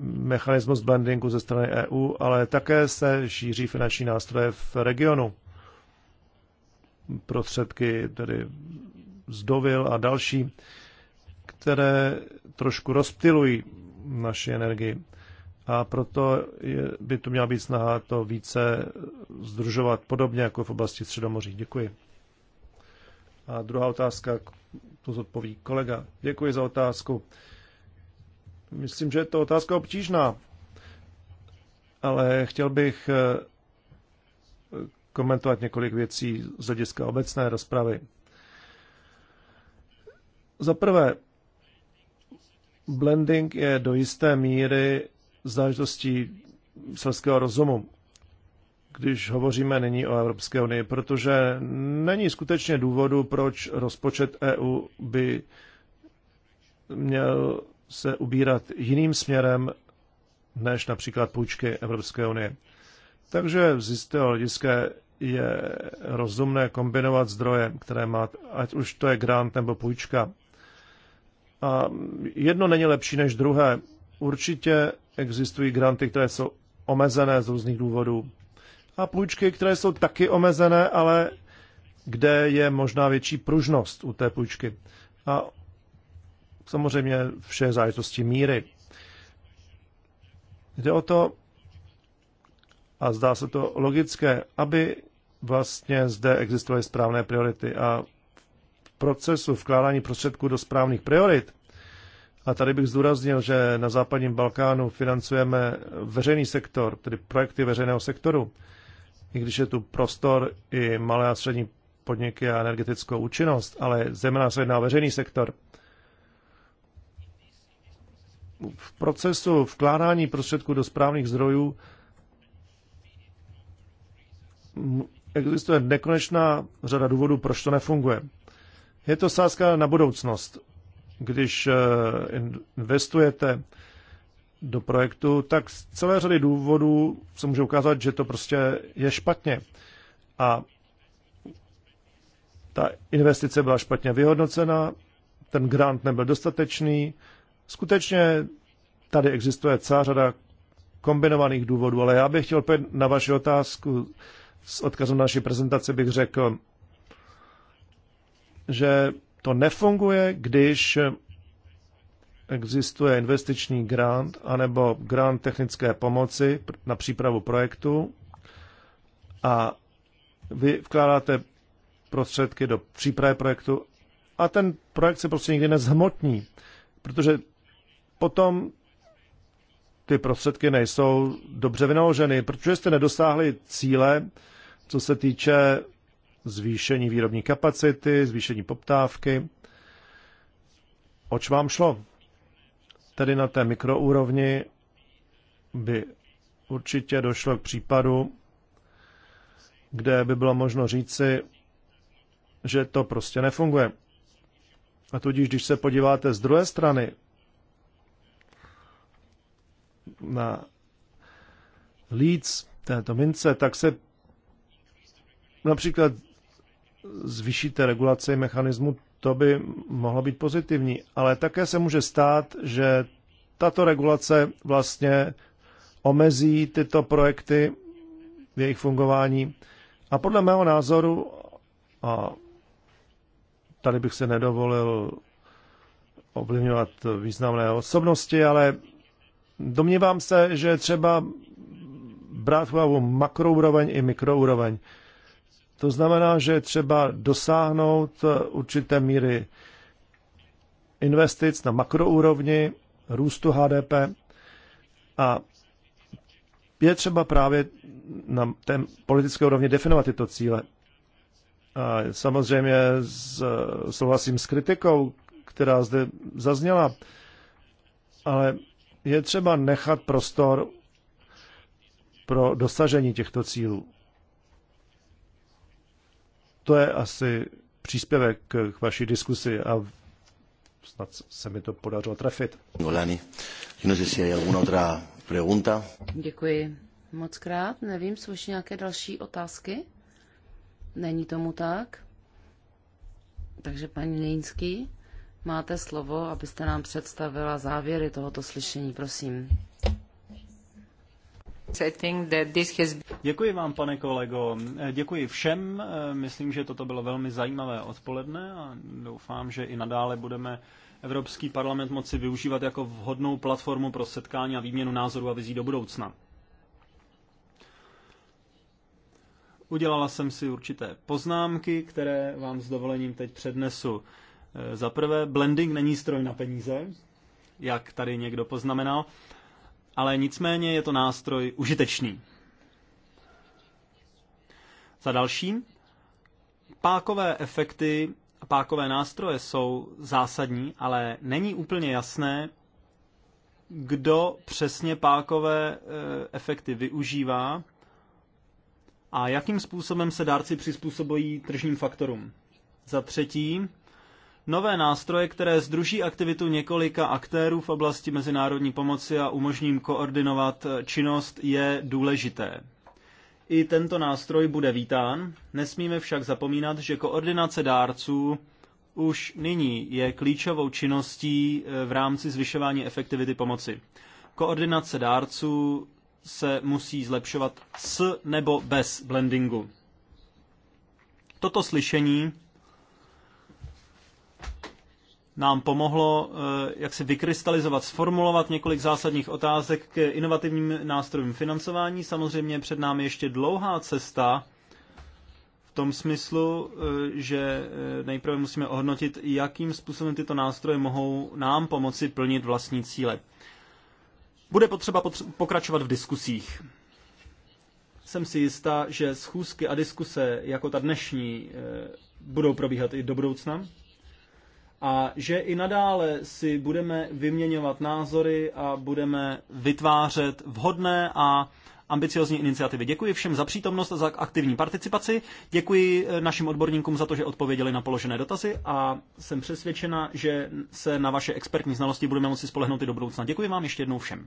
mechanismus blendingu ze strany EU, ale také se šíří finanční nástroje v regionu. Prostředky tedy zdovil a další, které trošku rozptilují naši energii a proto je, by tu měla být snaha to více združovat, podobně jako v oblasti Středomoří. Děkuji. A druhá otázka, to zodpoví kolega. Děkuji za otázku. Myslím, že je to otázka obtížná, ale chtěl bych eh, komentovat několik věcí z hlediska obecné rozpravy. Za prvé, blending je do jisté míry záležitostí selského rozumu, když hovoříme nyní o Evropské unii, protože není skutečně důvodu, proč rozpočet EU by měl se ubírat jiným směrem než například půjčky Evropské unie. Takže z jistého hlediska je rozumné kombinovat zdroje, které má, ať už to je grant nebo půjčka. A jedno není lepší než druhé. Určitě existují granty, které jsou omezené z různých důvodů. A půjčky, které jsou taky omezené, ale kde je možná větší pružnost u té půjčky. A samozřejmě vše je záležitostí míry. Jde o to, a zdá se to logické, aby vlastně zde existovaly správné priority. A v procesu vkládání prostředků do správných priorit a tady bych zdůraznil, že na západním Balkánu financujeme veřejný sektor, tedy projekty veřejného sektoru, i když je tu prostor i malé a střední podniky a energetickou účinnost, ale zejména se jedná veřejný sektor. V procesu vkládání prostředků do správných zdrojů existuje nekonečná řada důvodů, proč to nefunguje. Je to sázka na budoucnost když eh, investujete do projektu, tak z celé řady důvodů se může ukázat, že to prostě je špatně. A ta investice byla špatně vyhodnocena, ten grant nebyl dostatečný. Skutečně tady existuje celá řada kombinovaných důvodů, ale já bych chtěl opět na vaši otázku s odkazem na naší prezentaci bych řekl, že to nefunguje, když existuje investiční grant anebo grant technické pomoci na přípravu projektu a vy vkládáte prostředky do přípravy projektu a ten projekt se prostě nikdy nezhmotní, protože potom ty prostředky nejsou dobře vynaloženy, protože jste nedosáhli cíle, co se týče zvýšení výrobní kapacity, zvýšení poptávky. Oč vám šlo? Tedy na té mikroúrovni by určitě došlo k případu, kde by bylo možno říci, že to prostě nefunguje. A tudíž, když se podíváte z druhé strany na líc této mince, tak se například zvýšíte regulaci mechanismu, to by mohlo být pozitivní. Ale také se může stát, že tato regulace vlastně omezí tyto projekty v jejich fungování. A podle mého názoru, a tady bych se nedovolil ovlivňovat významné osobnosti, ale domnívám se, že třeba brát v makroúroveň i mikroúroveň. To znamená, že je třeba dosáhnout eh, určité míry investic na makroúrovni, růstu HDP a je třeba právě na té politické úrovni definovat tyto cíle. A samozřejmě s, souhlasím s kritikou, která zde zazněla, ale je třeba nechat prostor pro dosažení těchto cílů to je asi příspěvek k vaší diskusi a snad se mi to podařilo trefit.
Golani, si alguna otra pregunta. Děkuji moc krát. Nevím, jsou ještě nějaké další otázky? Není tomu tak? Takže paní Nejnský, máte slovo, abyste nám představila závěry tohoto slyšení, prosím.
Děkuji vám, pane kolego. Děkuji všem. Myslím, že toto bylo velmi zajímavé odpoledne a doufám, že i nadále budeme Evropský parlament moci využívat jako vhodnou platformu pro setkání a výměnu názorů a vizí do budoucna. Udělala jsem si určité poznámky, které vám s dovolením teď přednesu. Za prvé, blending není stroj na peníze, jak tady někdo poznamenal ale nicméně je to nástroj užitečný. Za další, pákové efekty a pákové nástroje jsou zásadní, ale není úplně jasné, kdo přesně pákové eh, efekty využívá a jakým způsobem se dárci přizpůsobují tržním faktorům. Za třetí, nové nástroje, které združí aktivitu několika aktérů v oblasti mezinárodní pomoci a umožním koordinovat eh, činnost, je důležité. I tento nástroj bude vítán, nesmíme však zapomínat, že koordinace dárců už nyní je klíčovou činností eh, v rámci zvyšování efektivity pomoci. Koordinace dárců se musí zlepšovat s nebo bez blendingu. Toto slyšení nám pomohlo eh, jak si vykrystalizovat, sformulovat několik zásadních otázek k inovativním nástrojům financování. Samozřejmě před námi ještě dlouhá cesta v tom smyslu, eh, že eh, nejprve musíme ohodnotit, jakým způsobem tyto nástroje mohou nám pomoci plnit vlastní cíle. Bude potřeba pokračovat v diskusích. Jsem si jistá, že schůzky a diskuse jako ta dnešní budou probíhat i do budoucna a že i nadále si budeme vyměňovat názory a budeme vytvářet vhodné a ambiciozní iniciativy. Děkuji všem za přítomnost a za aktivní participaci. Děkuji eh, našim odborníkům za to, že odpověděli na položené dotazy a jsem přesvědčena, že se na vaše expertní znalosti budeme moci spolehnout i do budoucna. Děkuji vám ještě jednou všem.